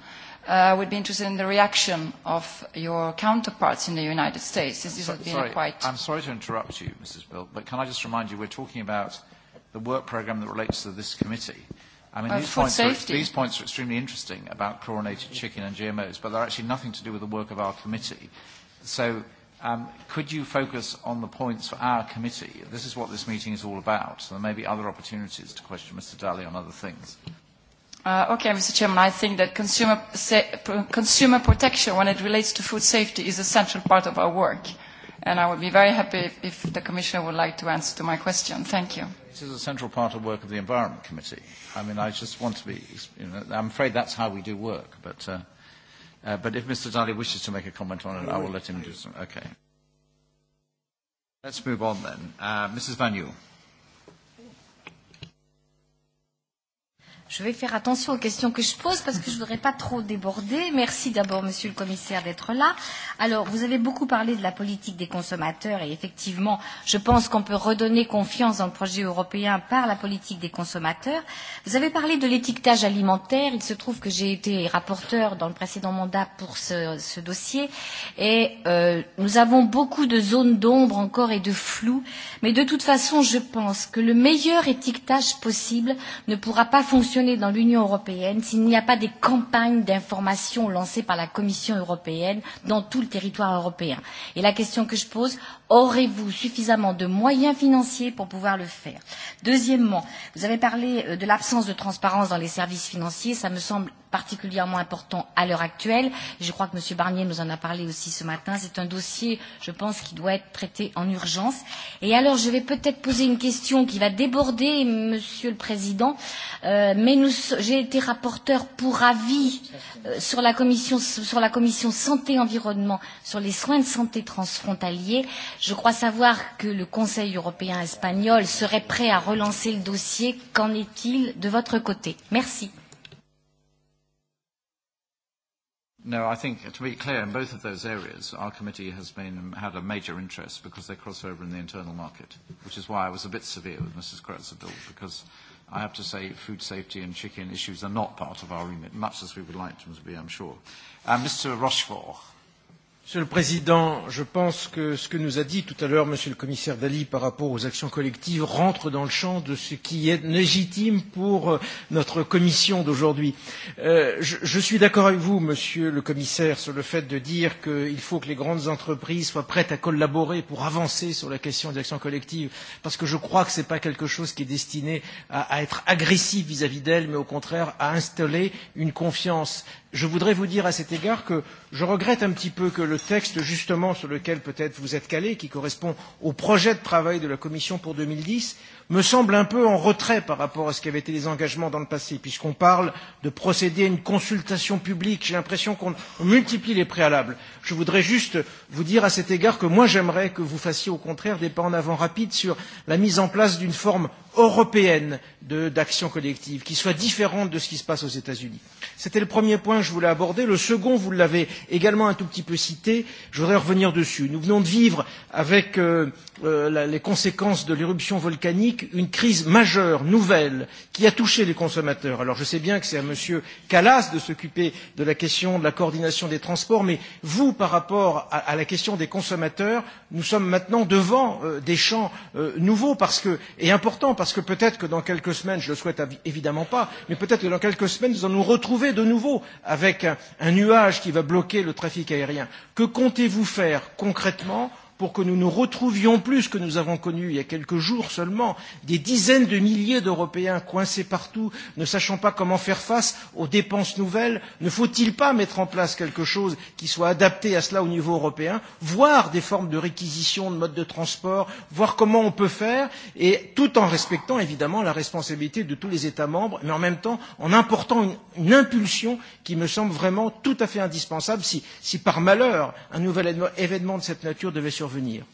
I would be interested in the reaction of your counterparts in the United States. This has been sorry, quite. I'm sorry to interrupt you, Mrs. Bill, but can I just remind you we're talking about the work program that relates to this committee. I mean, these, points are, these points are extremely interesting about chlorinated chicken and GMOs, but they're actually nothing to do with the work of our committee. So um, could you focus on the points for our committee? This is what this meeting is all about. So there may be other opportunities to question Mr. Daly on other things. Uh, okay, Mr. Chairman, I think that consumer, consumer protection when it relates to food safety is a central part of our work. And I would be very happy if, if the Commissioner would like to answer to my question. Thank you it is a central part of work of the Environment Committee. I mean, I just want to be, you know, I'm afraid that's how we do work, but, uh, uh, but if Mr. Daly wishes to make a comment on it, I will let him do so. Okay. Let's move on then. Uh, Mrs. Van Uel. Je vais faire attention aux questions que je pose parce que je ne voudrais pas trop déborder. Merci d'abord, Monsieur le Commissaire, d'être là. Alors, vous avez beaucoup parlé de la politique des consommateurs et effectivement, je pense qu'on peut redonner confiance dans le projet européen par la politique des consommateurs. Vous avez parlé de l'étiquetage alimentaire. Il se trouve que j'ai été rapporteur dans le précédent mandat pour ce, ce dossier et euh, nous avons beaucoup de zones d'ombre encore et de flou. Mais de toute façon, je pense que le meilleur étiquetage possible ne pourra pas fonctionner fonctionner dans l'Union européenne s'il n'y a pas des campagnes d'information lancées par la Commission européenne dans tout le territoire européen. Et la question que je pose, Aurez-vous suffisamment de moyens financiers pour pouvoir le faire Deuxièmement, vous avez parlé de l'absence de transparence dans les services financiers. Ça me semble particulièrement important à l'heure actuelle. Je crois que M. Barnier nous en a parlé aussi ce matin. C'est un dossier, je pense, qui doit être traité en urgence. Et alors, je vais peut-être poser une question qui va déborder, Monsieur le Président, euh, mais j'ai été rapporteur pour avis euh, sur, la commission, sur la commission santé-environnement sur les soins de santé transfrontaliers. Je crois savoir que le Conseil européen espagnol serait prêt à relancer le dossier. Qu'en est-il de votre côté Merci. No, I think to be clear, in both of those areas, our committee has been had a major interest because they cross over in the internal market, which is why I was a bit severe with Mrs. Kretzabil, because I have to say food safety and chicken issues are not part of our remit, much as we would like them to be, I'm sure. Uh, Mr. Rochefort, Monsieur le Président, je pense que ce que nous a dit tout à l'heure Monsieur le Commissaire Dali par rapport aux actions collectives rentre dans le champ de ce qui est légitime pour notre commission d'aujourd'hui. je, suis d'accord avec vous, Monsieur le Commissaire, sur le fait de dire qu'il faut que les grandes entreprises soient prêtes à collaborer pour avancer sur la question des actions collectives, parce que je crois que ce n'est pas quelque chose qui est destiné à, être agressif vis-à-vis d'elles, mais au contraire à installer une confiance Je voudrais vous dire à cet égard que je regrette un petit peu que le texte, justement, sur lequel peut-être vous êtes calé, qui correspond au projet de travail de la Commission pour 2010, me semble un peu en retrait par rapport à ce qu'avaient été les engagements dans le passé, puisqu'on parle de procéder à une consultation publique. J'ai l'impression qu'on multiplie les préalables. Je voudrais juste vous dire à cet égard que moi, j'aimerais que vous fassiez au contraire des pas en avant rapides sur la mise en place d'une forme européenne d'action collective, qui soit différente de ce qui se passe aux États-Unis. C'était le premier point que je voulais aborder. Le second, vous l'avez également un tout petit peu cité, je voudrais revenir dessus. Nous venons de vivre, avec euh, euh, les conséquences de l'éruption volcanique, une crise majeure, nouvelle, qui a touché les consommateurs. Alors je sais bien que c'est à M. Callas de s'occuper de la question de la coordination des transports, mais vous, par rapport à, à la question des consommateurs, nous sommes maintenant devant euh, des champs euh, nouveaux parce que, et importants, parce parce que peut-être que dans quelques semaines, je le souhaite évidemment pas, mais peut-être que dans quelques semaines, nous allons nous retrouver de nouveau avec un, un nuage qui va bloquer le trafic aérien. Que comptez-vous faire concrètement pour que nous nous retrouvions plus que nous avons connu il y a quelques jours seulement, des dizaines de milliers d'Européens coincés partout, ne sachant pas comment faire face aux dépenses nouvelles, ne faut-il pas mettre en place quelque chose qui soit adapté à cela au niveau européen, voir des formes de réquisition de modes de transport, voir comment on peut faire, et tout en respectant évidemment la responsabilité de tous les États membres, mais en même temps en important une, une impulsion qui me semble vraiment tout à fait indispensable si, si par malheur un nouvel événement de cette nature devait survenir survenir.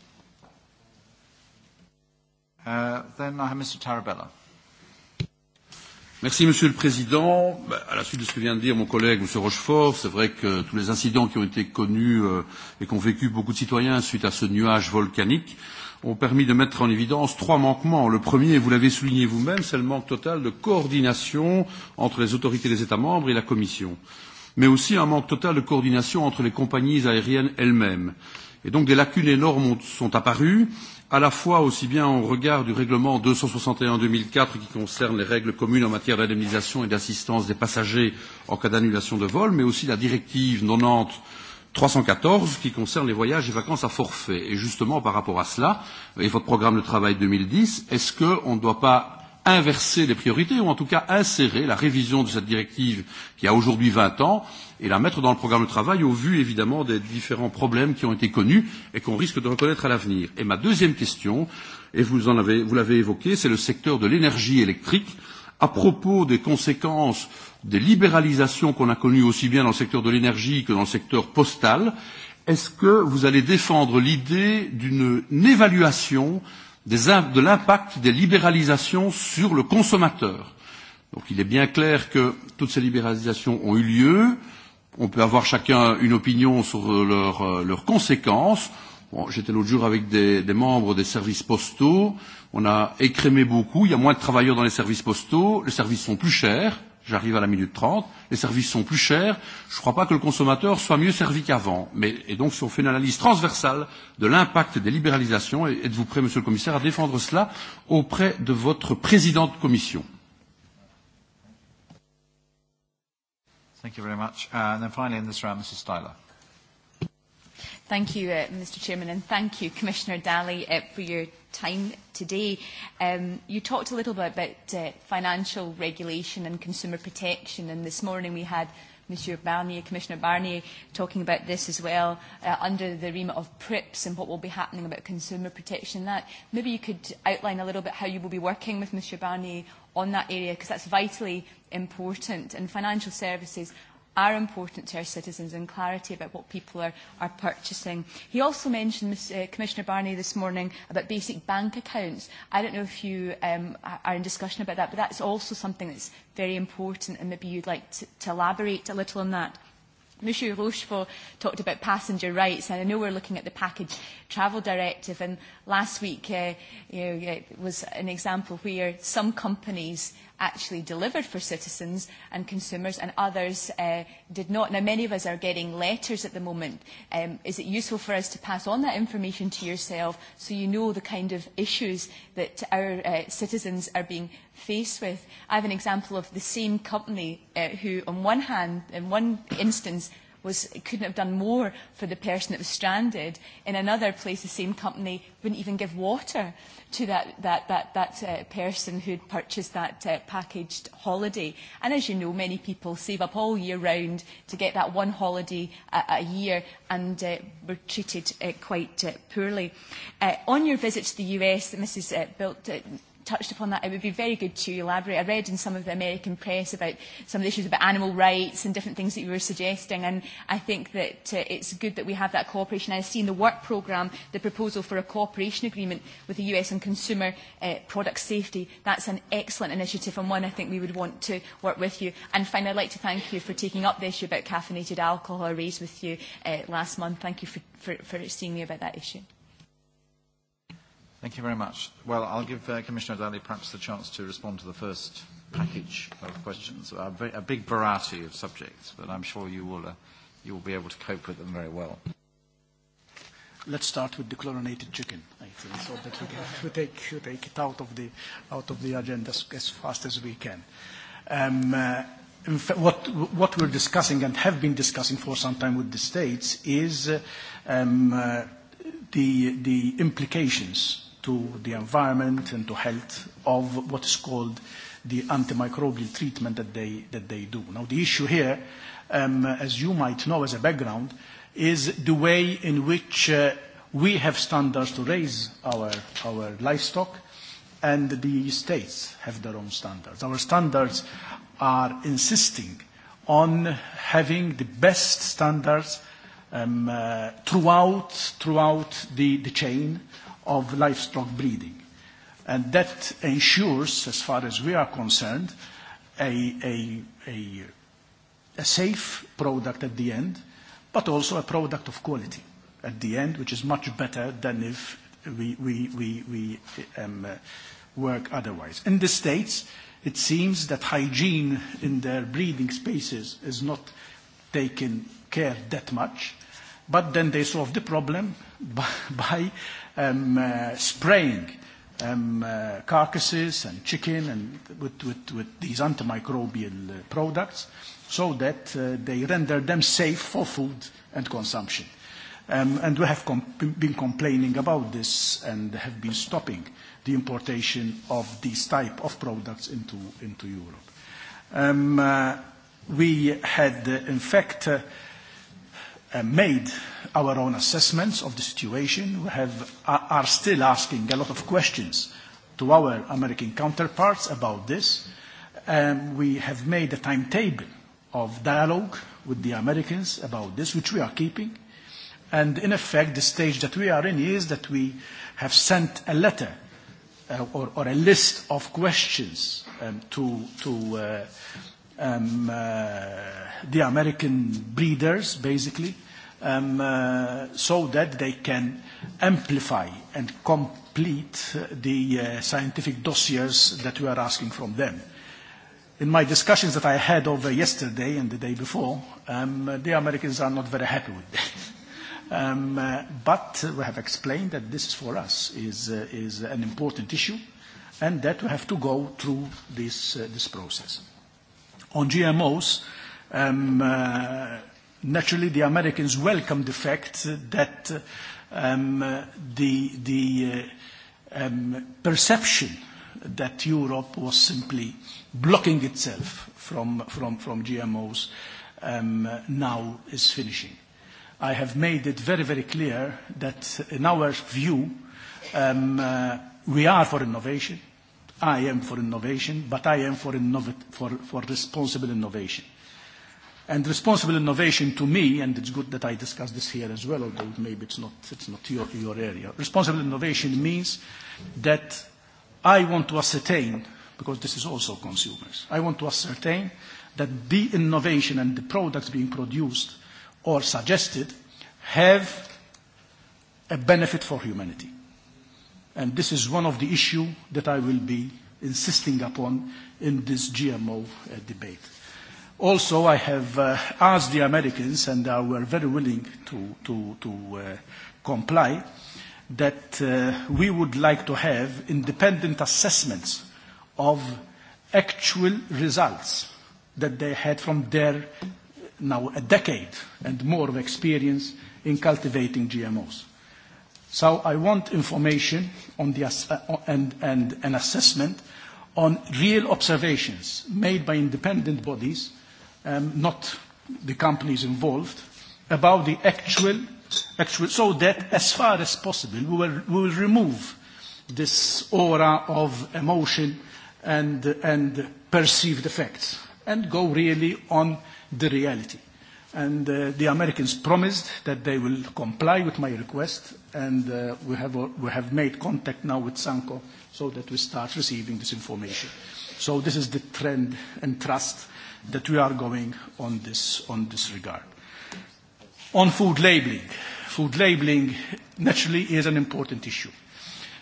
Merci Monsieur le Président. À la suite de ce que vient de dire mon collègue Monsieur Rochefort, c'est vrai que tous les incidents qui ont été connus et qu'ont vécu beaucoup de citoyens suite à ce nuage volcanique ont permis de mettre en évidence trois manquements. Le premier, vous l'avez souligné vous-même, c'est le manque total de coordination entre les autorités des États membres et la Commission, mais aussi un manque total de coordination entre les compagnies aériennes elles-mêmes. Et donc des lacunes énormes ont, sont apparues, à la fois aussi bien au regard du règlement 261-2004 qui concerne les règles communes en matière d'indemnisation et d'assistance des passagers en cas d'annulation de vol, mais aussi la directive 90 314 qui concerne les voyages et vacances à forfait. Et justement, par rapport à cela, et votre programme de travail 2010, est-ce qu'on ne doit pas inverser les priorités ou en tout cas insérer la révision de cette directive qui a aujourd'hui 20 ans et la mettre dans le programme de travail au vu évidemment des différents problèmes qui ont été connus et qu'on risque de reconnaître à l'avenir. Et ma deuxième question, et vous en avez, vous l'avez évoqué, c'est le secteur de l'énergie électrique. À propos des conséquences des libéralisations qu'on a connues aussi bien dans le secteur de l'énergie que dans le secteur postal, est-ce que vous allez défendre l'idée d'une évaluation des, de l'impact des libéralisations sur le consommateur Donc il est bien clair que toutes ces libéralisations ont eu lieu, on peut avoir chacun une opinion sur leurs leurs conséquences. Bon, J'étais l'autre jour avec des, des membres des services postaux. On a écrémé beaucoup. Il y a moins de travailleurs dans les services postaux. Les services sont plus chers. J'arrive à la minute trente. Les services sont plus chers. Je ne crois pas que le consommateur soit mieux servi qu'avant. Mais, et donc, si on fait une analyse transversale de l'impact des libéralisations, êtes-vous prêt, monsieur le commissaire, à défendre cela auprès de votre président de commission Thank you very much. Uh, and then finally in this round, Mrs. Styler. Thank you, uh, Mr Chairman, and thank you, Commissioner Daly, uh, for your time today. Um, you talked a little bit about uh, financial regulation and consumer protection, and this morning we had Monsieur Barnier, Commissioner Barnier, talking about this as well uh, under the remit of PRIPS and what will be happening about consumer protection that. Maybe you could outline a little bit how you will be working with Monsieur Barnier on that area because that's vitally important and financial services are important to our citizens and clarity about what people are, are purchasing. He also mentioned, Ms, uh, Commissioner Barney this morning, about basic bank accounts. I don't know if you um, are in discussion about that, but that's also something that's very important and maybe you'd like to, to elaborate a little on that. Monsieur Rochefort talked about passenger rights, and I know we're looking at the package travel directive, and last week uh, you know, it was an example where some companies actually delivered for citizens and consumers and others uh, did not. Now, many of us are getting letters at the moment. Um, is it useful for us to pass on that information to yourself so you know the kind of issues that our uh, citizens are being faced with? I have an example of the same company uh, who, on one hand, in one instance, was it couldn't have done more for the person that was stranded. In another place, the same company wouldn't even give water to that, that, that, that uh, person who'd purchased that uh, packaged holiday. And as you know, many people save up all year round to get that one holiday a, a year and uh, were treated uh, quite uh, poorly. Uh, on your visit to the US, Mrs. Uh, Bilt, uh, touched upon that, it would be very good to elaborate. I read in some of the American press about some of the issues about animal rights and different things that you were suggesting, and I think that uh, it's good that we have that cooperation. I see in the work programme the proposal for a cooperation agreement with the US on consumer uh, product safety. That's an excellent initiative and one I think we would want to work with you. And finally, I'd like to thank you for taking up the issue about caffeinated alcohol I raised with you uh, last month. Thank you for, for, for seeing me about that issue. Thank you very much. Well, I'll give uh, Commissioner Daly perhaps the chance to respond to the first package of questions, a, a big variety of subjects, but I'm sure you will, uh, you will be able to cope with them very well. Let's start with the chlorinated chicken, I think, so that we can we take, we take it out of the, out of the agenda as fast as we can. Um, uh, in fact, what, what we're discussing and have been discussing for some time with the states is uh, um, uh, the, the implications to the environment and to health of what is called the antimicrobial treatment that they, that they do. Now, the issue here, um, as you might know as a background, is the way in which uh, we have standards to raise our, our livestock and the states have their own standards. Our standards are insisting on having the best standards um, uh, throughout, throughout the, the chain uh, of livestock breeding. And that ensures, as far as we are concerned, a, a, a, a safe product at the end, but also a product of quality at the end, which is much better than if we, we, we, we um, work otherwise. In the States, it seems that hygiene in their breeding spaces is not taken care that much, but then they solve the problem by, by um, uh, spraying um, uh, carcasses and chicken and with, with, with these antimicrobial uh, products so that uh, they render them safe for food and consumption. Um, and we have com- been complaining about this and have been stopping the importation of these type of products into, into Europe. Um, uh, we had, uh, in fact, uh, uh, made our own assessments of the situation. We have, are still asking a lot of questions to our American counterparts about this. Um, we have made a timetable of dialogue with the Americans about this, which we are keeping. And in effect, the stage that we are in is that we have sent a letter uh, or, or a list of questions um, to, to uh, um, uh, the American breeders, basically, um, uh, so that they can amplify and complete the uh, scientific dossiers that we are asking from them. In my discussions that I had over yesterday and the day before, um, the Americans are not very happy with that. Um, uh, but we have explained that this for us is, uh, is an important issue and that we have to go through this, uh, this process. On GMOs, um, uh, naturally the Americans welcome the fact that um, the, the uh, um, perception that Europe was simply blocking itself from, from, from GMOs um, now is finishing. I have made it very, very clear that in our view, um, uh, we are for innovation. I am for innovation, but I am for, innov- for, for responsible innovation And responsible innovation to me, and it's good that I discuss this here as well, although maybe it's not, it's not your, your area. Responsible innovation means that I want to ascertain, because this is also consumers, I want to ascertain that the innovation and the products being produced or suggested have a benefit for humanity. And this is one of the issues that I will be insisting upon in this GMO uh, debate. Also, I have uh, asked the Americans, and they were very willing to, to, to uh, comply, that uh, we would like to have independent assessments of actual results that they had from their now a decade and more of experience in cultivating GMOs. So I want information on the and, and an assessment on real observations made by independent bodies um, not the companies involved, about the actual, actual, so that as far as possible we will, we will remove this aura of emotion and, and perceived effects and go really on the reality. And uh, the Americans promised that they will comply with my request, and uh, we, have, uh, we have made contact now with Sanko so that we start receiving this information. So this is the trend and trust that we are going on this, on this regard. On food labeling. Food labeling naturally is an important issue.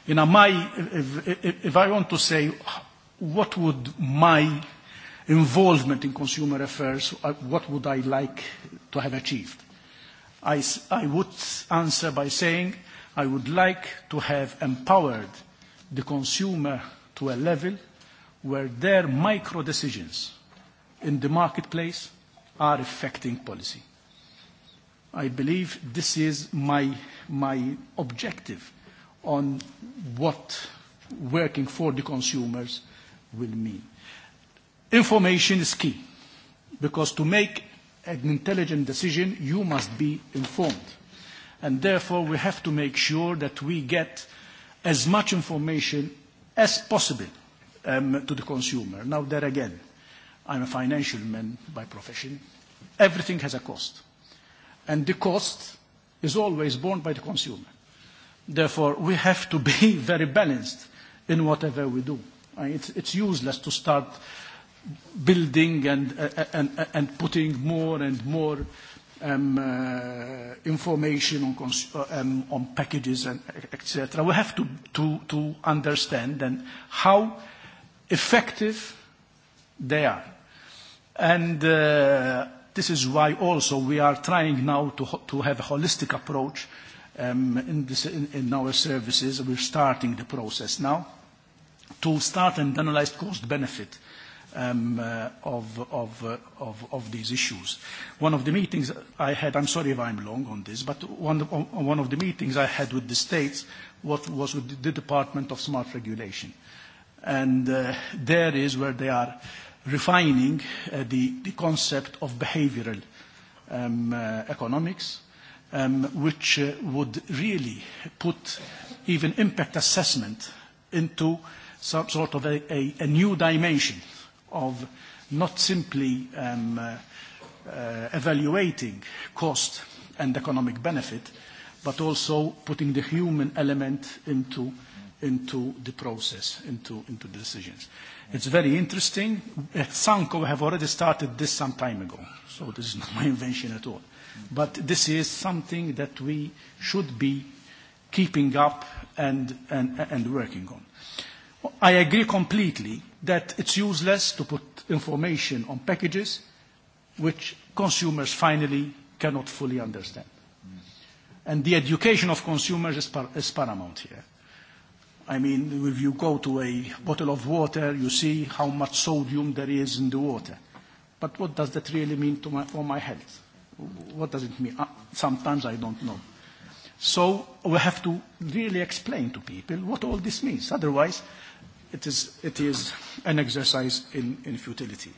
You know, my, if, if I want to say what would my involvement in consumer affairs, what would I like to have achieved? I, I would answer by saying I would like to have empowered the consumer to a level where their micro decisions in the marketplace are affecting policy. I believe this is my, objective on what working for the consumers will mean. Information is key because to make an intelligent decision, you must be informed. And therefore, we have to make sure that we get as much information as possible to the consumer. Now, there again, I'm a financial man by profession. Everything has a cost. And the cost is always borne by the consumer. Therefore, we have to be very balanced in whatever we do. It's, it's useless to start building and, uh, and, and putting more and more um, uh, information on, cons- um, on packages and etc. We have to, to, to understand then how effective they are. And uh, this is why also we are trying now to, to have a holistic approach um, in, this, in, in our services. We're starting the process now to start and analyze cost-benefit um, uh, of, of, uh, of, of these issues. One of the meetings I had, I'm sorry if I'm long on this, but one, one of the meetings I had with the states was was with the Department of Smart Regulation. And uh, there is where they are refining uh, the, the concept of behavioral um, uh, economics, um, which uh, would really put even impact assessment into some sort of a, a, a new dimension of not simply um, uh, uh, evaluating cost and economic benefit, but also putting the human element into into the process, into, into the decisions. It's very interesting. Sanko have already started this some time ago, so this is not my invention at all. But this is something that we should be keeping up and, and, and working on. I agree completely that it's useless to put information on packages which consumers finally cannot fully understand. And the education of consumers is, par- is paramount here I mean, if you go to a bottle of water, you see how much sodium there is in the water. But what does that really mean to my, for my health? What does it mean? sometimes I don't know. So we have to really explain to people what all this means. Otherwise, it is, it is an exercise in, in futility.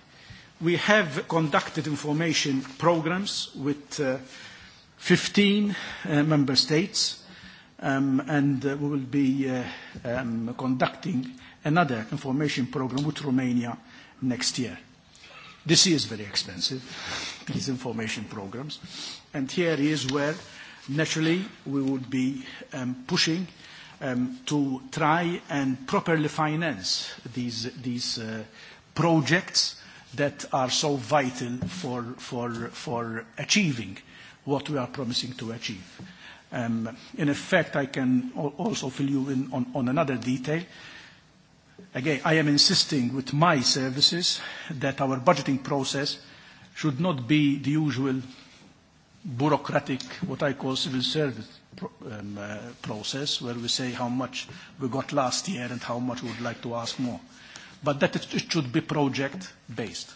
We have conducted information programs with uh, 15 uh, member states um, and uh, we will be uh, um, conducting another information program with Romania next year. This is very expensive, these information programs, and here is where naturally we would be um, pushing um, to try and properly finance these, these uh, projects that are so vital for, for, for achieving what we are promising to achieve in effect, I can also fill you in on, another detail. Again, I am insisting with my services that our budgeting process should not be the usual bureaucratic, what I call civil service process, where we say how much we got last year and how much we would like to ask more. But that it should be project-based.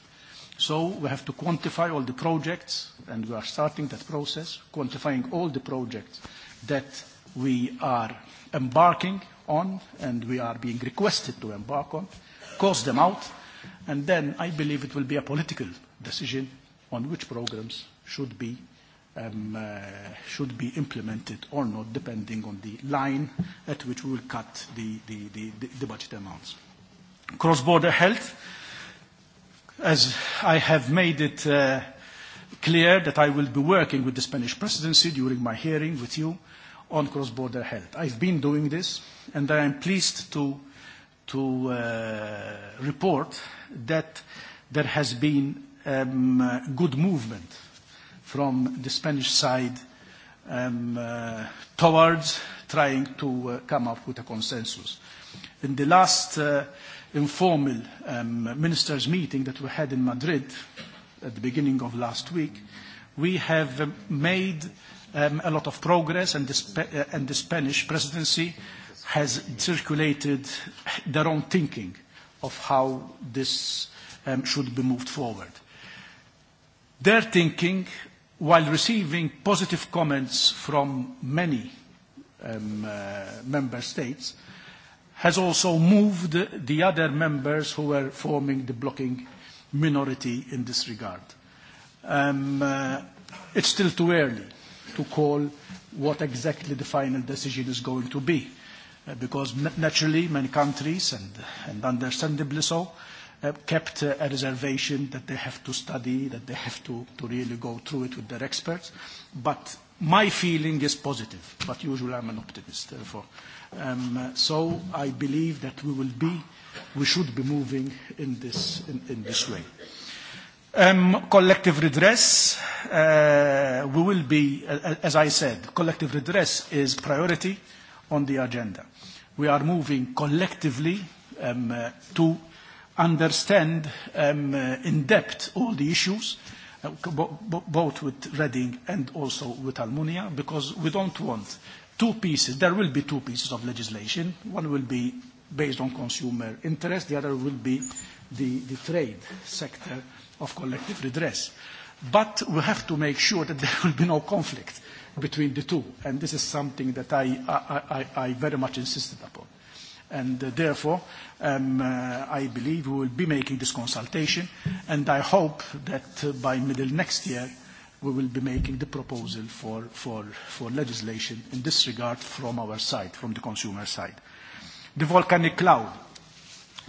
So we have to quantify all the projects, and we are starting that process, quantifying all the projects that we are embarking on and we are being requested to embark on, cost them out, and then I believe it will be a political decision on which programs should be implemented or not, depending on the line at which we will cut the budget amounts. Cross-border health, As I have made it uh, clear that I will be working with the Spanish presidency during my hearing with you on cross-border health. I've been doing this, and I am pleased to, to uh, report that there has been um, good movement from the Spanish side um, uh, towards trying to uh, come up with a consensus. In the last uh, informal um, ministers' meeting that we had in Madrid at the beginning of last week, we have made um, a lot of progress, and the, Sp- and the Spanish presidency has circulated their own thinking of how this um, should be moved forward. Their thinking, while receiving positive comments from many um, uh, member states, has also moved the other members who were forming the blocking minority in this regard. Um, uh, it's still too early to call what exactly the final decision is going to be, uh, because naturally many countries, and, and understandably so, uh, kept uh, a reservation that they have to study, that they have to, to really go through it with their experts. But my feeling is positive, but usually I'm an optimist, therefore. Uh, so I believe that we will be, we should be moving in this, in, in this way. Um, collective redress, uh, we will be, as I said, collective redress is priority on the agenda. We are moving collectively um, uh, to understand um, uh, in depth all the issues, uh, bo bo both with Reading and also with Almunia, because we don't want two pieces, there will be two pieces of legislation. One will be based on consumer interest, the other will be the, the trade sector of collective redress. But we have to make sure that there will be no conflict between the two, and this is something that I, I, I, I very much insisted upon. And uh, therefore, um, uh, I believe we will be making this consultation, and I hope that uh, by middle next year, we will be making the proposal for, for, for legislation in this regard from our side, from the consumer side. The volcanic cloud.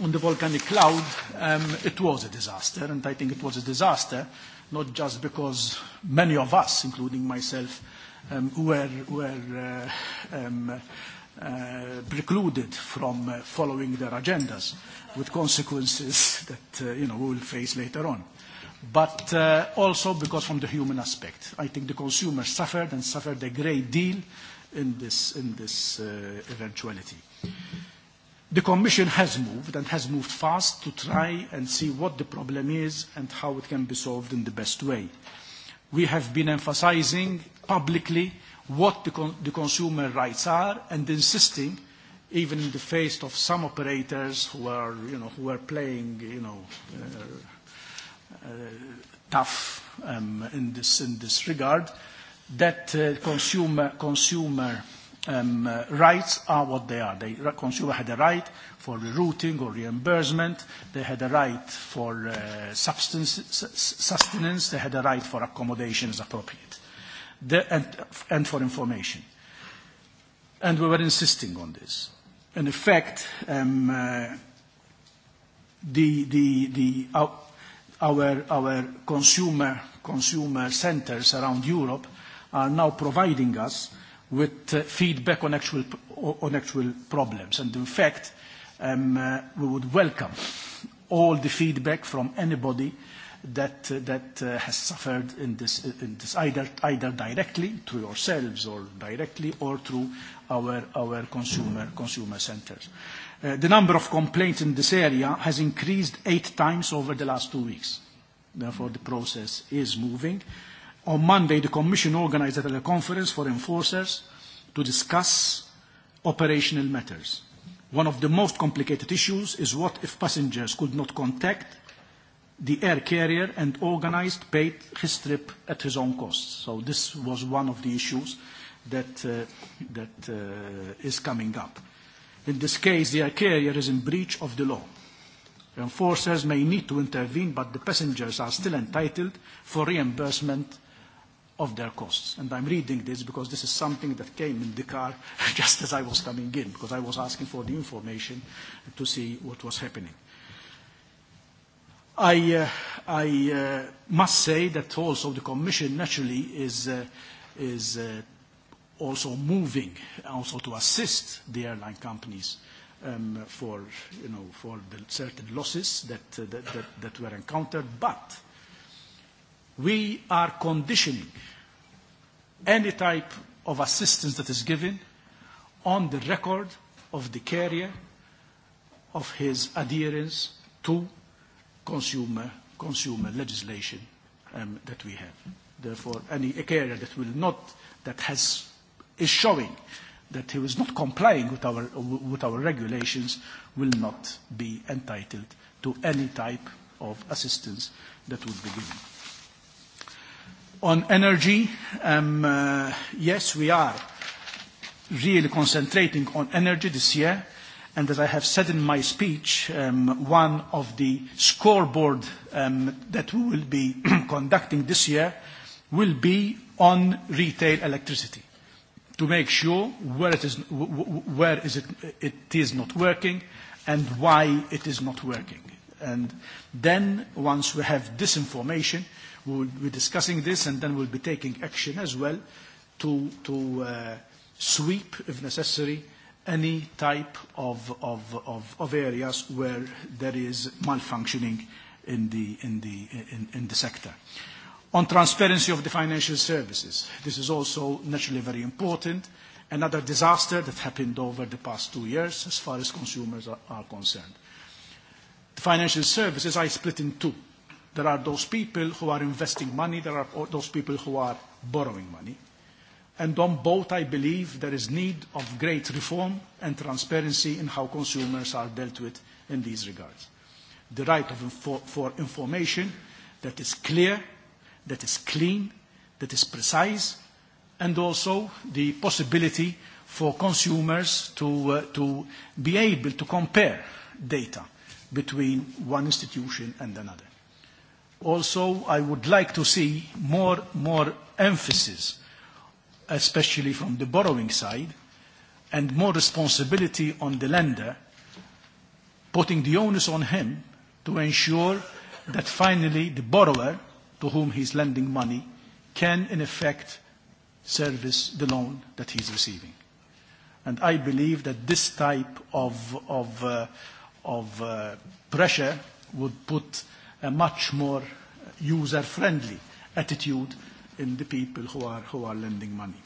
On the volcanic cloud, um, it was a disaster, and I think it was a disaster not just because many of us, including myself, um, were, were uh, um, uh, precluded from uh, following their agendas with consequences that uh, you know, we will face later on but also because from the human aspect. I think the consumers suffered and suffered a great deal in this, in this eventuality. The Commission has moved and has moved fast to try and see what the problem is and how it can be solved in the best way. We have been emphasizing publicly what the, con the consumer rights are and insisting even in the face of some operators who are, you know, who are playing, you know, uh tough um, in, this, in this regard, that uh, consumer, consumer um, uh, rights are what they are. The consumer had a right for rerouting or reimbursement. They had a right for uh, substance, sustenance. They had a right for accommodation as appropriate the, and, and for information. And we were insisting on this. in effect um, uh, the, the, the, our consumer centers around Europe are now providing us with feedback on actual problems. in fact, we would welcome all the feedback from anybody that has suffered in this either directly through yourselves or directly or through our consumer centers. The number of complaints in this area has increased eight times over the last two weeks. Therefore, the process is moving. On Monday, the Commission organized a teleconference for enforcers to discuss operational matters. One of the most complicated issues is what if passengers could not contact the air carrier and organized paid his trip at his own cost. So this was one of the issues that, uh, that uh, is coming up. In this case, the air carrier is in breach of the law. Enforcers may need to intervene, but the passengers are still entitled for reimbursement of their costs. And I'm reading this because this is something that came in the car just as I was coming in, because I was asking for the information to see what was happening. I, uh, I uh, must say that also the Commission naturally is, uh, is uh, also moving also to assist the airline companies um, for, you know, for the certain losses that, uh, that, that, that were encountered. But we are conditioning any type of assistance that is given on the record of the carrier of his adherence to consumer, consumer legislation um, that we have. Therefore, any a carrier that will not, that has is showing that he is not complying with our, with our regulations will not be entitled to any type of assistance that would be given. On energy, um, uh, yes, we are really concentrating on energy this year. And as I have said in my speech, um, one of the scoreboard um, that we will be conducting this year will be on retail electricity to make sure where it is, where is it, it is not working and why it is not working. And then once we have this information, we will be discussing this and then we'll be taking action as well to, to uh, sweep, if necessary, any type of, of, of, of areas where there is malfunctioning in the, in the, in, in the sector. Uh, On transparency of the financial services, this is also naturally very important. Another disaster that happened over the past two years as far as consumers are, are concerned. The financial services are split in two. There are those people who are investing money, there are those people who are borrowing money. And on both, I believe there is need of great reform and transparency in how consumers are dealt with in these regards. The right of for information that is clear that is clean, that is precise, and also the possibility for consumers to be able to compare data between one institution and another. Also, I would like to see more emphasis, especially from the borrowing side, and more responsibility on the lender, putting the onus on him to ensure that finally the borrower to whom he is lending money can in effect service the loan that he is receiving. And I believe that this type of, of, uh, of uh, pressure would put a much more user-friendly attitude in the people who are, who are lending money.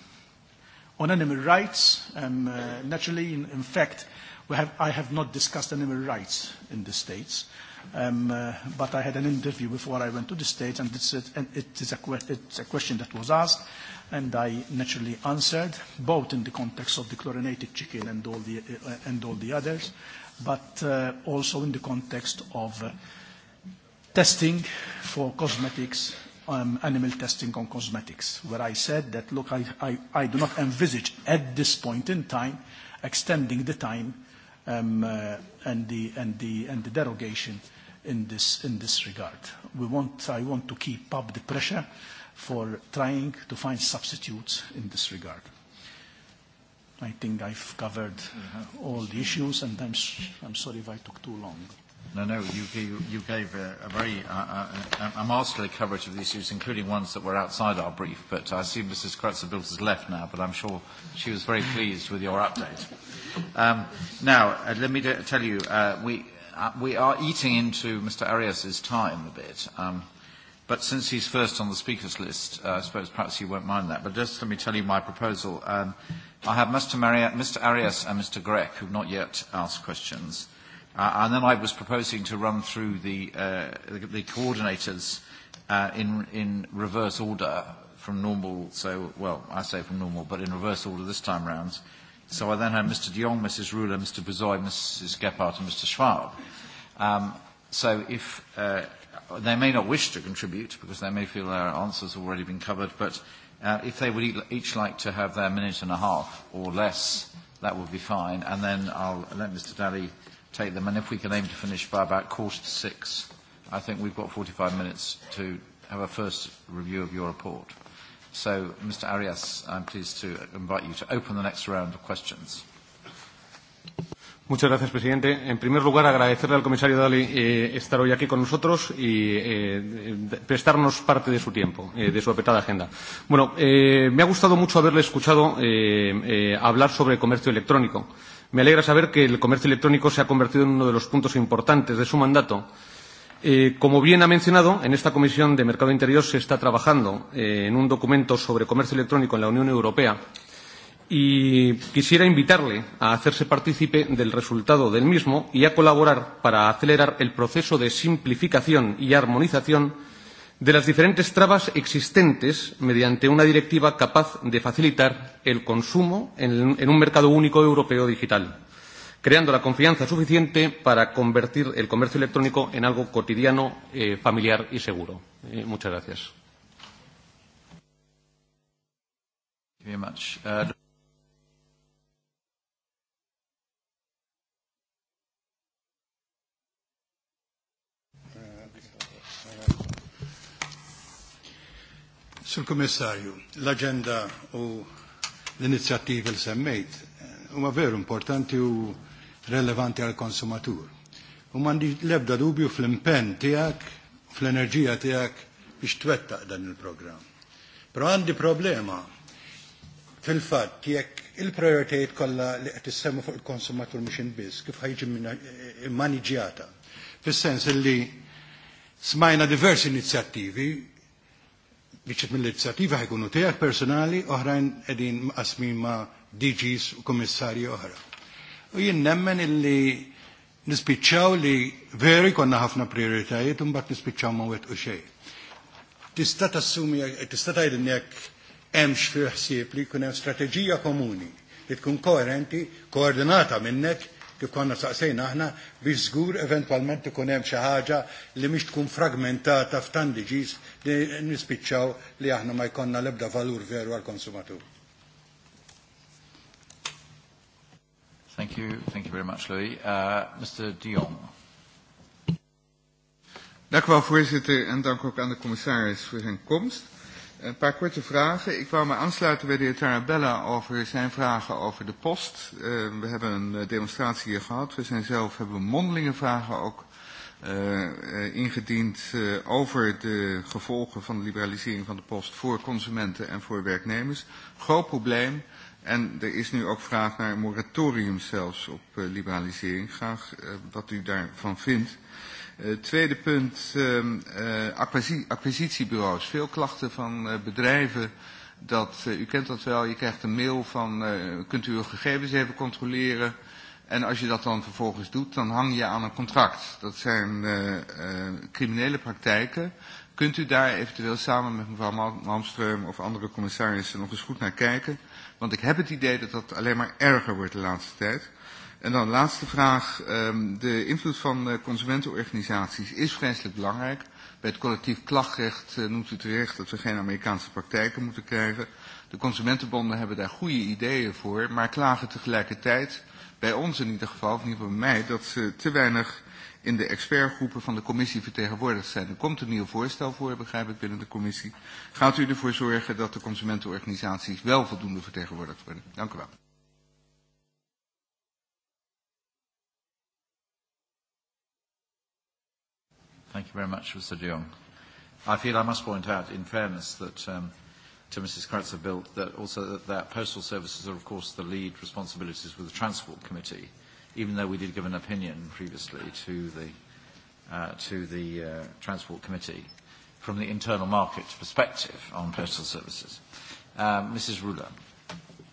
On animal rights, um, uh, naturally, in, in fact, we have, I have not discussed animal rights in the States. Uh, Um, uh, but I had an interview before I went to the States, and it's a, it is a, it's a question that was asked, and I naturally answered, both in the context of the chlorinated chicken and all the, uh, and all the others, but uh, also in the context of uh, testing for cosmetics, um, animal testing on cosmetics, where I said that, look, I, I, I do not envisage at this point in time extending the time um, uh, and, the, and, the, and the derogation in this, in this regard. We want, I want to keep up the pressure for trying to find substitutes in this regard. I think I've covered all the issues, and I'm, I'm sorry if I took too long. No, no, you, you, you gave a, a very uh, a, a masterly coverage of the issues, including ones that were outside our brief. But I see Mrs. Kratzabilt has left now, but I'm sure she was very pleased with your update. Um, now, uh, let me tell you, uh, we, uh, we are eating into Mr. Arias's time a bit. Um, but since he's first on the speakers list, uh, I suppose perhaps he won't mind that. But just let me tell you my proposal. Um, I have Mr. Maria, Mr. Arias and Mr. Grech, who've not yet asked questions. Uh, and then I was proposing to run through the, uh, the, the coordinators uh, in, in reverse order from normal, so, well, I say from normal, but in reverse order this time round, So I then had Mr. de Jong, Mrs. Ruler, Mr. Bezoy, Mrs. Gephardt, and Mr. Schwab. Um, so if uh, they may not wish to contribute because they may feel their answers have already been covered, but uh, if they would each like to have their minute and a half or less, that would be fine. And then I'll let Mr. Daly take them. And if we can aim to finish by about quarter to six, I think we've got 45 minutes to have a first review of your report. So, Mr. Arias, I'm pleased to invite you to open the next round of questions. Muchas gracias, presidente. En primer lugar, agradecerle al comisario Dalli eh, estar hoy aquí con nosotros y eh, prestarnos parte de su tiempo, eh, de su apretada agenda. Bueno, eh, me ha gustado mucho haberle escuchado eh, eh, hablar sobre comercio electrónico. Me alegra saber que el comercio electrónico se ha convertido en uno de los puntos importantes de su mandato Eh, como bien ha mencionado, en esta Comisión de Mercado Interior se está trabajando eh, en un documento sobre comercio electrónico en la Unión Europea y quisiera invitarle a hacerse partícipe del resultado del mismo y a colaborar para acelerar el proceso de simplificación y armonización de las diferentes trabas existentes mediante una directiva capaz de facilitar el consumo en, un mercado único europeo digital creando la confianza suficiente para convertir el comercio electrónico en algo cotidiano, eh, familiar y seguro. Eh, muchas gracias. Very much. Uh, Sur Kommissarju, l-agenda u l-inizjattivi li semmejt huma veru u relevanti għal konsumatur. U mandi lebda dubju fl-impenn tiegħek, fl-enerġija tiegħek biex twettaq dan il-programm. Però għandi problema fil-fatt jekk il-prioritajiet kollha li qed issemmu fuq il-konsumatur mhux biss kif ħajġi maniġjata. Fis-sens li smajna diversi inizjattivi biċċet mill-inizjattiva ħajkunu tiegħek personali oħrajn qegħdin qasmin ma' DGs u komissari oħra. U jien nemmen illi nispiċċaw li veri konna ħafna prioritajiet u mbagħad nispiċċaw ma wetqu xejn. Tista' tassumi tista' tgħidilni jekk hemmx fih ħsieb li jkun hemm strateġija komuni li tkun koerenti, koordinata minnek kif konna saqsejna aħna biex żgur eventwalment ikun hemm xi ħaġa li mhix tkun fragmentata f'tandiġis li nispiċċaw li aħna ma jkollna l-ebda valur veru għall-konsumatur. Thank you. Thank you very much, Louis. Mr. de Jong. Dank u wel, voorzitter, en dank ook aan de commissaris voor zijn komst. Een paar korte vragen. Ik wou me aansluiten bij de heer Tarabella over zijn vragen over de post. Uh, we hebben een demonstratie hier gehad. We zijn zelf hebben mondelinge vragen ook uh, ingediend uh, over de gevolgen van de liberalisering van de post voor consumenten en voor werknemers. Groot probleem. En er is nu ook vraag naar een moratorium zelfs op uh, liberalisering. Graag uh, wat u daarvan vindt. Uh, tweede punt, uh, uh, acquisi acquisitiebureaus. Veel klachten van uh, bedrijven dat, uh, u kent dat wel, je krijgt een mail van, uh, kunt u uw gegevens even controleren? En als je dat dan vervolgens doet, dan hang je aan een contract. Dat zijn uh, uh, criminele praktijken. Kunt u daar eventueel samen met mevrouw Malmström of andere commissarissen nog eens goed naar kijken? Want ik heb het idee dat dat alleen maar erger wordt de laatste tijd. En dan de laatste vraag. De invloed van consumentenorganisaties is vreselijk belangrijk. Bij het collectief klachtrecht noemt u terecht dat we geen Amerikaanse praktijken moeten krijgen. De consumentenbonden hebben daar goede ideeën voor, maar klagen tegelijkertijd, bij ons in ieder geval, of in ieder geval bij mij, dat ze te weinig in de expertgroepen van de commissie vertegenwoordigd zijn. Er komt een nieuw voorstel voor, begrijp ik, binnen de commissie. Gaat u ervoor zorgen dat de consumentenorganisaties wel voldoende vertegenwoordigd worden? Dank u wel. Thank you very much, Mr. De Jong. I feel I must point out, in fairness, that um, to Mrs. Kratzer bilt that also that, that postal services are, of course, the lead responsibilities with the Transport Committee even though we did give an opinion previously to the, uh, to the uh, Transport Committee from the internal market perspective on postal services. Uh, Mrs. Ruler.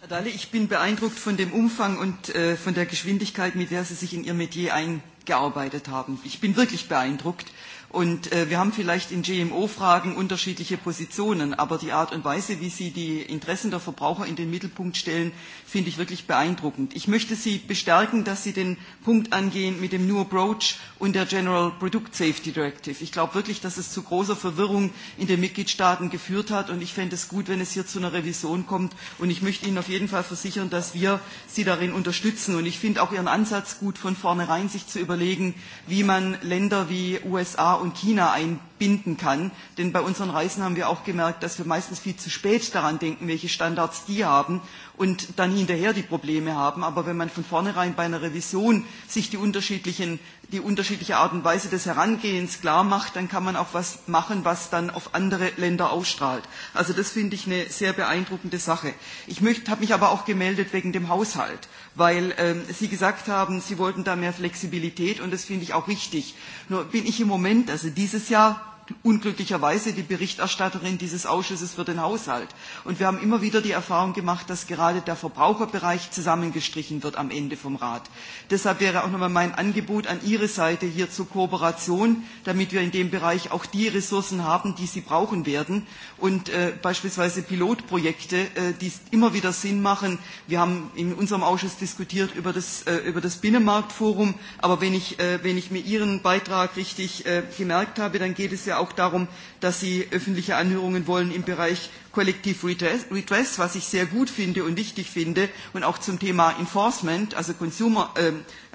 Herr Dalle, ich bin beeindruckt von dem Umfang und äh, von der Geschwindigkeit, mit der Sie sich in Ihr Metier eingearbeitet haben. Ich bin wirklich beeindruckt. Und äh, wir haben vielleicht in GMO-Fragen unterschiedliche Positionen, aber die Art und Weise, wie Sie die Interessen der Verbraucher in den Mittelpunkt stellen, finde ich wirklich beeindruckend. Ich möchte Sie bestärken, dass Sie den Punkt angehen mit dem New Approach und der General Product Safety Directive. Ich glaube wirklich, dass es zu großer Verwirrung in den Mitgliedstaaten geführt hat und ich fände es gut, wenn es hier zu einer Revision kommt. Und ich möchte Ihnen auf jeden Fall versichern, dass wir Sie darin unterstützen. Und ich finde auch Ihren Ansatz gut, von vornherein sich zu überlegen, wie man Länder wie USA und China einbinden kann. Denn bei unseren Reisen haben wir auch gemerkt, dass wir meistens viel zu spät daran denken, welche Standards die haben und dann hinterher die Probleme haben. Aber wenn man von vornherein bei einer Revision sich die unterschiedlichen die unterschiedliche Art und Weise des Herangehens klar macht, dann kann man auch was machen, was dann auf andere Länder ausstrahlt. Also das finde ich eine sehr beeindruckende Sache. Ich habe mich aber auch gemeldet wegen dem Haushalt, weil ähm, Sie gesagt haben, Sie wollten da mehr Flexibilität und das finde ich auch richtig. Nur bin ich im Moment, also dieses Jahr unglücklicherweise die Berichterstatterin dieses Ausschusses für den Haushalt. Und wir haben immer wieder die Erfahrung gemacht, dass gerade der Verbraucherbereich zusammengestrichen wird am Ende vom Rat. Deshalb wäre auch nochmal mein Angebot an Ihre Seite hier zur Kooperation, damit wir in dem Bereich auch die Ressourcen haben, die Sie brauchen werden und äh, beispielsweise Pilotprojekte, äh, die immer wieder Sinn machen. Wir haben in unserem Ausschuss diskutiert über das, äh, über das Binnenmarktforum, aber wenn ich, äh, wenn ich mir Ihren Beitrag richtig äh, gemerkt habe, dann geht es ja auch darum, dass Sie öffentliche Anhörungen wollen im Bereich Collective Redress, was ich sehr gut finde und wichtig finde, und auch zum Thema Enforcement, also, Consumer,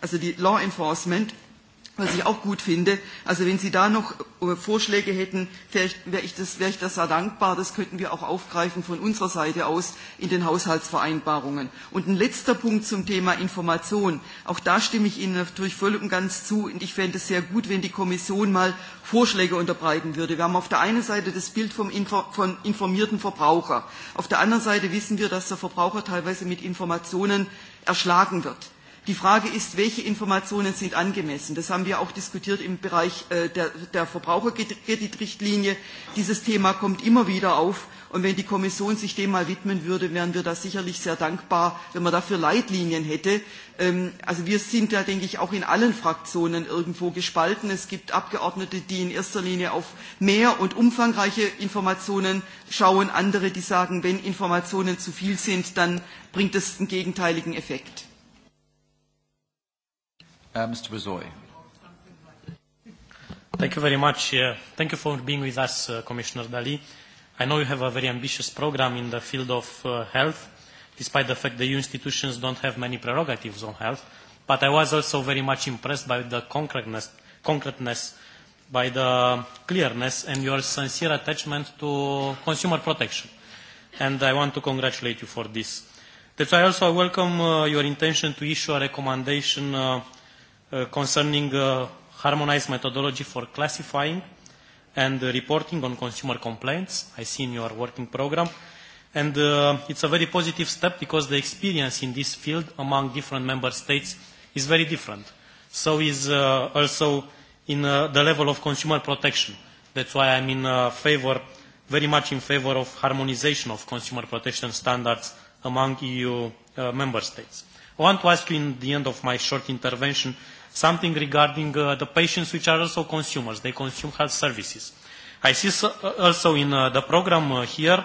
also die Law Enforcement was ich auch gut finde. Also wenn Sie da noch Vorschläge hätten, wäre ich, das, wäre ich das sehr dankbar. Das könnten wir auch aufgreifen von unserer Seite aus in den Haushaltsvereinbarungen. Und ein letzter Punkt zum Thema Information. Auch da stimme ich Ihnen natürlich voll und ganz zu. Und ich fände es sehr gut, wenn die Kommission mal Vorschläge unterbreiten würde. Wir haben auf der einen Seite das Bild vom von informierten Verbraucher. Auf der anderen Seite wissen wir, dass der Verbraucher teilweise mit Informationen erschlagen wird. Die Frage ist, welche Informationen sind angemessen? Das haben wir auch diskutiert im Bereich der, der Verbraucherkreditrichtlinie. Dieses Thema kommt immer wieder auf. Und wenn die Kommission sich dem mal widmen würde, wären wir da sicherlich sehr dankbar, wenn man dafür Leitlinien hätte. Also wir sind da, denke ich, auch in allen Fraktionen irgendwo gespalten. Es gibt Abgeordnete, die in erster Linie auf mehr und umfangreiche Informationen schauen, andere, die sagen, wenn Informationen zu viel sind, dann bringt es einen gegenteiligen Effekt. Mr. Bezoy. Thank you very much. Uh, thank you for being with us, uh, Commissioner Dali. I know you have a very ambitious program in the field of uh, health, despite the fact that your institutions don't have many prerogatives on health. But I was also very much impressed by the concreteness, concreteness by the clearness and your sincere attachment to consumer protection. And I want to congratulate you for this. That's why also I welcome uh, your intention to issue a recommendation uh, concerning uh, harmonized methodology for classifying and uh, reporting on consumer complaints. I see in your working program. And uh, it's a very positive step because the experience in this field among different member states is very different. So is uh, also in uh, the level of consumer protection. That's why I'm in uh, favor, very much in favor of harmonization of consumer protection standards among EU uh, member states. I want to ask you in the end of my short intervention something regarding uh, the patients which are also consumers. They consume health services. I see also in uh, the program uh, here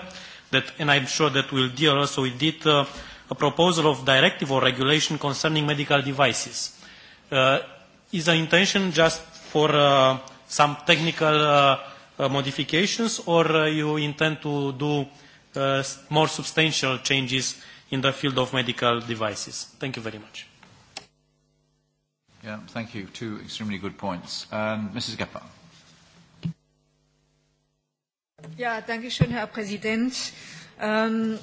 that, and I'm sure that we'll deal also with it, uh, a proposal of directive or regulation concerning medical devices. Uh, is the intention just for uh, some technical uh, uh, modifications or uh, you intend to do uh, more substantial changes in the field of medical devices? Thank you very much. Yeah, thank you. Two extremely good points. Um, Mrs. Gephardt. Ja, danke schön, Herr Präsident. Ähm,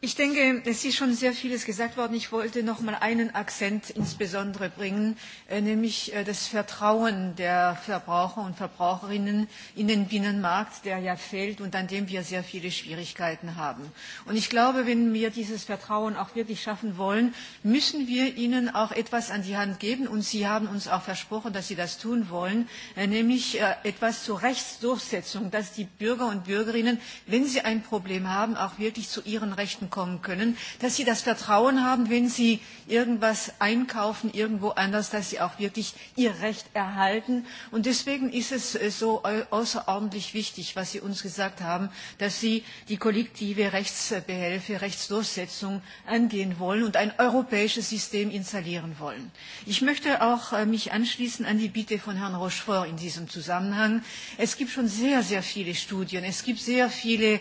Ich denke, es ist schon sehr vieles gesagt worden. Ich wollte noch mal einen Akzent insbesondere bringen, nämlich das Vertrauen der Verbraucher und Verbraucherinnen in den Binnenmarkt, der ja fehlt und an dem wir sehr viele Schwierigkeiten haben. Und ich glaube, wenn wir dieses Vertrauen auch wirklich schaffen wollen, müssen wir ihnen auch etwas an die Hand geben. Und Sie haben uns auch versprochen, dass Sie das tun wollen, nämlich etwas zur Rechtsdurchsetzung, dass die Bürger und Bürgerinnen, wenn sie ein Problem haben, auch wirklich zu ihren Rechten kommen können, dass sie das Vertrauen haben, wenn sie irgendwas einkaufen irgendwo anders, dass sie auch wirklich ihr Recht erhalten. Und deswegen ist es so außerordentlich wichtig, was Sie uns gesagt haben, dass Sie die kollektive Rechtsbehelfe, Rechtsdurchsetzung angehen wollen und ein europäisches System installieren wollen. Ich möchte auch mich anschließen an die Bitte von Herrn Rochefort in diesem Zusammenhang. Es gibt schon sehr, sehr viele Studien. Es gibt sehr viele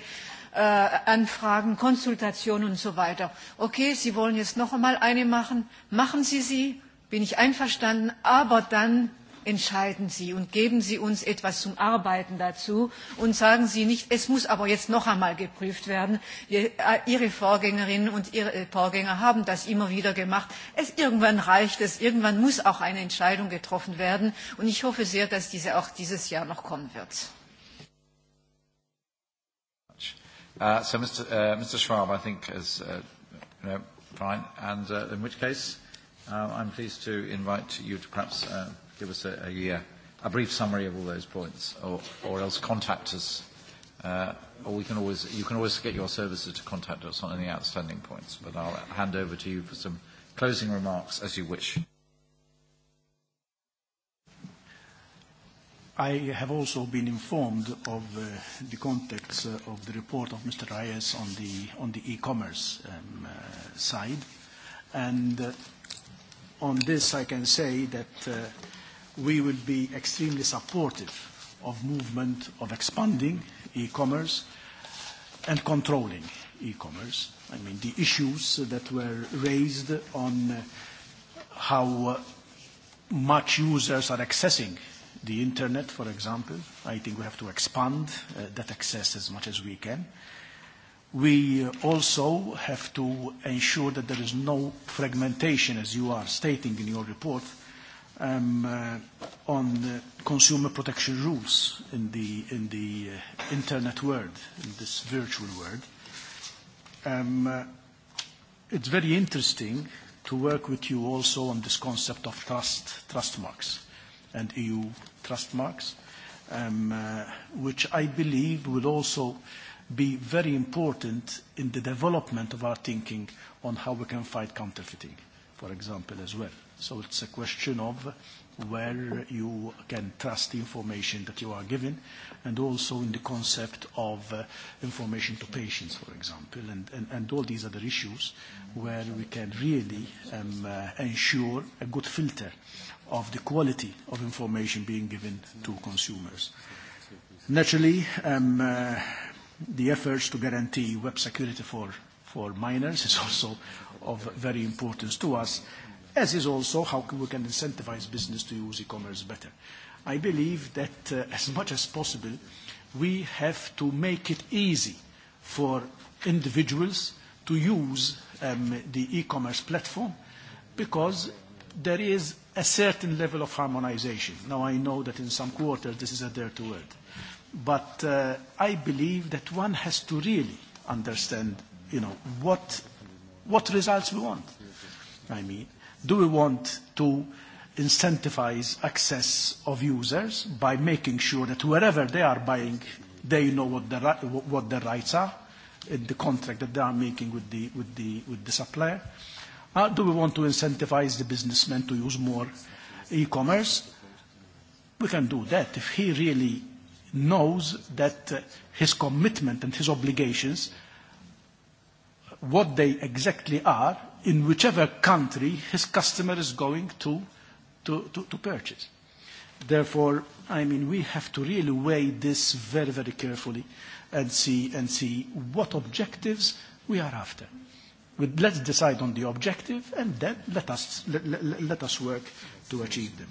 Anfragen, Konsultationen und so weiter. Okay, Sie wollen jetzt noch einmal eine machen, machen Sie sie, bin ich einverstanden, aber dann entscheiden Sie und geben Sie uns etwas zum Arbeiten dazu und sagen Sie nicht, es muss aber jetzt noch einmal geprüft werden. Ihre Vorgängerinnen und Ihre Vorgänger haben das immer wieder gemacht. irgendwann reicht es, irgendwann muss auch eine Entscheidung getroffen werden und ich hoffe sehr, dass diese auch dieses Jahr noch kommen wird. Uh, so Mr. Uh, Mr. Schwab, I think, is uh, you know, fine, and uh, in which case, uh, I'm pleased to invite you to perhaps uh, give us a, a, uh, a brief summary of all those points, or, or else contact us, uh, or we can always, you can always get your services to contact us on any outstanding points, but I'll hand over to you for some closing remarks as you wish. I have also been informed of uh, the context uh, of the report of Mr. Reyes on the on the e-commerce um, uh, side, and uh, on this I can say that uh, we will be extremely supportive of movement of expanding e-commerce and controlling e-commerce. I mean the issues that were raised on how much users are accessing the internet, for example. I think we have to expand uh, that access as much as we can. We also have to ensure that there is no fragmentation, as you are stating in your report, um, uh, on uh, consumer protection rules in the, in the uh, internet world, in this virtual world. Um, uh, it's very interesting to work with you also on this concept of trust, trust marks and EU trust marks, which I believe will also be very important in the development of our thinking on how we can fight counterfeiting for example, as well. So it's a question of where you can trust the information that you are given, and also in the concept of uh, information to patients, for example, and, and, and all these other issues where we can really um, uh, ensure a good filter of the quality of information being given to consumers. Naturally, um, uh, the efforts to guarantee web security for for minors is also of very importance to us, as is also how we can incentivize business to use e-commerce better. I believe that uh, as much as possible, we have to make it easy for individuals to use um, the e-commerce platform because there is a certain level of harmonization. Now, I know that in some quarters this is a dirty word, but uh, I believe that one has to really understand you know, what, what results we want. I mean, do we want to incentivize access of users by making sure that wherever they are buying, they know what the, what their rights are in the contract that they are making with the, with the, with the supplier? Uh, do we want to incentivize the businessman to use more e-commerce? We can do that if he really knows that uh, his commitment and his obligations – what they exactly are in whichever country his customer is going to, to, to, to purchase. Therefore, I mean, we have to really weigh this very, very carefully and see, and see what objectives we are after. Let's decide on the objective and then let us, let, let, let us work to achieve them.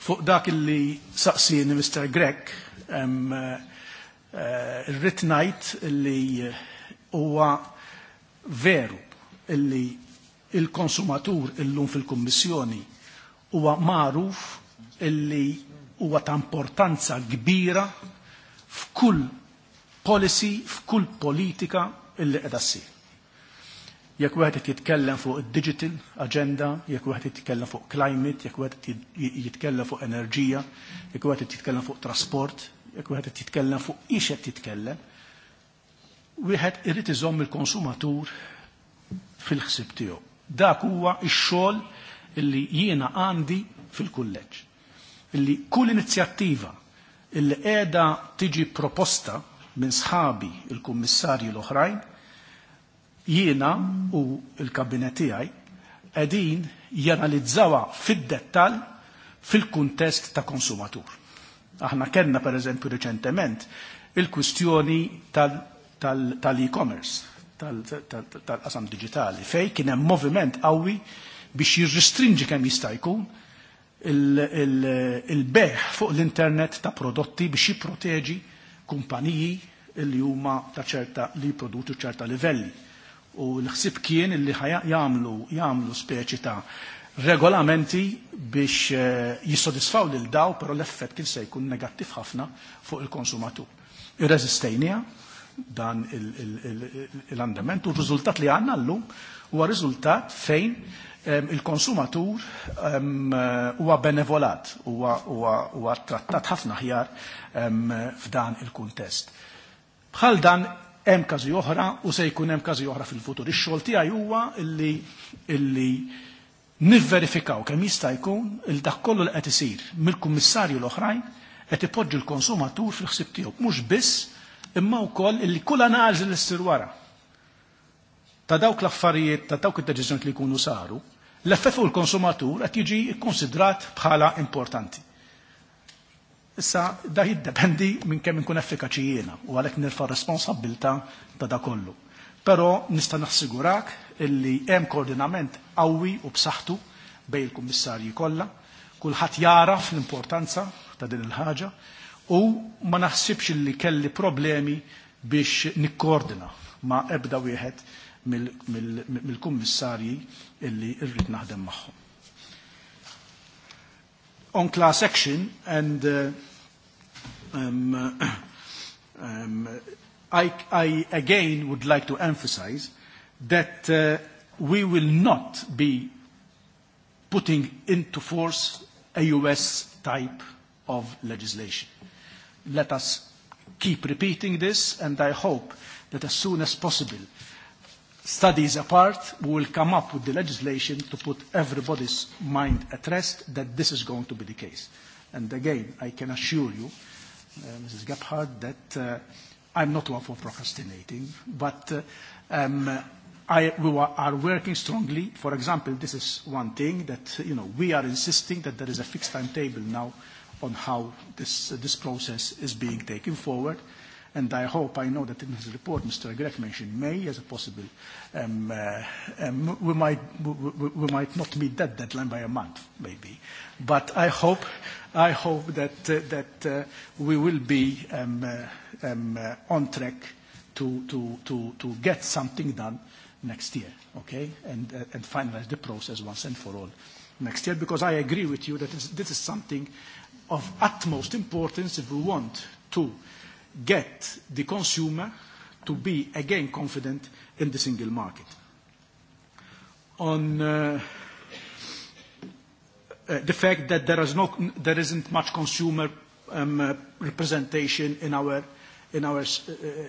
Fuq dak illi saqsini Mr. uh, Rrit ngħid li huwa veru li il-konsumatur illum fil-Kummissjoni huwa magħruf illi huwa ta' importanza kbira f'kull policy, f'kull politika illi qiegħda ssir. Jekk wieħed jitkellem fuq id-digital agenda, jekk wieħed jitkellem fuq climate, jekk wieħed jitkellem fuq enerġija, jekk wieħed jitkellem fuq trasport, jekk wieħed titkellem fuq ix qed titkellem, wieħed irid iżomm il-konsumatur fil-ħsib tiegħu. Dak huwa x-xogħol illi jiena għandi fil-kulleġġ. Illi kull inizjattiva illi qiegħda tiġi proposta minn sħabi il-kummissarji l-oħrajn, jiena u l-kabinet tiegħi qegħdin janalizzawa fid-dettall fil-kuntest ta' konsumatur. Aħna kellna per eżempju reċentement il tal-e-commerce, tal tal-e-commerce, tal-qasam digitali, fej kien hemm moviment qawwi biex jirristringi kemm jista' jkun il-beħ fuq l-internet ta' prodotti biex jipproteġi kumpaniji li huma ta' ċerta li jipproduċu ċerta livelli. U l-ħsib kien li jagħmlu jagħmlu speċi ta' regolamenti biex jissodisfaw lil daw, però l-effett kien se jkun negattiv ħafna fuq il-konsumatur. Irreżistejnija dan l-andament u r-riżultat li għanna l-lum huwa riżultat fejn il-konsumatur huwa benevolat, huwa trattat ħafna ħjar f'dan il-kuntest. Bħal dan hemm każi oħra u se jkun hemm każi oħra fil-futur. Ix-xogħol tiegħi huwa illi nivverifikaw kemm jista' jkun il dak kollu li qed isir mill-kummissarju l-oħrajn qed ipoġġi l-konsumatur fil-ħsieb tiegħu mhux biss imma wkoll illi kull analiżi li ssir wara. Ta' dawk l-affarijiet ta' dawk id-deċiżjonijiet li jkunu saru, l-effett fuq il-konsumatur qed jiġi kkonsidrat bħala importanti. Issa da jiddependi minn kemm inkun effikaċi jiena u għalhekk nirfa' responsabbilta ta' da kollu. Però nista naħsigurak illi hemm koordinament qawwi u b'saħħtu bejn il-kummissarji kollha, kulħadd jaraf l-importanza ta' din il-ħaġa u ma naħsibx li kelli problemi biex nikkoordina ma' ebda wieħed mill-kummissarji illi rrid naħdem magħhom. On class action and um, um, I, I again would like to emphasize that we will not be putting into force a US type of legislation. Let us keep repeating this, and I hope that as soon as possible, studies apart, we will come up with the legislation to put everybody's mind at rest that this is going to be the case. And again, I can assure you, Mrs. Gebhardt, that I'm not one for procrastinating, but um, I, we are working strongly. For example, this is one thing that you know we are insisting that there is a fixed timetable now on how this, uh, this process is being taken forward. And I hope, I know that in his report, Mr. Grech mentioned May as a possible. Um, uh, um, we, might, we, we might not meet that deadline by a month, maybe. But I hope, I hope that, uh, that uh, we will be um, uh, on track to get something done next year, okay? And finalize the process once and for all next year, because I agree with you that this is something of utmost importance if we want to get the consumer to be again confident in the single market. On the fact that there is no, there isn't much consumer representation in our in our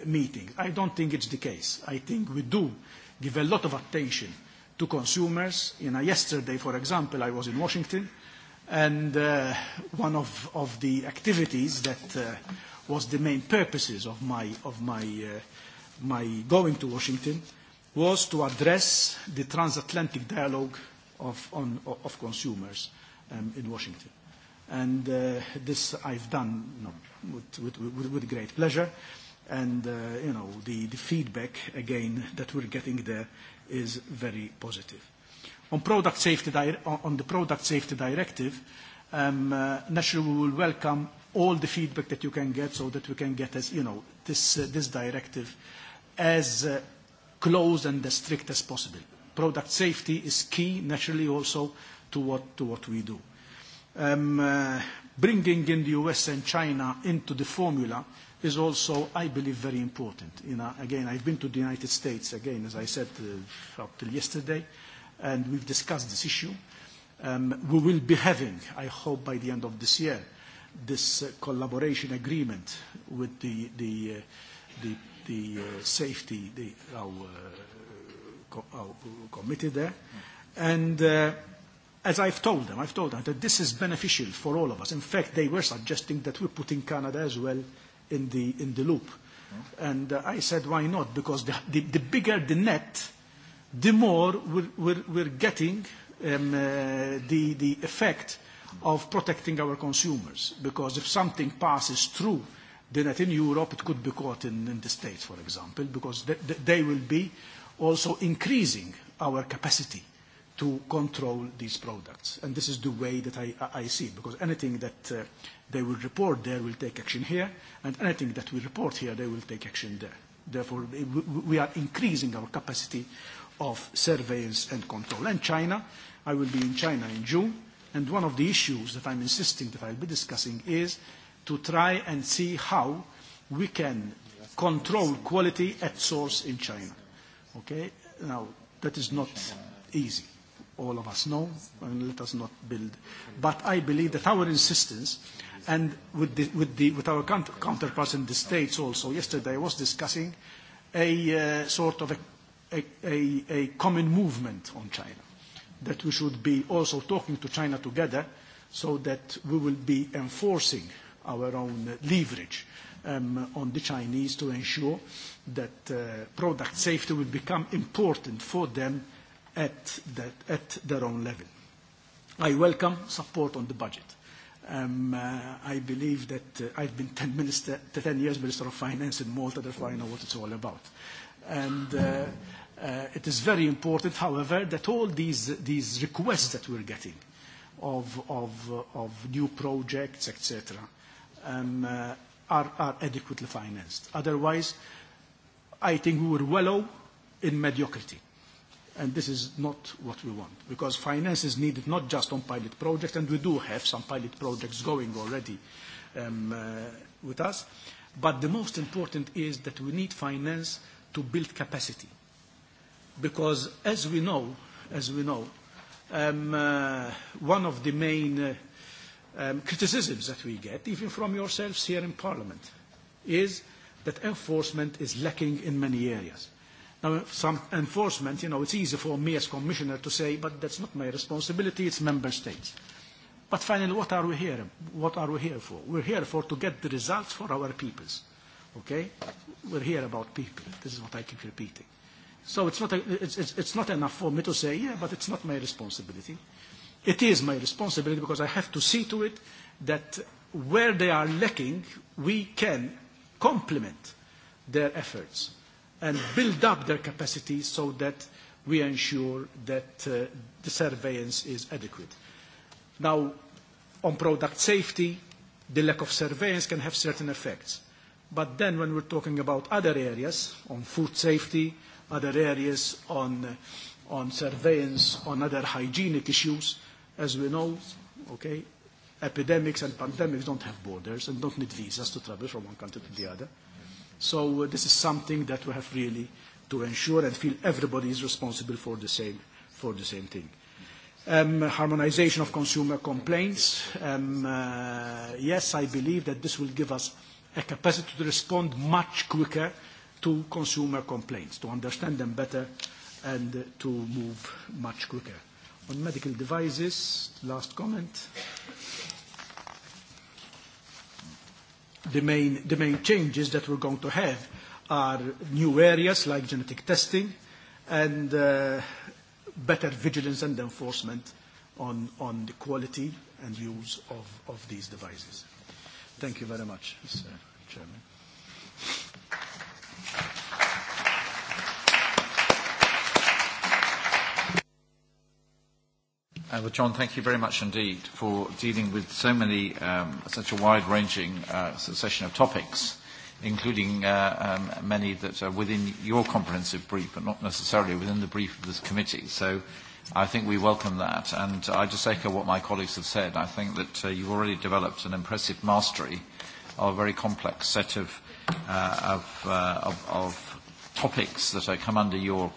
meetings. I don't think it's the case. I think we do give a lot of attention to consumers. Yesterday, for example, I was in Washington, and one of the activities that was the main purposes of my going to Washington was to address the transatlantic dialogue of consumers in Washington. And uh, this I've done you know, with, with, with great pleasure. And uh, you know, the, the feedback, again, that we're getting there is very positive. On, product safety on the Product Safety Directive, um, uh, naturally we will welcome all the feedback that you can get so that we can get as, you know, this, uh, this directive as uh, close and as strict as possible. Product safety is key, naturally, also to what, to what we do bringing in the US and China into the formula is also, I believe, very important. You know, again, I've been to the United States, again, as I said up till yesterday, and we've discussed this issue. we will be having, I hope by the end of this year, this collaboration agreement with the, the, the, safety our, committee there as I've told them, I've told them that this is beneficial for all of us. In fact, they were suggesting that we put Canada as well in the, in the loop. And uh, I said, why not? Because the, the, the bigger the net, the more we're, we're, we're getting um, uh, the, the effect of protecting our consumers. Because if something passes through the net in Europe, it could be caught in, in the States, for example, because th they will be also increasing our capacity to control these products. this is the way that I, I see it, because anything that they will report there will take action here, and anything that we report here, they will take action there. Therefore, we are increasing our capacity of surveillance and control. And China, I will be in China in June, and one of the issues that I'm insisting that I'll be discussing is to try and see how we can control quality at source in China. Okay? Now, that is not easy all of us know, and let us not build. But I believe that our insistence, and with, the, with, the, with our counterparts in the States also, yesterday I was discussing a uh, sort of a, a, a, a common movement on China, that we should be also talking to China together so that we will be enforcing our own leverage um, on the Chinese to ensure that uh, product safety will become important for them at, that, at their own level. I welcome support on the budget. Um, uh, I believe that uh, I've been 10, minister, 10 years Minister of Finance in Malta, therefore I know what it's all about. And uh, uh, it is very important, however, that all these, these requests that we're getting of, of, of new projects, etc., um, uh, are, are adequately financed. Otherwise, I think we were wallow in mediocrity and this is not what we want, because finance is needed not just on pilot projects, and we do have some pilot projects going already with us, but the most important is that we need finance to build capacity. Because as we know, as we know, one of the main criticisms that we get, even from yourselves here in Parliament, is that enforcement is lacking in many areas some enforcement, you know, it's easy for me as commissioner to say, but that's not my responsibility, it's member states. But finally, what are we here? What are we here for? We're here for to get the results for our peoples. Okay? We're here about people. This is what I keep repeating. So it's not, a, it's, it's, it's not enough for me to say, yeah, but it's not my responsibility. It is my responsibility because I have to see to it that where they are lacking, we can complement their efforts and build up their capacity so that we ensure that the surveillance is adequate. Now, on product safety, the lack of surveillance can have certain effects. But then when we're talking about other areas, on food safety, other areas on, on surveillance, on other hygienic issues, as we know, okay, epidemics and pandemics don't have borders and don't need visas to travel from one country to the other. So this is something that we have really to ensure and feel everybody is responsible for the same, for the same thing. Um, harmonization of consumer complaints. Um, uh, yes, I believe that this will give us a capacity to respond much quicker to consumer complaints, to understand them better and to move much quicker. On medical devices, last comment. the main, the main changes that we're going to have are new areas like genetic testing and uh, better vigilance and enforcement on, on the quality and use of, of these devices. Thank you very much, Mr. Chairman. Uh, well, John, thank you very much indeed for dealing with so many, um, such a wide-ranging uh, succession of topics, including uh, um, many that are within your comprehensive brief, but not necessarily within the brief of this committee. So I think we welcome that. And I just echo what my colleagues have said. I think that uh, you've already developed an impressive mastery of a very complex set of, uh, of, uh, of, of topics that come under your,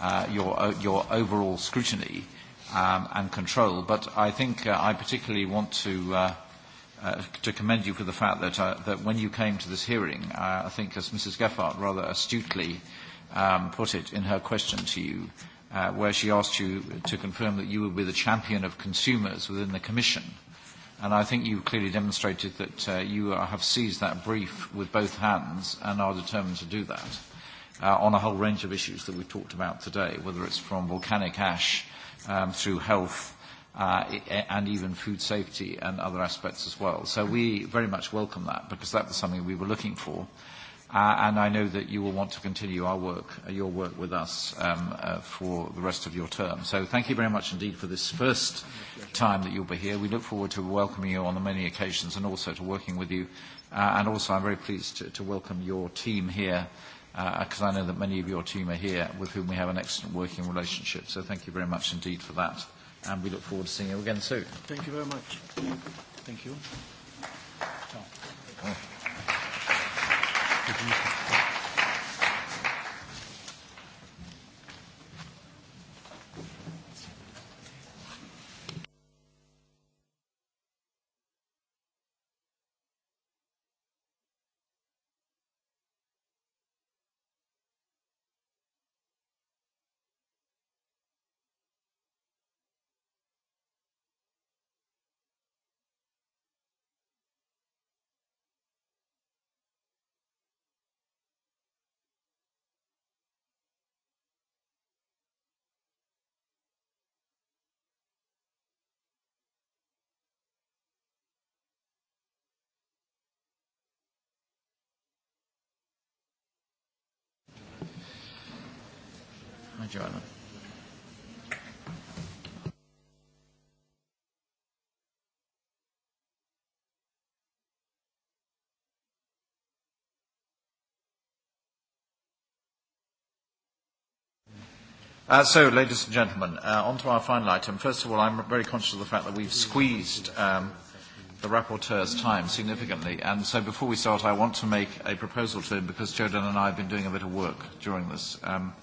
uh, your, your overall scrutiny um, and control. But I think uh, I particularly want to, uh, uh, to commend you for the fact that, uh, that when you came to this hearing, uh, I think as Mrs. Geffart rather astutely um, put it in her question to you, uh, where she asked you to confirm that you would be the champion of consumers within the Commission. And I think you've clearly demonstrated that uh, you have seized that brief with both hands and are determined to do that uh, on a whole range of issues that we've talked about today, whether it's from volcanic ash um, through health uh, and even food safety and other aspects as well. So we very much welcome that because that was something we were looking for. Uh, and I know that you will want to continue our work, your work with us um, uh, for the rest of your term. So thank you very much indeed for this first time that you'll be here. We look forward to welcoming you on the many occasions and also to working with you. Uh, and also I'm very pleased to, to welcome your team here because I know that many of your team are here with whom we have an excellent working relationship. So thank you very much indeed for that. And we look forward to seeing you again soon. Thank you very much. Thank you. Uh, so, ladies and gentlemen, uh, on to our final item. First of all, I'm very conscious of the fact that we've squeezed um, the rapporteur's time significantly. And so before we start, I want to make a proposal to him because Jodan and I have been doing a bit of work during this. Um,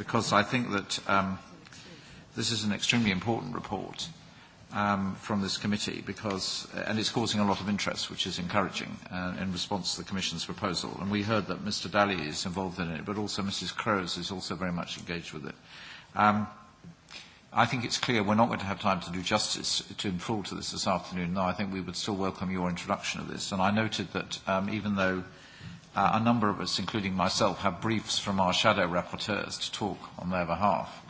because I think that um, this is an extremely important report um, from this committee because, and it's causing a lot of interest, which is encouraging uh, in response to the Commission's proposal. And we heard that Mr. Daly is involved in it, but also Mrs. Crowes is also very much engaged with it. Um, I think it's clear we're not going to have time to do justice to in full to this this afternoon. No, I think we would still welcome your introduction of this. And I noted that um, even though uh, a number of us, including myself, have briefs from our shadow rapporteurs to talk on their behalf.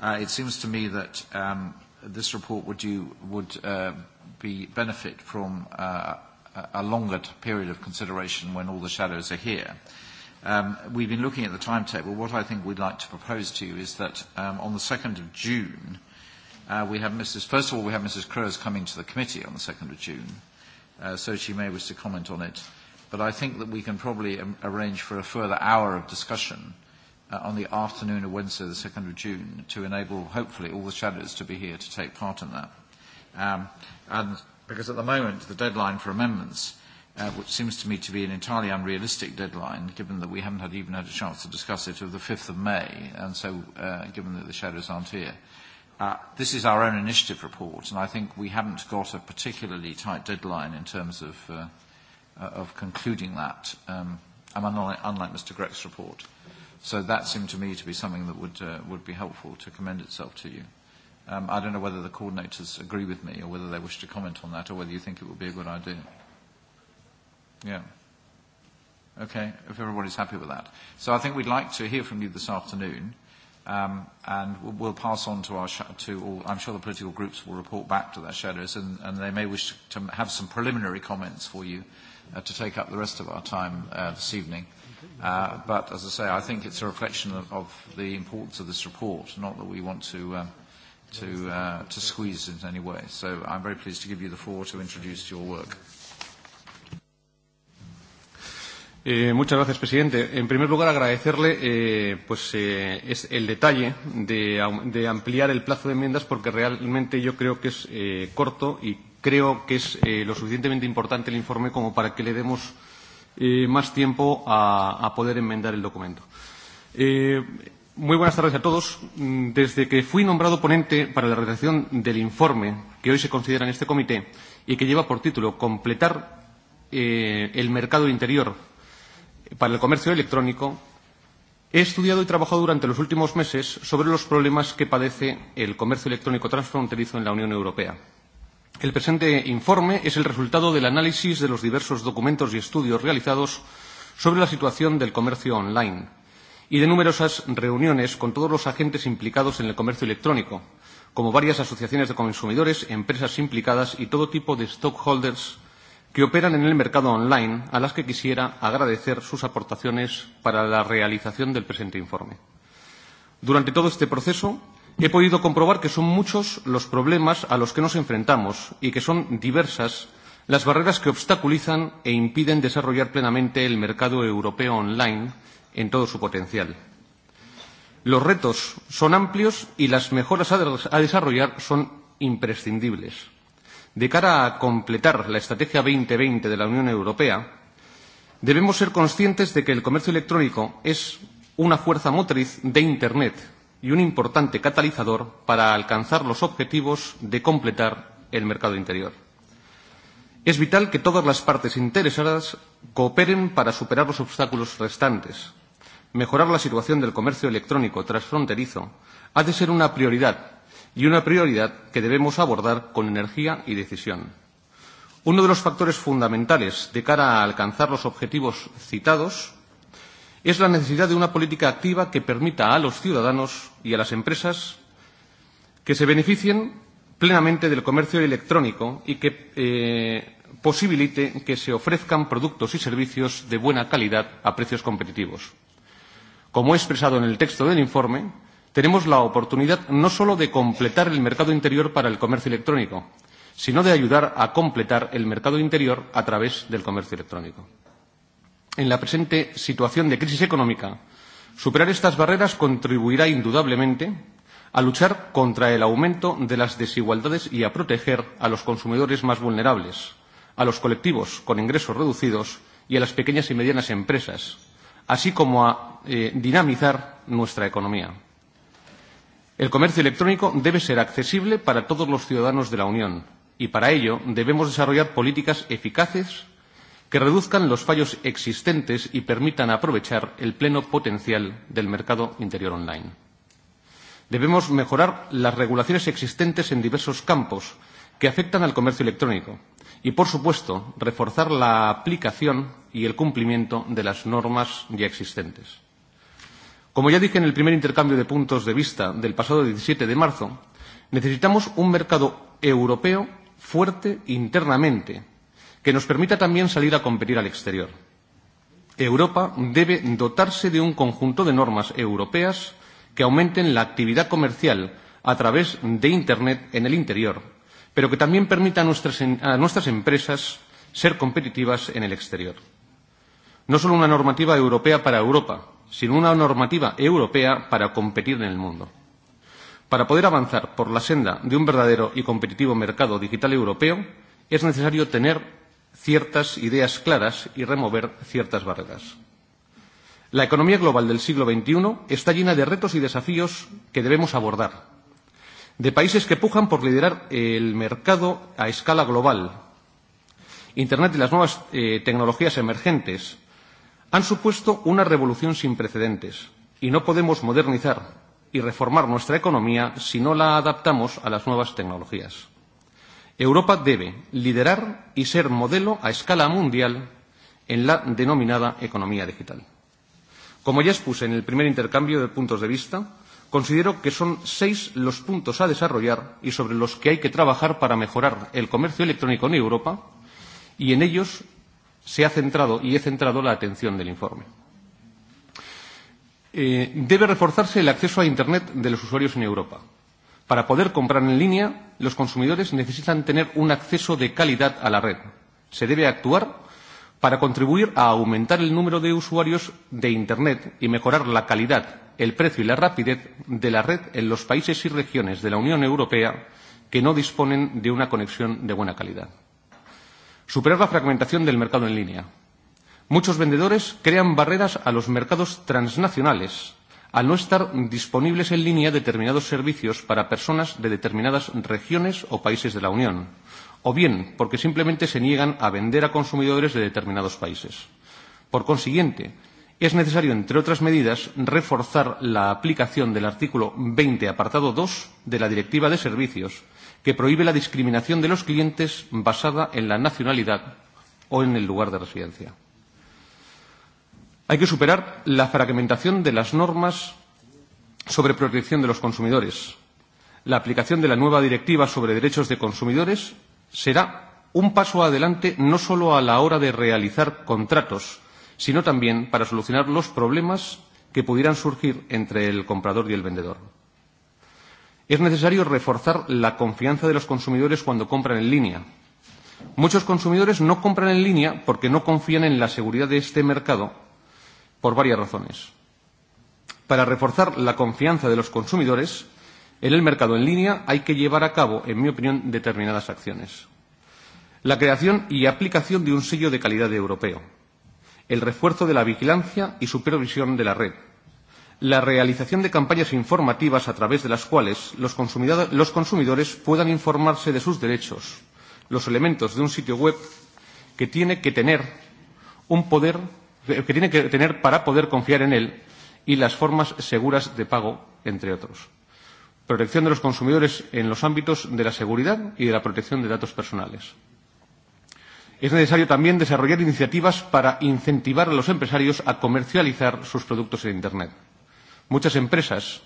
Uh, it seems to me that um, this report would, do would uh, be benefit from uh, a longer period of consideration when all the shadows are here. Um, we've been looking at the timetable. What I think we'd like to propose to you is that um, on the 2nd of June, uh, we have Mrs. First of all, we have Mrs. Crowes coming to the committee on the 2nd of June, uh, so she may wish to comment on it but I think that we can probably um, arrange for a further hour of discussion uh, on the afternoon of Wednesday, the 2nd of June, to enable, hopefully, all the shadows to be here to take part in that. Um, and because at the moment, the deadline for amendments, uh, which seems to me to be an entirely unrealistic deadline, given that we haven't had, even had a chance to discuss it, of the 5th of May, and so uh, given that the shadows aren't here. Uh, this is our own initiative report, and I think we haven't got a particularly tight deadline in terms of uh, uh, of concluding that. Um, I'm unlike, unlike Mr. Greck's report. So that seemed to me to be something that would, uh, would be helpful to commend itself to you. Um, I don't know whether the coordinators agree with me or whether they wish to comment on that or whether you think it would be a good idea. Yeah. Okay, if everybody's happy with that. So I think we'd like to hear from you this afternoon, um, and we'll, we'll pass on to our sh- to all. I'm sure the political groups will report back to their shadows, and, and they may wish to have some preliminary comments for you to take up the rest of our time uh, this evening. Uh, but as I say, I think it's a reflection of, of the importance of this report, not that we want to, uh, to, uh, to squeeze it in any way. So I'm very pleased to give you the floor to introduce your work. Eh, muchas gracias, presidente. En primer lugar, agradecerle eh, pues, eh, es el detalle de, de ampliar el plazo de enmiendas porque realmente yo creo que es eh, corto y creo que es eh, lo suficientemente importante el informe como para que le demos eh, más tiempo a, a poder enmendar el documento. Eh, muy buenas tardes a todos. Desde que fui nombrado ponente para la redacción del informe que hoy se considera en este comité y que lleva por título Completar eh, el mercado interior para el comercio electrónico, He estudiado y trabajado durante los últimos meses sobre los problemas que padece el comercio electrónico transfronterizo en la Unión Europea. El presente informe es el resultado del análisis de los diversos documentos y estudios realizados sobre la situación del comercio online y de numerosas reuniones con todos los agentes implicados en el comercio electrónico, como varias asociaciones de consumidores, empresas implicadas y todo tipo de stockholders que operan en el mercado online, a las que quisiera agradecer sus aportaciones para la realización del presente informe. Durante todo este proceso, He podido comprobar que son muchos los problemas a los que nos enfrentamos y que son diversas las barreras que obstaculizan e impiden desarrollar plenamente el mercado europeo online en todo su potencial. Los retos son amplios y las mejoras a desarrollar son imprescindibles. De cara a completar la Estrategia 2020 de la Unión Europea, debemos ser conscientes de que el comercio electrónico es una fuerza motriz de Internet y un importante catalizador para alcanzar los objetivos de completar el mercado interior. Es vital que todas las partes interesadas cooperen para superar los obstáculos restantes. Mejorar la situación del comercio electrónico transfronterizo ha de ser una prioridad y una prioridad que debemos abordar con energía y decisión. Uno de los factores fundamentales de cara a alcanzar los objetivos citados es la necesidad de una política activa que permita a los ciudadanos y a las empresas que se beneficien plenamente del comercio electrónico y que eh, posibilite que se ofrezcan productos y servicios de buena calidad a precios competitivos. Como he expresado en el texto del informe, tenemos la oportunidad no solo de completar el mercado interior para el comercio electrónico, sino de ayudar a completar el mercado interior a través del comercio electrónico en la presente situación de crisis económica, superar estas barreras contribuirá indudablemente a luchar contra el aumento de las desigualdades y a proteger a los consumidores más vulnerables, a los colectivos con ingresos reducidos y a las pequeñas y medianas empresas, así como a eh, dinamizar nuestra economía. El comercio electrónico debe ser accesible para todos los ciudadanos de la Unión y para ello debemos desarrollar políticas eficaces que reduzcan los fallos existentes y permitan aprovechar el pleno potencial del mercado interior online. Debemos mejorar las regulaciones existentes en diversos campos que afectan al comercio electrónico y, por supuesto, reforzar la aplicación y el cumplimiento de las normas ya existentes. Como ya dije en el primer intercambio de puntos de vista del pasado 17 de marzo, necesitamos un mercado europeo fuerte internamente que nos permita también salir a competir al exterior. Europa debe dotarse de un conjunto de normas europeas que aumenten la actividad comercial a través de Internet en el interior, pero que también permita a nuestras, a nuestras empresas ser competitivas en el exterior. No solo una normativa europea para Europa, sino una normativa europea para competir en el mundo. Para poder avanzar por la senda de un verdadero y competitivo mercado digital europeo, es necesario tener ciertas ideas claras y remover ciertas barreras. La economía global del siglo XXI está llena de retos y desafíos que debemos abordar, de países que pujan por liderar el mercado a escala global. Internet y las nuevas eh, tecnologías emergentes han supuesto una revolución sin precedentes y no podemos modernizar y reformar nuestra economía si no la adaptamos a las nuevas tecnologías. Europa debe liderar y ser modelo a escala mundial en la denominada economía digital. Como ya expuse en el primer intercambio de puntos de vista, considero que son seis los puntos a desarrollar y sobre los que hay que trabajar para mejorar el comercio electrónico en Europa, y en ellos se ha centrado y he centrado la atención del informe. Eh, debe reforzarse el acceso a Internet de los usuarios en Europa, Para poder comprar en línea, los consumidores necesitan tener un acceso de calidad a la red. Se debe actuar para contribuir a aumentar el número de usuarios de Internet y mejorar la calidad, el precio y la rapidez de la red en los países y regiones de la Unión Europea que no disponen de una conexión de buena calidad. Superar la fragmentación del mercado en línea. Muchos vendedores crean barreras a los mercados transnacionales al no estar disponibles en línea determinados servicios para personas de determinadas regiones o países de la Unión, o bien porque simplemente se niegan a vender a consumidores de determinados países. Por consiguiente, es necesario, entre otras medidas, reforzar la aplicación del artículo 20, apartado 2 de la Directiva de Servicios, que prohíbe la discriminación de los clientes basada en la nacionalidad o en el lugar de residencia. Hay que superar la fragmentación de las normas sobre protección de los consumidores. La aplicación de la nueva directiva sobre derechos de consumidores será un paso adelante no solo a la hora de realizar contratos, sino también para solucionar los problemas que pudieran surgir entre el comprador y el vendedor. Es necesario reforzar la confianza de los consumidores cuando compran en línea. Muchos consumidores no compran en línea porque no confían en la seguridad de este mercado por varias razones. Para reforzar la confianza de los consumidores en el mercado en línea hay que llevar a cabo, en mi opinión, determinadas acciones. La creación y aplicación de un sello de calidad europeo, el refuerzo de la vigilancia y supervisión de la red, la realización de campañas informativas a través de las cuales los, los consumidores puedan informarse de sus derechos, los elementos de un sitio web que tiene que tener un poder que tiene que tener para poder confiar en él y las formas seguras de pago, entre otros. Protección de los consumidores en los ámbitos de la seguridad y de la protección de datos personales. Es necesario también desarrollar iniciativas para incentivar a los empresarios a comercializar sus productos en Internet. Muchas empresas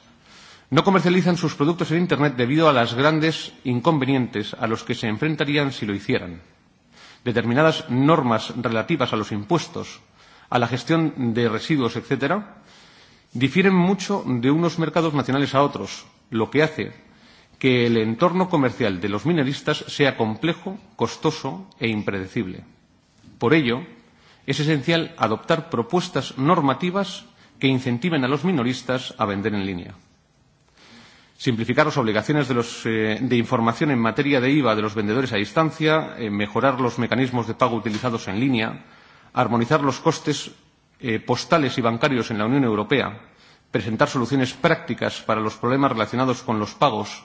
no comercializan sus productos en Internet debido a los grandes inconvenientes a los que se enfrentarían si lo hicieran. Determinadas normas relativas a los impuestos a la gestión de residuos, etcétera, difieren mucho de unos mercados nacionales a otros, lo que hace que el entorno comercial de los mineristas sea complejo, costoso e impredecible. Por ello, es esencial adoptar propuestas normativas que incentiven a los minoristas a vender en línea. Simplificar las obligaciones de, los, eh, de información en materia de IVA de los vendedores a distancia, eh, mejorar los mecanismos de pago utilizados en línea, armonizar los costes eh, postales y bancarios en la Unión Europea, presentar soluciones prácticas para los problemas relacionados con los pagos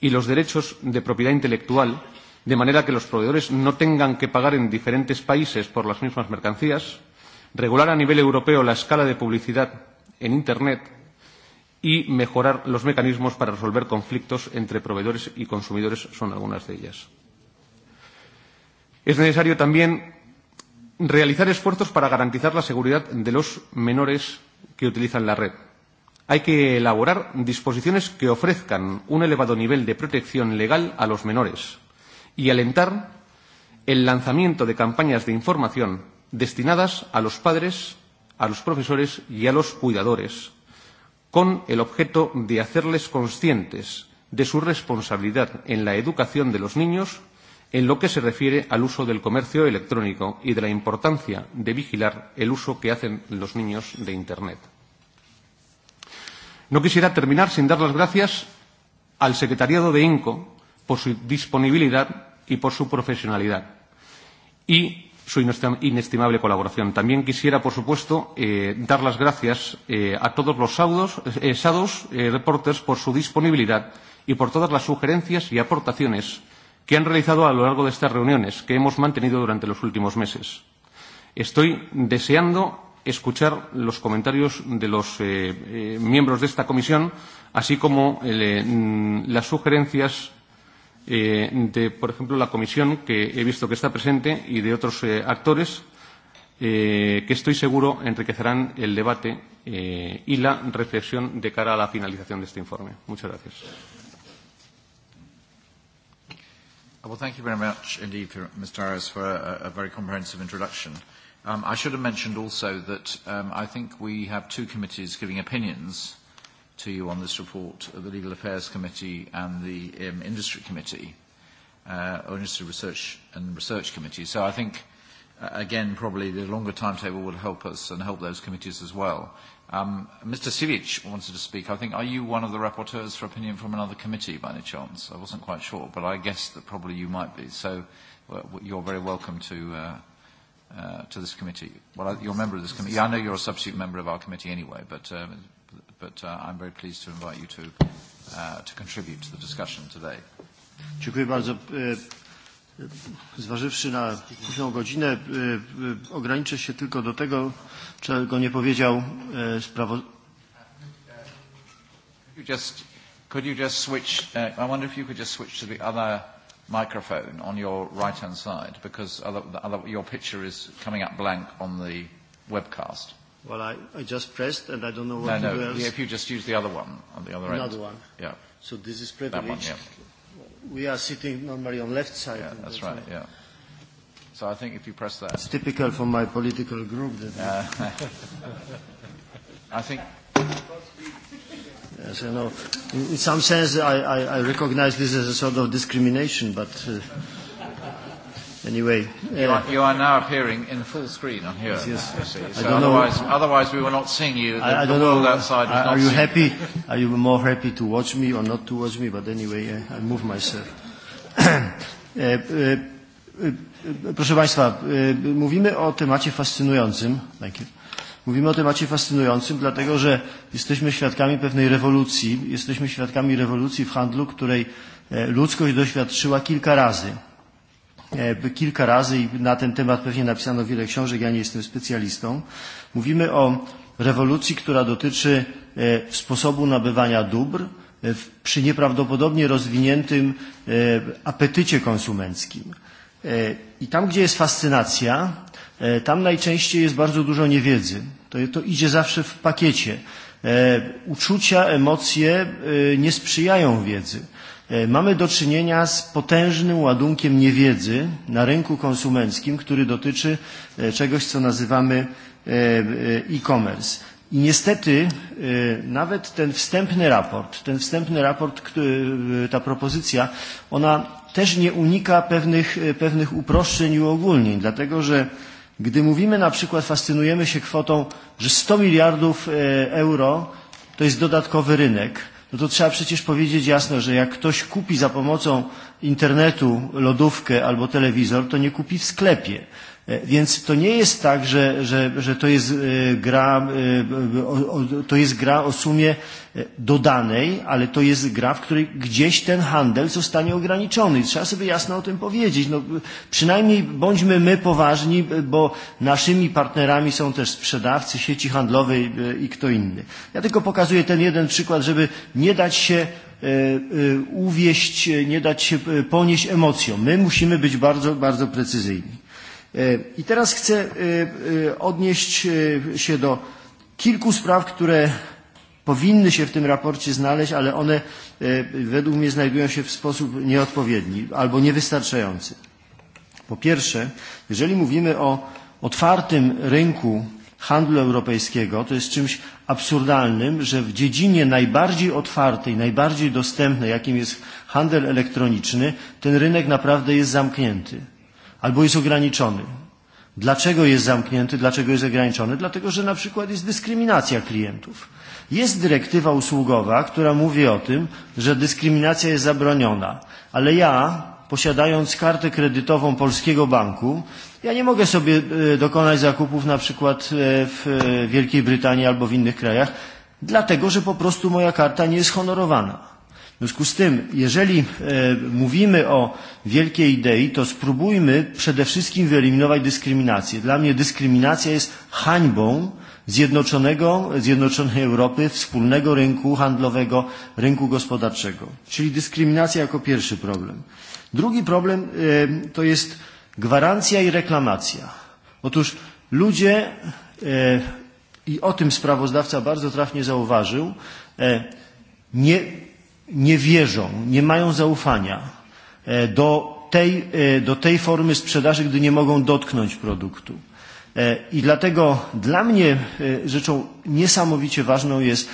y los derechos de propiedad intelectual, de manera que los proveedores no tengan que pagar en diferentes países por las mismas mercancías, regular a nivel europeo la escala de publicidad en Internet y mejorar los mecanismos para resolver conflictos entre proveedores y consumidores son algunas de ellas. Es necesario también realizar esfuerzos para garantizar la seguridad de los menores que utilizan la red. Hay que elaborar disposiciones que ofrezcan un elevado nivel de protección legal a los menores y alentar el lanzamiento de campañas de información destinadas a los padres, a los profesores y a los cuidadores, con el objeto de hacerles conscientes de su responsabilidad en la educación de los niños en lo que se refiere al uso del comercio electrónico y de la importancia de vigilar el uso que hacen los niños de Internet. No quisiera terminar sin dar las gracias al secretariado de INCO por su disponibilidad y por su profesionalidad y su inestimable colaboración. También quisiera, por supuesto, eh, dar las gracias eh, a todos los saudos, eh, SADOS eh, reporters por su disponibilidad y por todas las sugerencias y aportaciones que han realizado a lo largo de estas reuniones que hemos mantenido durante los últimos meses. Estoy deseando escuchar los comentarios de los eh, eh, miembros de esta comisión, así como eh, las sugerencias eh, de, por ejemplo, la comisión que he visto que está presente y de otros eh, actores eh, que estoy seguro enriquecerán el debate eh, y la reflexión de cara a la finalización de este informe. Muchas gracias. Well, thank you very much indeed, Mr. Arias, for a, a very comprehensive introduction. Um, I should have mentioned also that um, I think we have two committees giving opinions to you on this report, the Legal Affairs Committee and the um, Industry Committee, uh, or Industry Research and Research Committee. So I think, uh, again, probably the longer timetable would help us and help those committees as well. Um, Mr. Sivic wanted to speak. I think, are you one of the rapporteurs for opinion from another committee by any chance? I wasn't quite sure, but I guess that probably you might be. So well, you're very welcome to, uh, uh, to this committee. Well, you're a member of this committee. Yeah, I know you're a substitute member of our committee anyway, but, uh, but uh, I'm very pleased to invite you to, uh, to contribute to the discussion today. Dziękuję bardzo Zważywszy na późną godzinę, ograniczę się tylko do tego, czego nie powiedział sprawozdawca. Well, I, I just pressed, and I don't know what no, no, else. Yeah, if you just use the other one on the other Another end. Another one. Yeah. So this is privileged. That one, yeah we are sitting normally on left side. Yeah, that's right. Yeah. So I think if you press that. It's typical for my political group. That uh, I think. Yes, I know. In, in some sense, I, I, I recognize this as a sort of discrimination, but. Uh, Anyway, uh, you, are, you are now appearing in full screen on here. Yes, yes. You So I don't otherwise, know. otherwise we were not seeing you. The, I, I don't the world know. outside was are, not Are you happy? You. Are you more happy to watch me or not to watch me? But anyway, uh, I move myself. Proszę Państwa, mówimy o temacie fascynującym. Thank you. Mówimy o temacie fascynującym, dlatego że jesteśmy świadkami pewnej rewolucji. Jesteśmy świadkami rewolucji w handlu, której ludzkość doświadczyła kilka razy kilka razy i na ten temat pewnie napisano wiele książek, ja nie jestem specjalistą. Mówimy o rewolucji, która dotyczy sposobu nabywania dóbr przy nieprawdopodobnie rozwiniętym apetycie konsumenckim. I tam, gdzie jest fascynacja, tam najczęściej jest bardzo dużo niewiedzy. To, to idzie zawsze w pakiecie. Uczucia, emocje nie sprzyjają wiedzy. Mamy do czynienia z potężnym ładunkiem niewiedzy na rynku konsumenckim, który dotyczy czegoś, co nazywamy e-commerce. I niestety nawet ten wstępny raport, ten wstępny raport, ta propozycja, ona też nie unika pewnych, pewnych uproszczeń i uogólnień, dlatego że gdy mówimy na przykład, fascynujemy się kwotą, że 100 miliardów euro to jest dodatkowy rynek, no to trzeba przecież powiedzieć jasno, że jak ktoś kupi za pomocą internetu lodówkę albo telewizor, to nie kupi w sklepie Więc to nie jest tak, że, że, że to, jest gra, to jest gra o sumie dodanej, ale to jest gra, w której gdzieś ten handel zostanie ograniczony. I trzeba sobie jasno o tym powiedzieć. No, przynajmniej bądźmy my poważni, bo naszymi partnerami są też sprzedawcy sieci handlowej i kto inny. Ja tylko pokazuję ten jeden przykład, żeby nie dać się uwieść, nie dać się ponieść emocjom. My musimy być bardzo, bardzo precyzyjni. I teraz chcę odnieść się do kilku spraw, które powinny się w tym raporcie znaleźć, ale one według mnie znajdują się w sposób nieodpowiedni albo niewystarczający. Po pierwsze, jeżeli mówimy o otwartym rynku handlu europejskiego, to jest czymś absurdalnym, że w dziedzinie najbardziej otwartej, najbardziej dostępnej, jakim jest handel elektroniczny, ten rynek naprawdę jest zamknięty albo jest ograniczony. Dlaczego jest zamknięty, dlaczego jest ograniczony? Dlatego, że na przykład jest dyskryminacja klientów. Jest dyrektywa usługowa, która mówi o tym, że dyskryminacja jest zabroniona, ale ja, posiadając kartę kredytową polskiego banku, ja nie mogę sobie dokonać zakupów na przykład w Wielkiej Brytanii albo w innych krajach, dlatego że po prostu moja karta nie jest honorowana. W związku z tym, jeżeli e, mówimy o wielkiej idei, to spróbujmy przede wszystkim wyeliminować dyskryminację. Dla mnie dyskryminacja jest hańbą zjednoczonego, zjednoczonej Europy, wspólnego rynku handlowego, rynku gospodarczego. Czyli dyskryminacja jako pierwszy problem. Drugi problem e, to jest gwarancja i reklamacja. Otóż ludzie, e, i o tym sprawozdawca bardzo trafnie zauważył, e, nie nie wierzą, nie mają zaufania do tej, do tej formy sprzedaży, gdy nie mogą dotknąć produktu. I dlatego dla mnie rzeczą niesamowicie ważną jest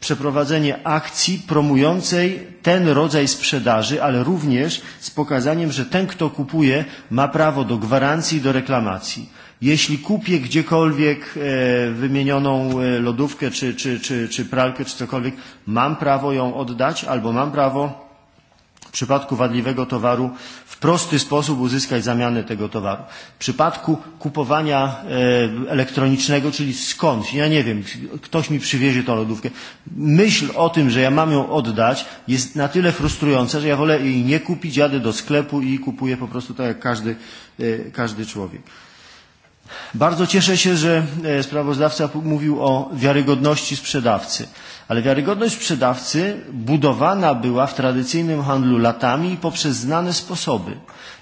przeprowadzenie akcji promującej ten rodzaj sprzedaży, ale również z pokazaniem, że ten, kto kupuje, ma prawo do gwarancji i do reklamacji Jeśli kupię gdziekolwiek wymienioną lodówkę czy, czy, czy, czy pralkę czy cokolwiek, mam prawo ją oddać albo mam prawo w przypadku wadliwego towaru w prosty sposób uzyskać zamianę tego towaru. W przypadku kupowania elektronicznego, czyli skąd, ja nie wiem, ktoś mi przywiezie tą lodówkę, myśl o tym, że ja mam ją oddać jest na tyle frustrująca, że ja wolę jej nie kupić, jadę do sklepu i kupuję po prostu tak jak każdy, każdy człowiek. Bardzo cieszę się, że sprawozdawca mówił o wiarygodności sprzedawcy ale wiarygodność sprzedawcy budowana była w tradycyjnym handlu latami i poprzez znane sposoby.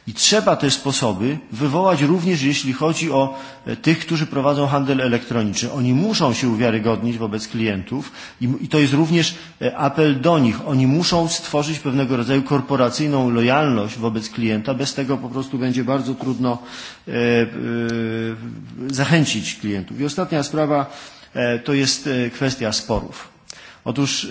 I trzeba te sposoby wywołać również, jeśli chodzi o tych, którzy prowadzą handel elektroniczny. Oni muszą się uwiarygodnić wobec klientów i to jest również apel do nich. Oni muszą stworzyć pewnego rodzaju korporacyjną lojalność wobec klienta. Bez tego po prostu będzie bardzo trudno zachęcić klientów. I ostatnia sprawa to jest kwestia sporów. Otóż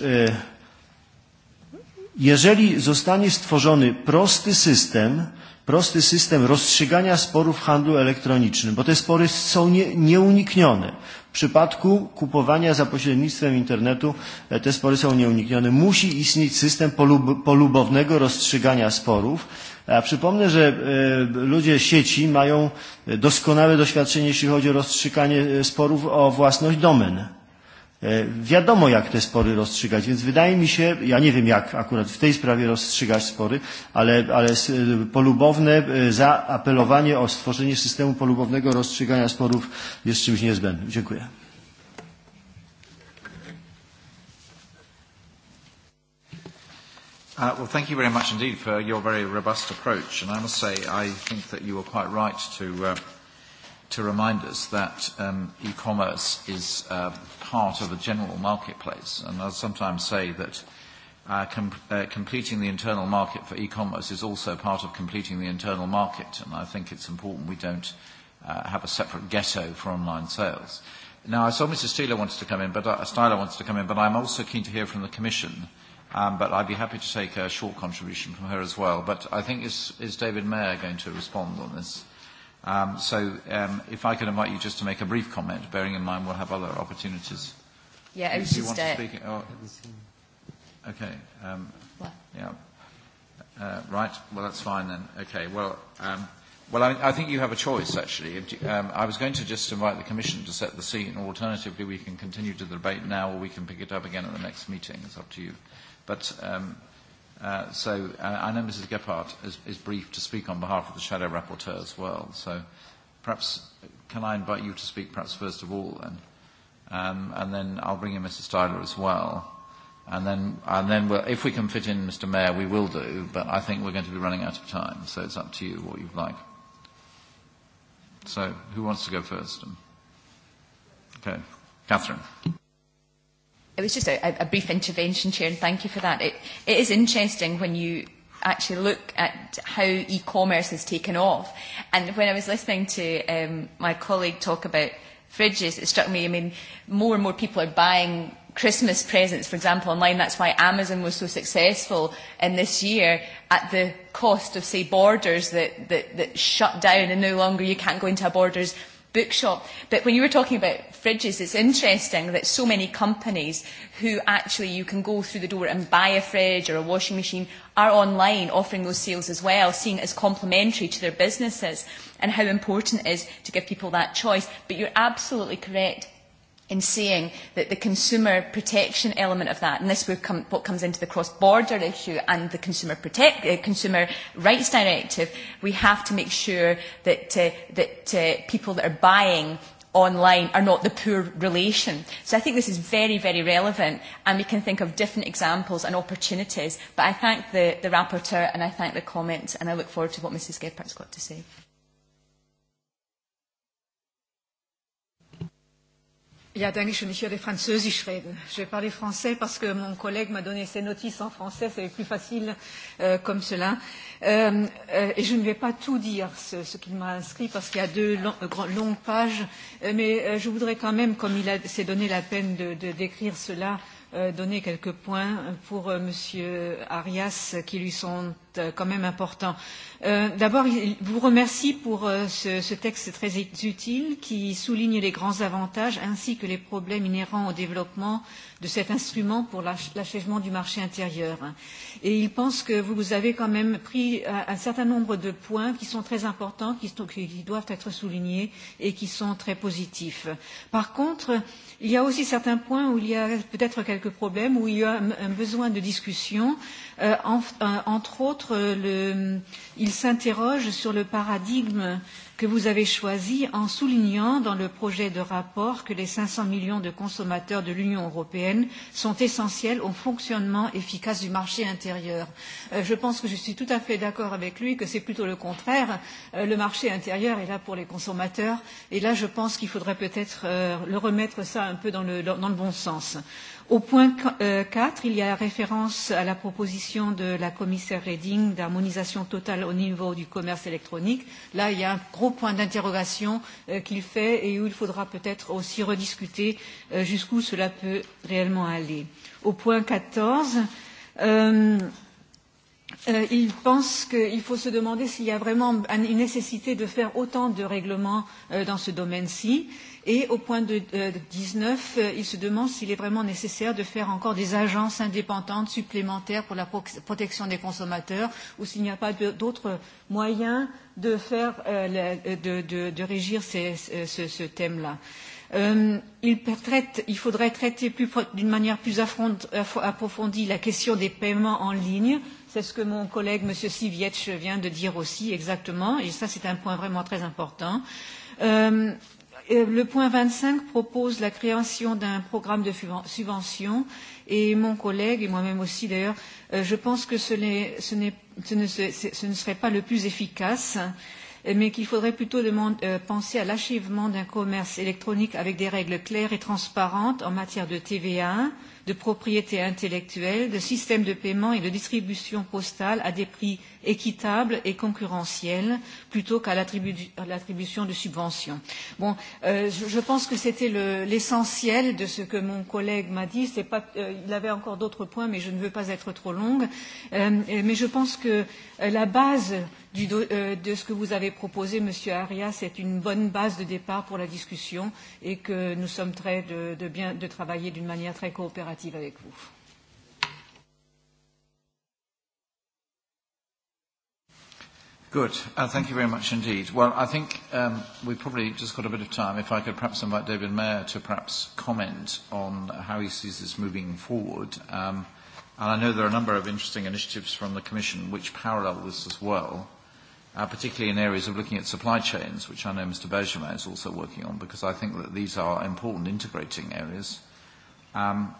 jeżeli zostanie stworzony prosty system, prosty system rozstrzygania sporów w handlu elektronicznym, bo te spory są nie, nieuniknione. W przypadku kupowania za pośrednictwem internetu te spory są nieuniknione. Musi istnieć system polub, polubownego rozstrzygania sporów. A przypomnę, że ludzie sieci mają doskonałe doświadczenie, jeśli chodzi o rozstrzyganie sporów o własność domen Wiadomo, jak te spory rozstrzygać, więc wydaje mi się, ja nie wiem, jak akurat w tej sprawie rozstrzygać spory, ale, ale polubowne zaapelowanie o stworzenie systemu polubownego rozstrzygania sporów jest czymś niezbędnym. Dziękuję. Uh, well, thank you very much indeed for your very robust approach. And I must say, I think that you were quite right to uh, to remind us that um, e-commerce is uh, part of a general marketplace. And I sometimes say that uh, com- uh, completing the internal market for e-commerce is also part of completing the internal market. And I think it's important we don't uh, have a separate ghetto for online sales. Now, I saw Mr. Steeler wanted to come in, but uh, Styler wants to come in, but I'm also keen to hear from the Commission. Um, but I'd be happy to take a short contribution from her as well. But I think is, is David Mayer going to respond on this? Um, so um, if I could invite you just to make a brief comment, bearing in mind we'll have other opportunities. Yeah, I was you, just... want to speak? Oh, okay. Um, yeah. Uh, right. Well, that's fine then. Okay. Well, um, well, I, I think you have a choice actually. If you, um, I was going to just invite the Commission to set the scene, alternatively, we can continue to the debate now, or we can pick it up again at the next meeting. It's up to you. But um, Uh, so uh, I know Mrs. Gephardt is, is brief to speak on behalf of the Shadow Rapporteur as well. So perhaps can I invite you to speak perhaps first of all then? Um, and then I'll bring in Mr. Styler as well. And then, and then we'll, if we can fit in Mr. Mayor, we will do, but I think we're going to be running out of time, so it's up to you what you'd like. So who wants to go first? Okay, Catherine. It was just a, a brief intervention, Chair, and thank you for that. It, it is interesting when you actually look at how e-commerce has taken off. And when I was listening to um, my colleague talk about fridges, it struck me, I mean, more and more people are buying Christmas presents, for example, online. That's why Amazon was so successful in this year at the cost of, say, borders that, that, that shut down and no longer you can't go into a borders bookshop. But when you were talking about fridges, it's interesting that so many companies who actually you can go through the door and buy a fridge or a washing machine are online offering those sales as well, seeing it as complementary to their businesses and how important it is to give people that choice. But you're absolutely correct in saying that the consumer protection element of that, and this is come, what comes into the cross-border issue and the consumer, protect, uh, consumer rights directive, we have to make sure that, uh, that uh, people that are buying online are not the poor relation. So I think this is very, very relevant and we can think of different examples and opportunities. But I thank the, the rapporteur and I thank the comments and I look forward to what Mrs has got to say. Ja, danke schön. Ich werde Französisch reden. Je vais parler français parce que mon collègue m'a donné ses notices en français. C'est plus facile euh, comme cela. Euh, et je ne vais pas tout dire ce, ce qu'il m'a inscrit parce qu'il y a deux long, longues pages. Mais je voudrais quand même, comme il s'est donné la peine de, de décrire cela, euh, donner quelques points pour euh, Monsieur Arias qui lui sont quand même important. Euh, D'abord, je vous remercie pour euh, ce, ce texte très utile qui souligne les grands avantages ainsi que les problèmes inhérents au développement de cet instrument pour l'achèvement du marché intérieur. Et il pense que vous avez quand même pris un, un certain nombre de points qui sont très importants, qui, sont, qui doivent être soulignés et qui sont très positifs. Par contre, il y a aussi certains points où il y a peut-être quelques problèmes, où il y a un, un besoin de discussion Euh, en, euh, entre autres, le, il s'interroge sur le paradigme que vous avez choisi en soulignant dans le projet de rapport que les 500 millions de consommateurs de l'Union européenne sont essentiels au fonctionnement efficace du marché intérieur. Euh, je pense que je suis tout à fait d'accord avec lui que c'est plutôt le contraire. Euh, le marché intérieur est là pour les consommateurs et là je pense qu'il faudrait peut-être euh, le remettre ça un peu dans le, dans le bon sens. Euh, Au point 4, il y a référence à la proposition de la commissaire Reding d'harmonisation totale au niveau du commerce électronique. Là, il y a un gros point d'interrogation qu'il fait et où il faudra peut-être aussi rediscuter jusqu'où cela peut réellement aller. Au point 14, euh, euh, pense qu'il faut se demander s'il y a vraiment une nécessité de faire autant de règlements euh, dans ce domaine-ci. Et au point de euh, 19, euh, se demande s'il est vraiment nécessaire de faire encore des agences indépendantes supplémentaires pour la pro protection des consommateurs ou s'il n'y a pas d'autres moyens de, faire, euh, de, de, de régir ces, ce, ce thème-là. Euh, il, traite, il faudrait traiter d'une manière plus approfondie la question des paiements en ligne C'est ce que mon collègue M. Sivietch vient de dire aussi exactement, et ça c'est un point vraiment très important. Euh, le point 25 propose la création d'un programme de subvention et mon collègue et moi-même aussi d'ailleurs, je pense que ce, ce, ce, ne, ce ne serait pas le plus efficace, mais qu'il faudrait plutôt demander, euh, penser à l'achèvement d'un commerce électronique avec des règles claires et transparentes en matière de TVA, euh, de propriété intellectuelle, de systèmes de paiement et de distribution postale à des prix équitable et concurrentielle plutôt qu'à l'attribution de subventions. Bon, euh, je, je pense que c'était l'essentiel de ce que mon collègue m'a dit. pas, euh, il avait encore d'autres points, mais je ne veux pas être trop longue. Euh, mais je pense que la base du, euh, de ce que vous avez proposé, Monsieur Arias, est une bonne base de départ pour la discussion et que nous sommes très de, de bien de travailler d'une manière très coopérative avec vous. Good. Uh, thank you very much indeed. Well, I think um, we've probably just got a bit of time. If I could perhaps invite David Mayer to perhaps comment on how he sees this moving forward. Um, and I know there are a number of interesting initiatives from the Commission which parallel this as well, uh, particularly in areas of looking at supply chains, which I know Mr. Benjamin is also working on, because I think that these are important integrating areas. Um,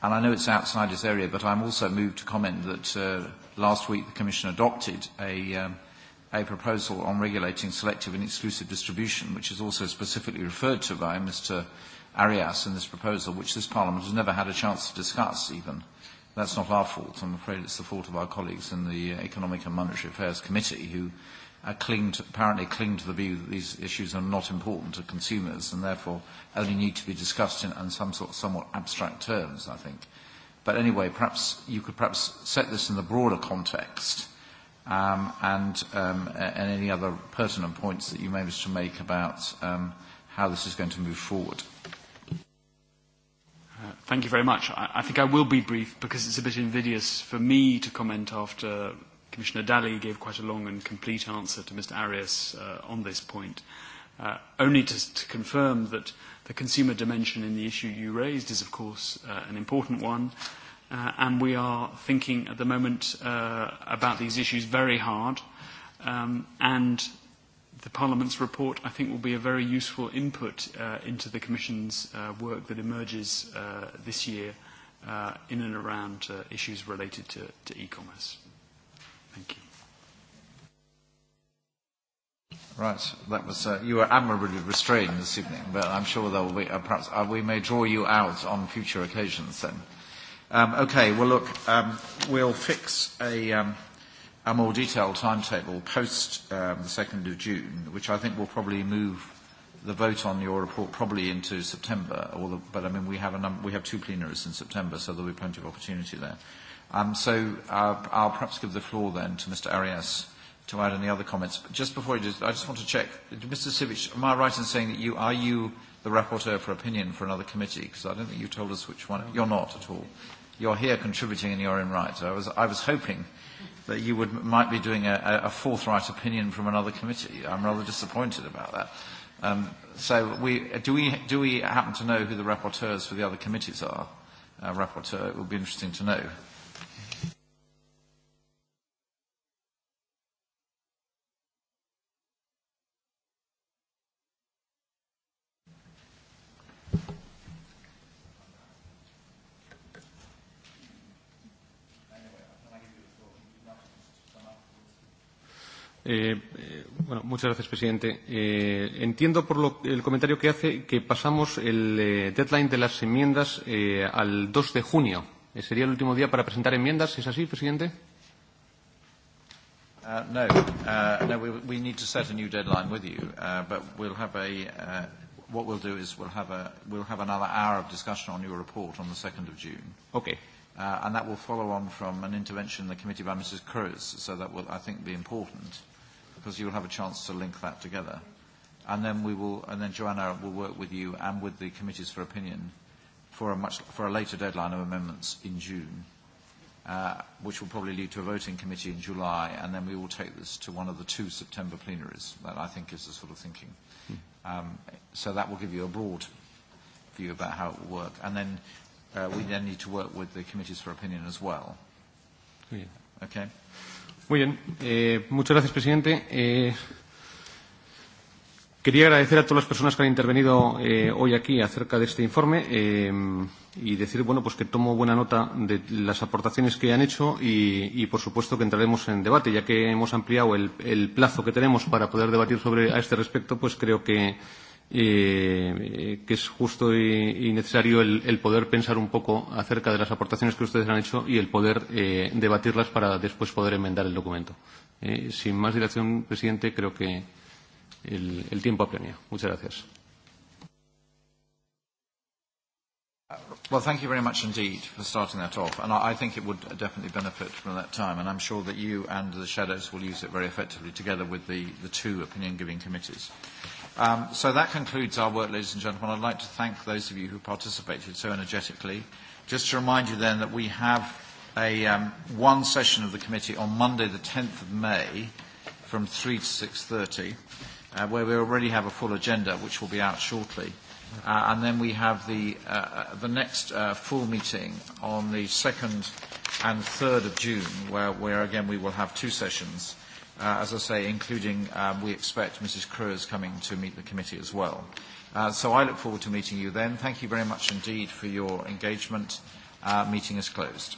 and I know it's outside this area, but I'm also moved to comment that uh, last week the Commission adopted a um, – a proposal on regulating selective and exclusive distribution, which is also specifically referred to by Mr. Arias in this proposal, which this Parliament has never had a chance to discuss even. That's not our fault. I'm afraid it's the fault of our colleagues in the Economic and Monetary Affairs Committee who are cling to, apparently cling to the view that these issues are not important to consumers and therefore only need to be discussed in, in some sort of somewhat abstract terms, I think. But anyway, perhaps you could perhaps set this in the broader context um, and, um, and any other pertinent points that you may wish to make about um, how this is going to move forward. Thank you very much. I, I think I will be brief because it's a bit invidious for me to comment after Commissioner Dalli gave quite a long and complete answer to Mr. Arias uh, on this point. Uh, only to, to confirm that the consumer dimension in the issue you raised is, of course, uh, an important one. Uh, uh, and we are thinking at the moment uh, about these issues very hard. Um, and the Parliament's report, I think, will be a very useful input uh, into the Commission's uh, work that emerges uh, this year uh, in and around uh, issues related to, to e-commerce. Thank you. Right, that was uh, you were admirably restrained this evening, but I'm sure there will be uh, perhaps uh, we may draw you out on future occasions then. Um, okay, well, look, um, we'll fix a, um, a more detailed timetable post um, the 2nd of June, which I think will probably move the vote on your report probably into September. Or the, but, I mean, we have, a num- we have two plenaries in September, so there'll be plenty of opportunity there. Um, so uh, I'll perhaps give the floor then to Mr. Arias to add any other comments. But just before I do, I just want to check. Mr. Sivic, am I right in saying that you are you the rapporteur for opinion for another committee? Because I don't think you told us which one. You're not at all you're here contributing in your own right. So I was, I was hoping that you would, might be doing a, a forthright opinion from another committee. I'm rather disappointed about that. Um, so we, do, we, do we happen to know who the rapporteurs for the other committees are? Uh, rapporteur, it would be interesting to know. Eh, bueno, muchas gracias, presidente. Eh, entiendo por lo, el comentario que hace que pasamos el eh, deadline de las enmiendas eh, al 2 de junio. Eh, ¿Sería el último día para presentar enmiendas? ¿Es así, presidente? Uh, no, uh, no we, we need to set a new deadline with you, uh, but we'll have a, uh, what we'll do is we'll have, a, we'll have another hour of discussion on your report on the 2nd of June. Okay. Uh, and that will follow on from an intervention in the committee by Mrs. Cruz, so that will, I think, be important because you'll have a chance to link that together. And then we will, and then Joanna will work with you and with the committees for opinion for a much for a later deadline of amendments in June, uh, which will probably lead to a voting committee in July, and then we will take this to one of the two September plenaries. That I think is the sort of thinking. Um, so that will give you a broad view about how it will work, and then uh, we then need to work with the committees for opinion as well. Yeah. Okay. Muy bien. Eh, muchas gracias, presidente. Eh, quería agradecer a todas las personas que han intervenido eh, hoy aquí acerca de este informe eh, y decir bueno, pues que tomo buena nota de las aportaciones que han hecho y, y, por supuesto, que entraremos en debate. Ya que hemos ampliado el, el plazo que tenemos para poder debatir sobre a este respecto, pues creo que eh, que es justo y, y necesario el, el poder pensar un poco acerca de las aportaciones que ustedes han hecho y el poder eh, debatirlas para después poder enmendar el documento. Eh, sin más dilación, presidente, creo que el, el tiempo apremia. Muchas gracias. Well, thank you very much indeed for starting that off. And I, I think it would definitely benefit from that time. And I'm sure that you and the shadows will use it very effectively together with the, the two opinion-giving committees. Um, so that concludes our work, ladies and gentlemen. I'd like to thank those of you who participated so energetically. Just to remind you then that we have a um, one session of the committee on Monday, the 10th of May, from 3 to 6.30, uh, where we already have a full agenda, which will be out shortly. Uh, and then we have the, uh, the next uh, full meeting on the 2nd and 3rd of June, where, where again we will have two sessions uh, as I say, including um, we expect Mrs. Cruz coming to meet the committee as well. Uh, so I look forward to meeting you then. Thank you very much indeed for your engagement. Uh, meeting is closed.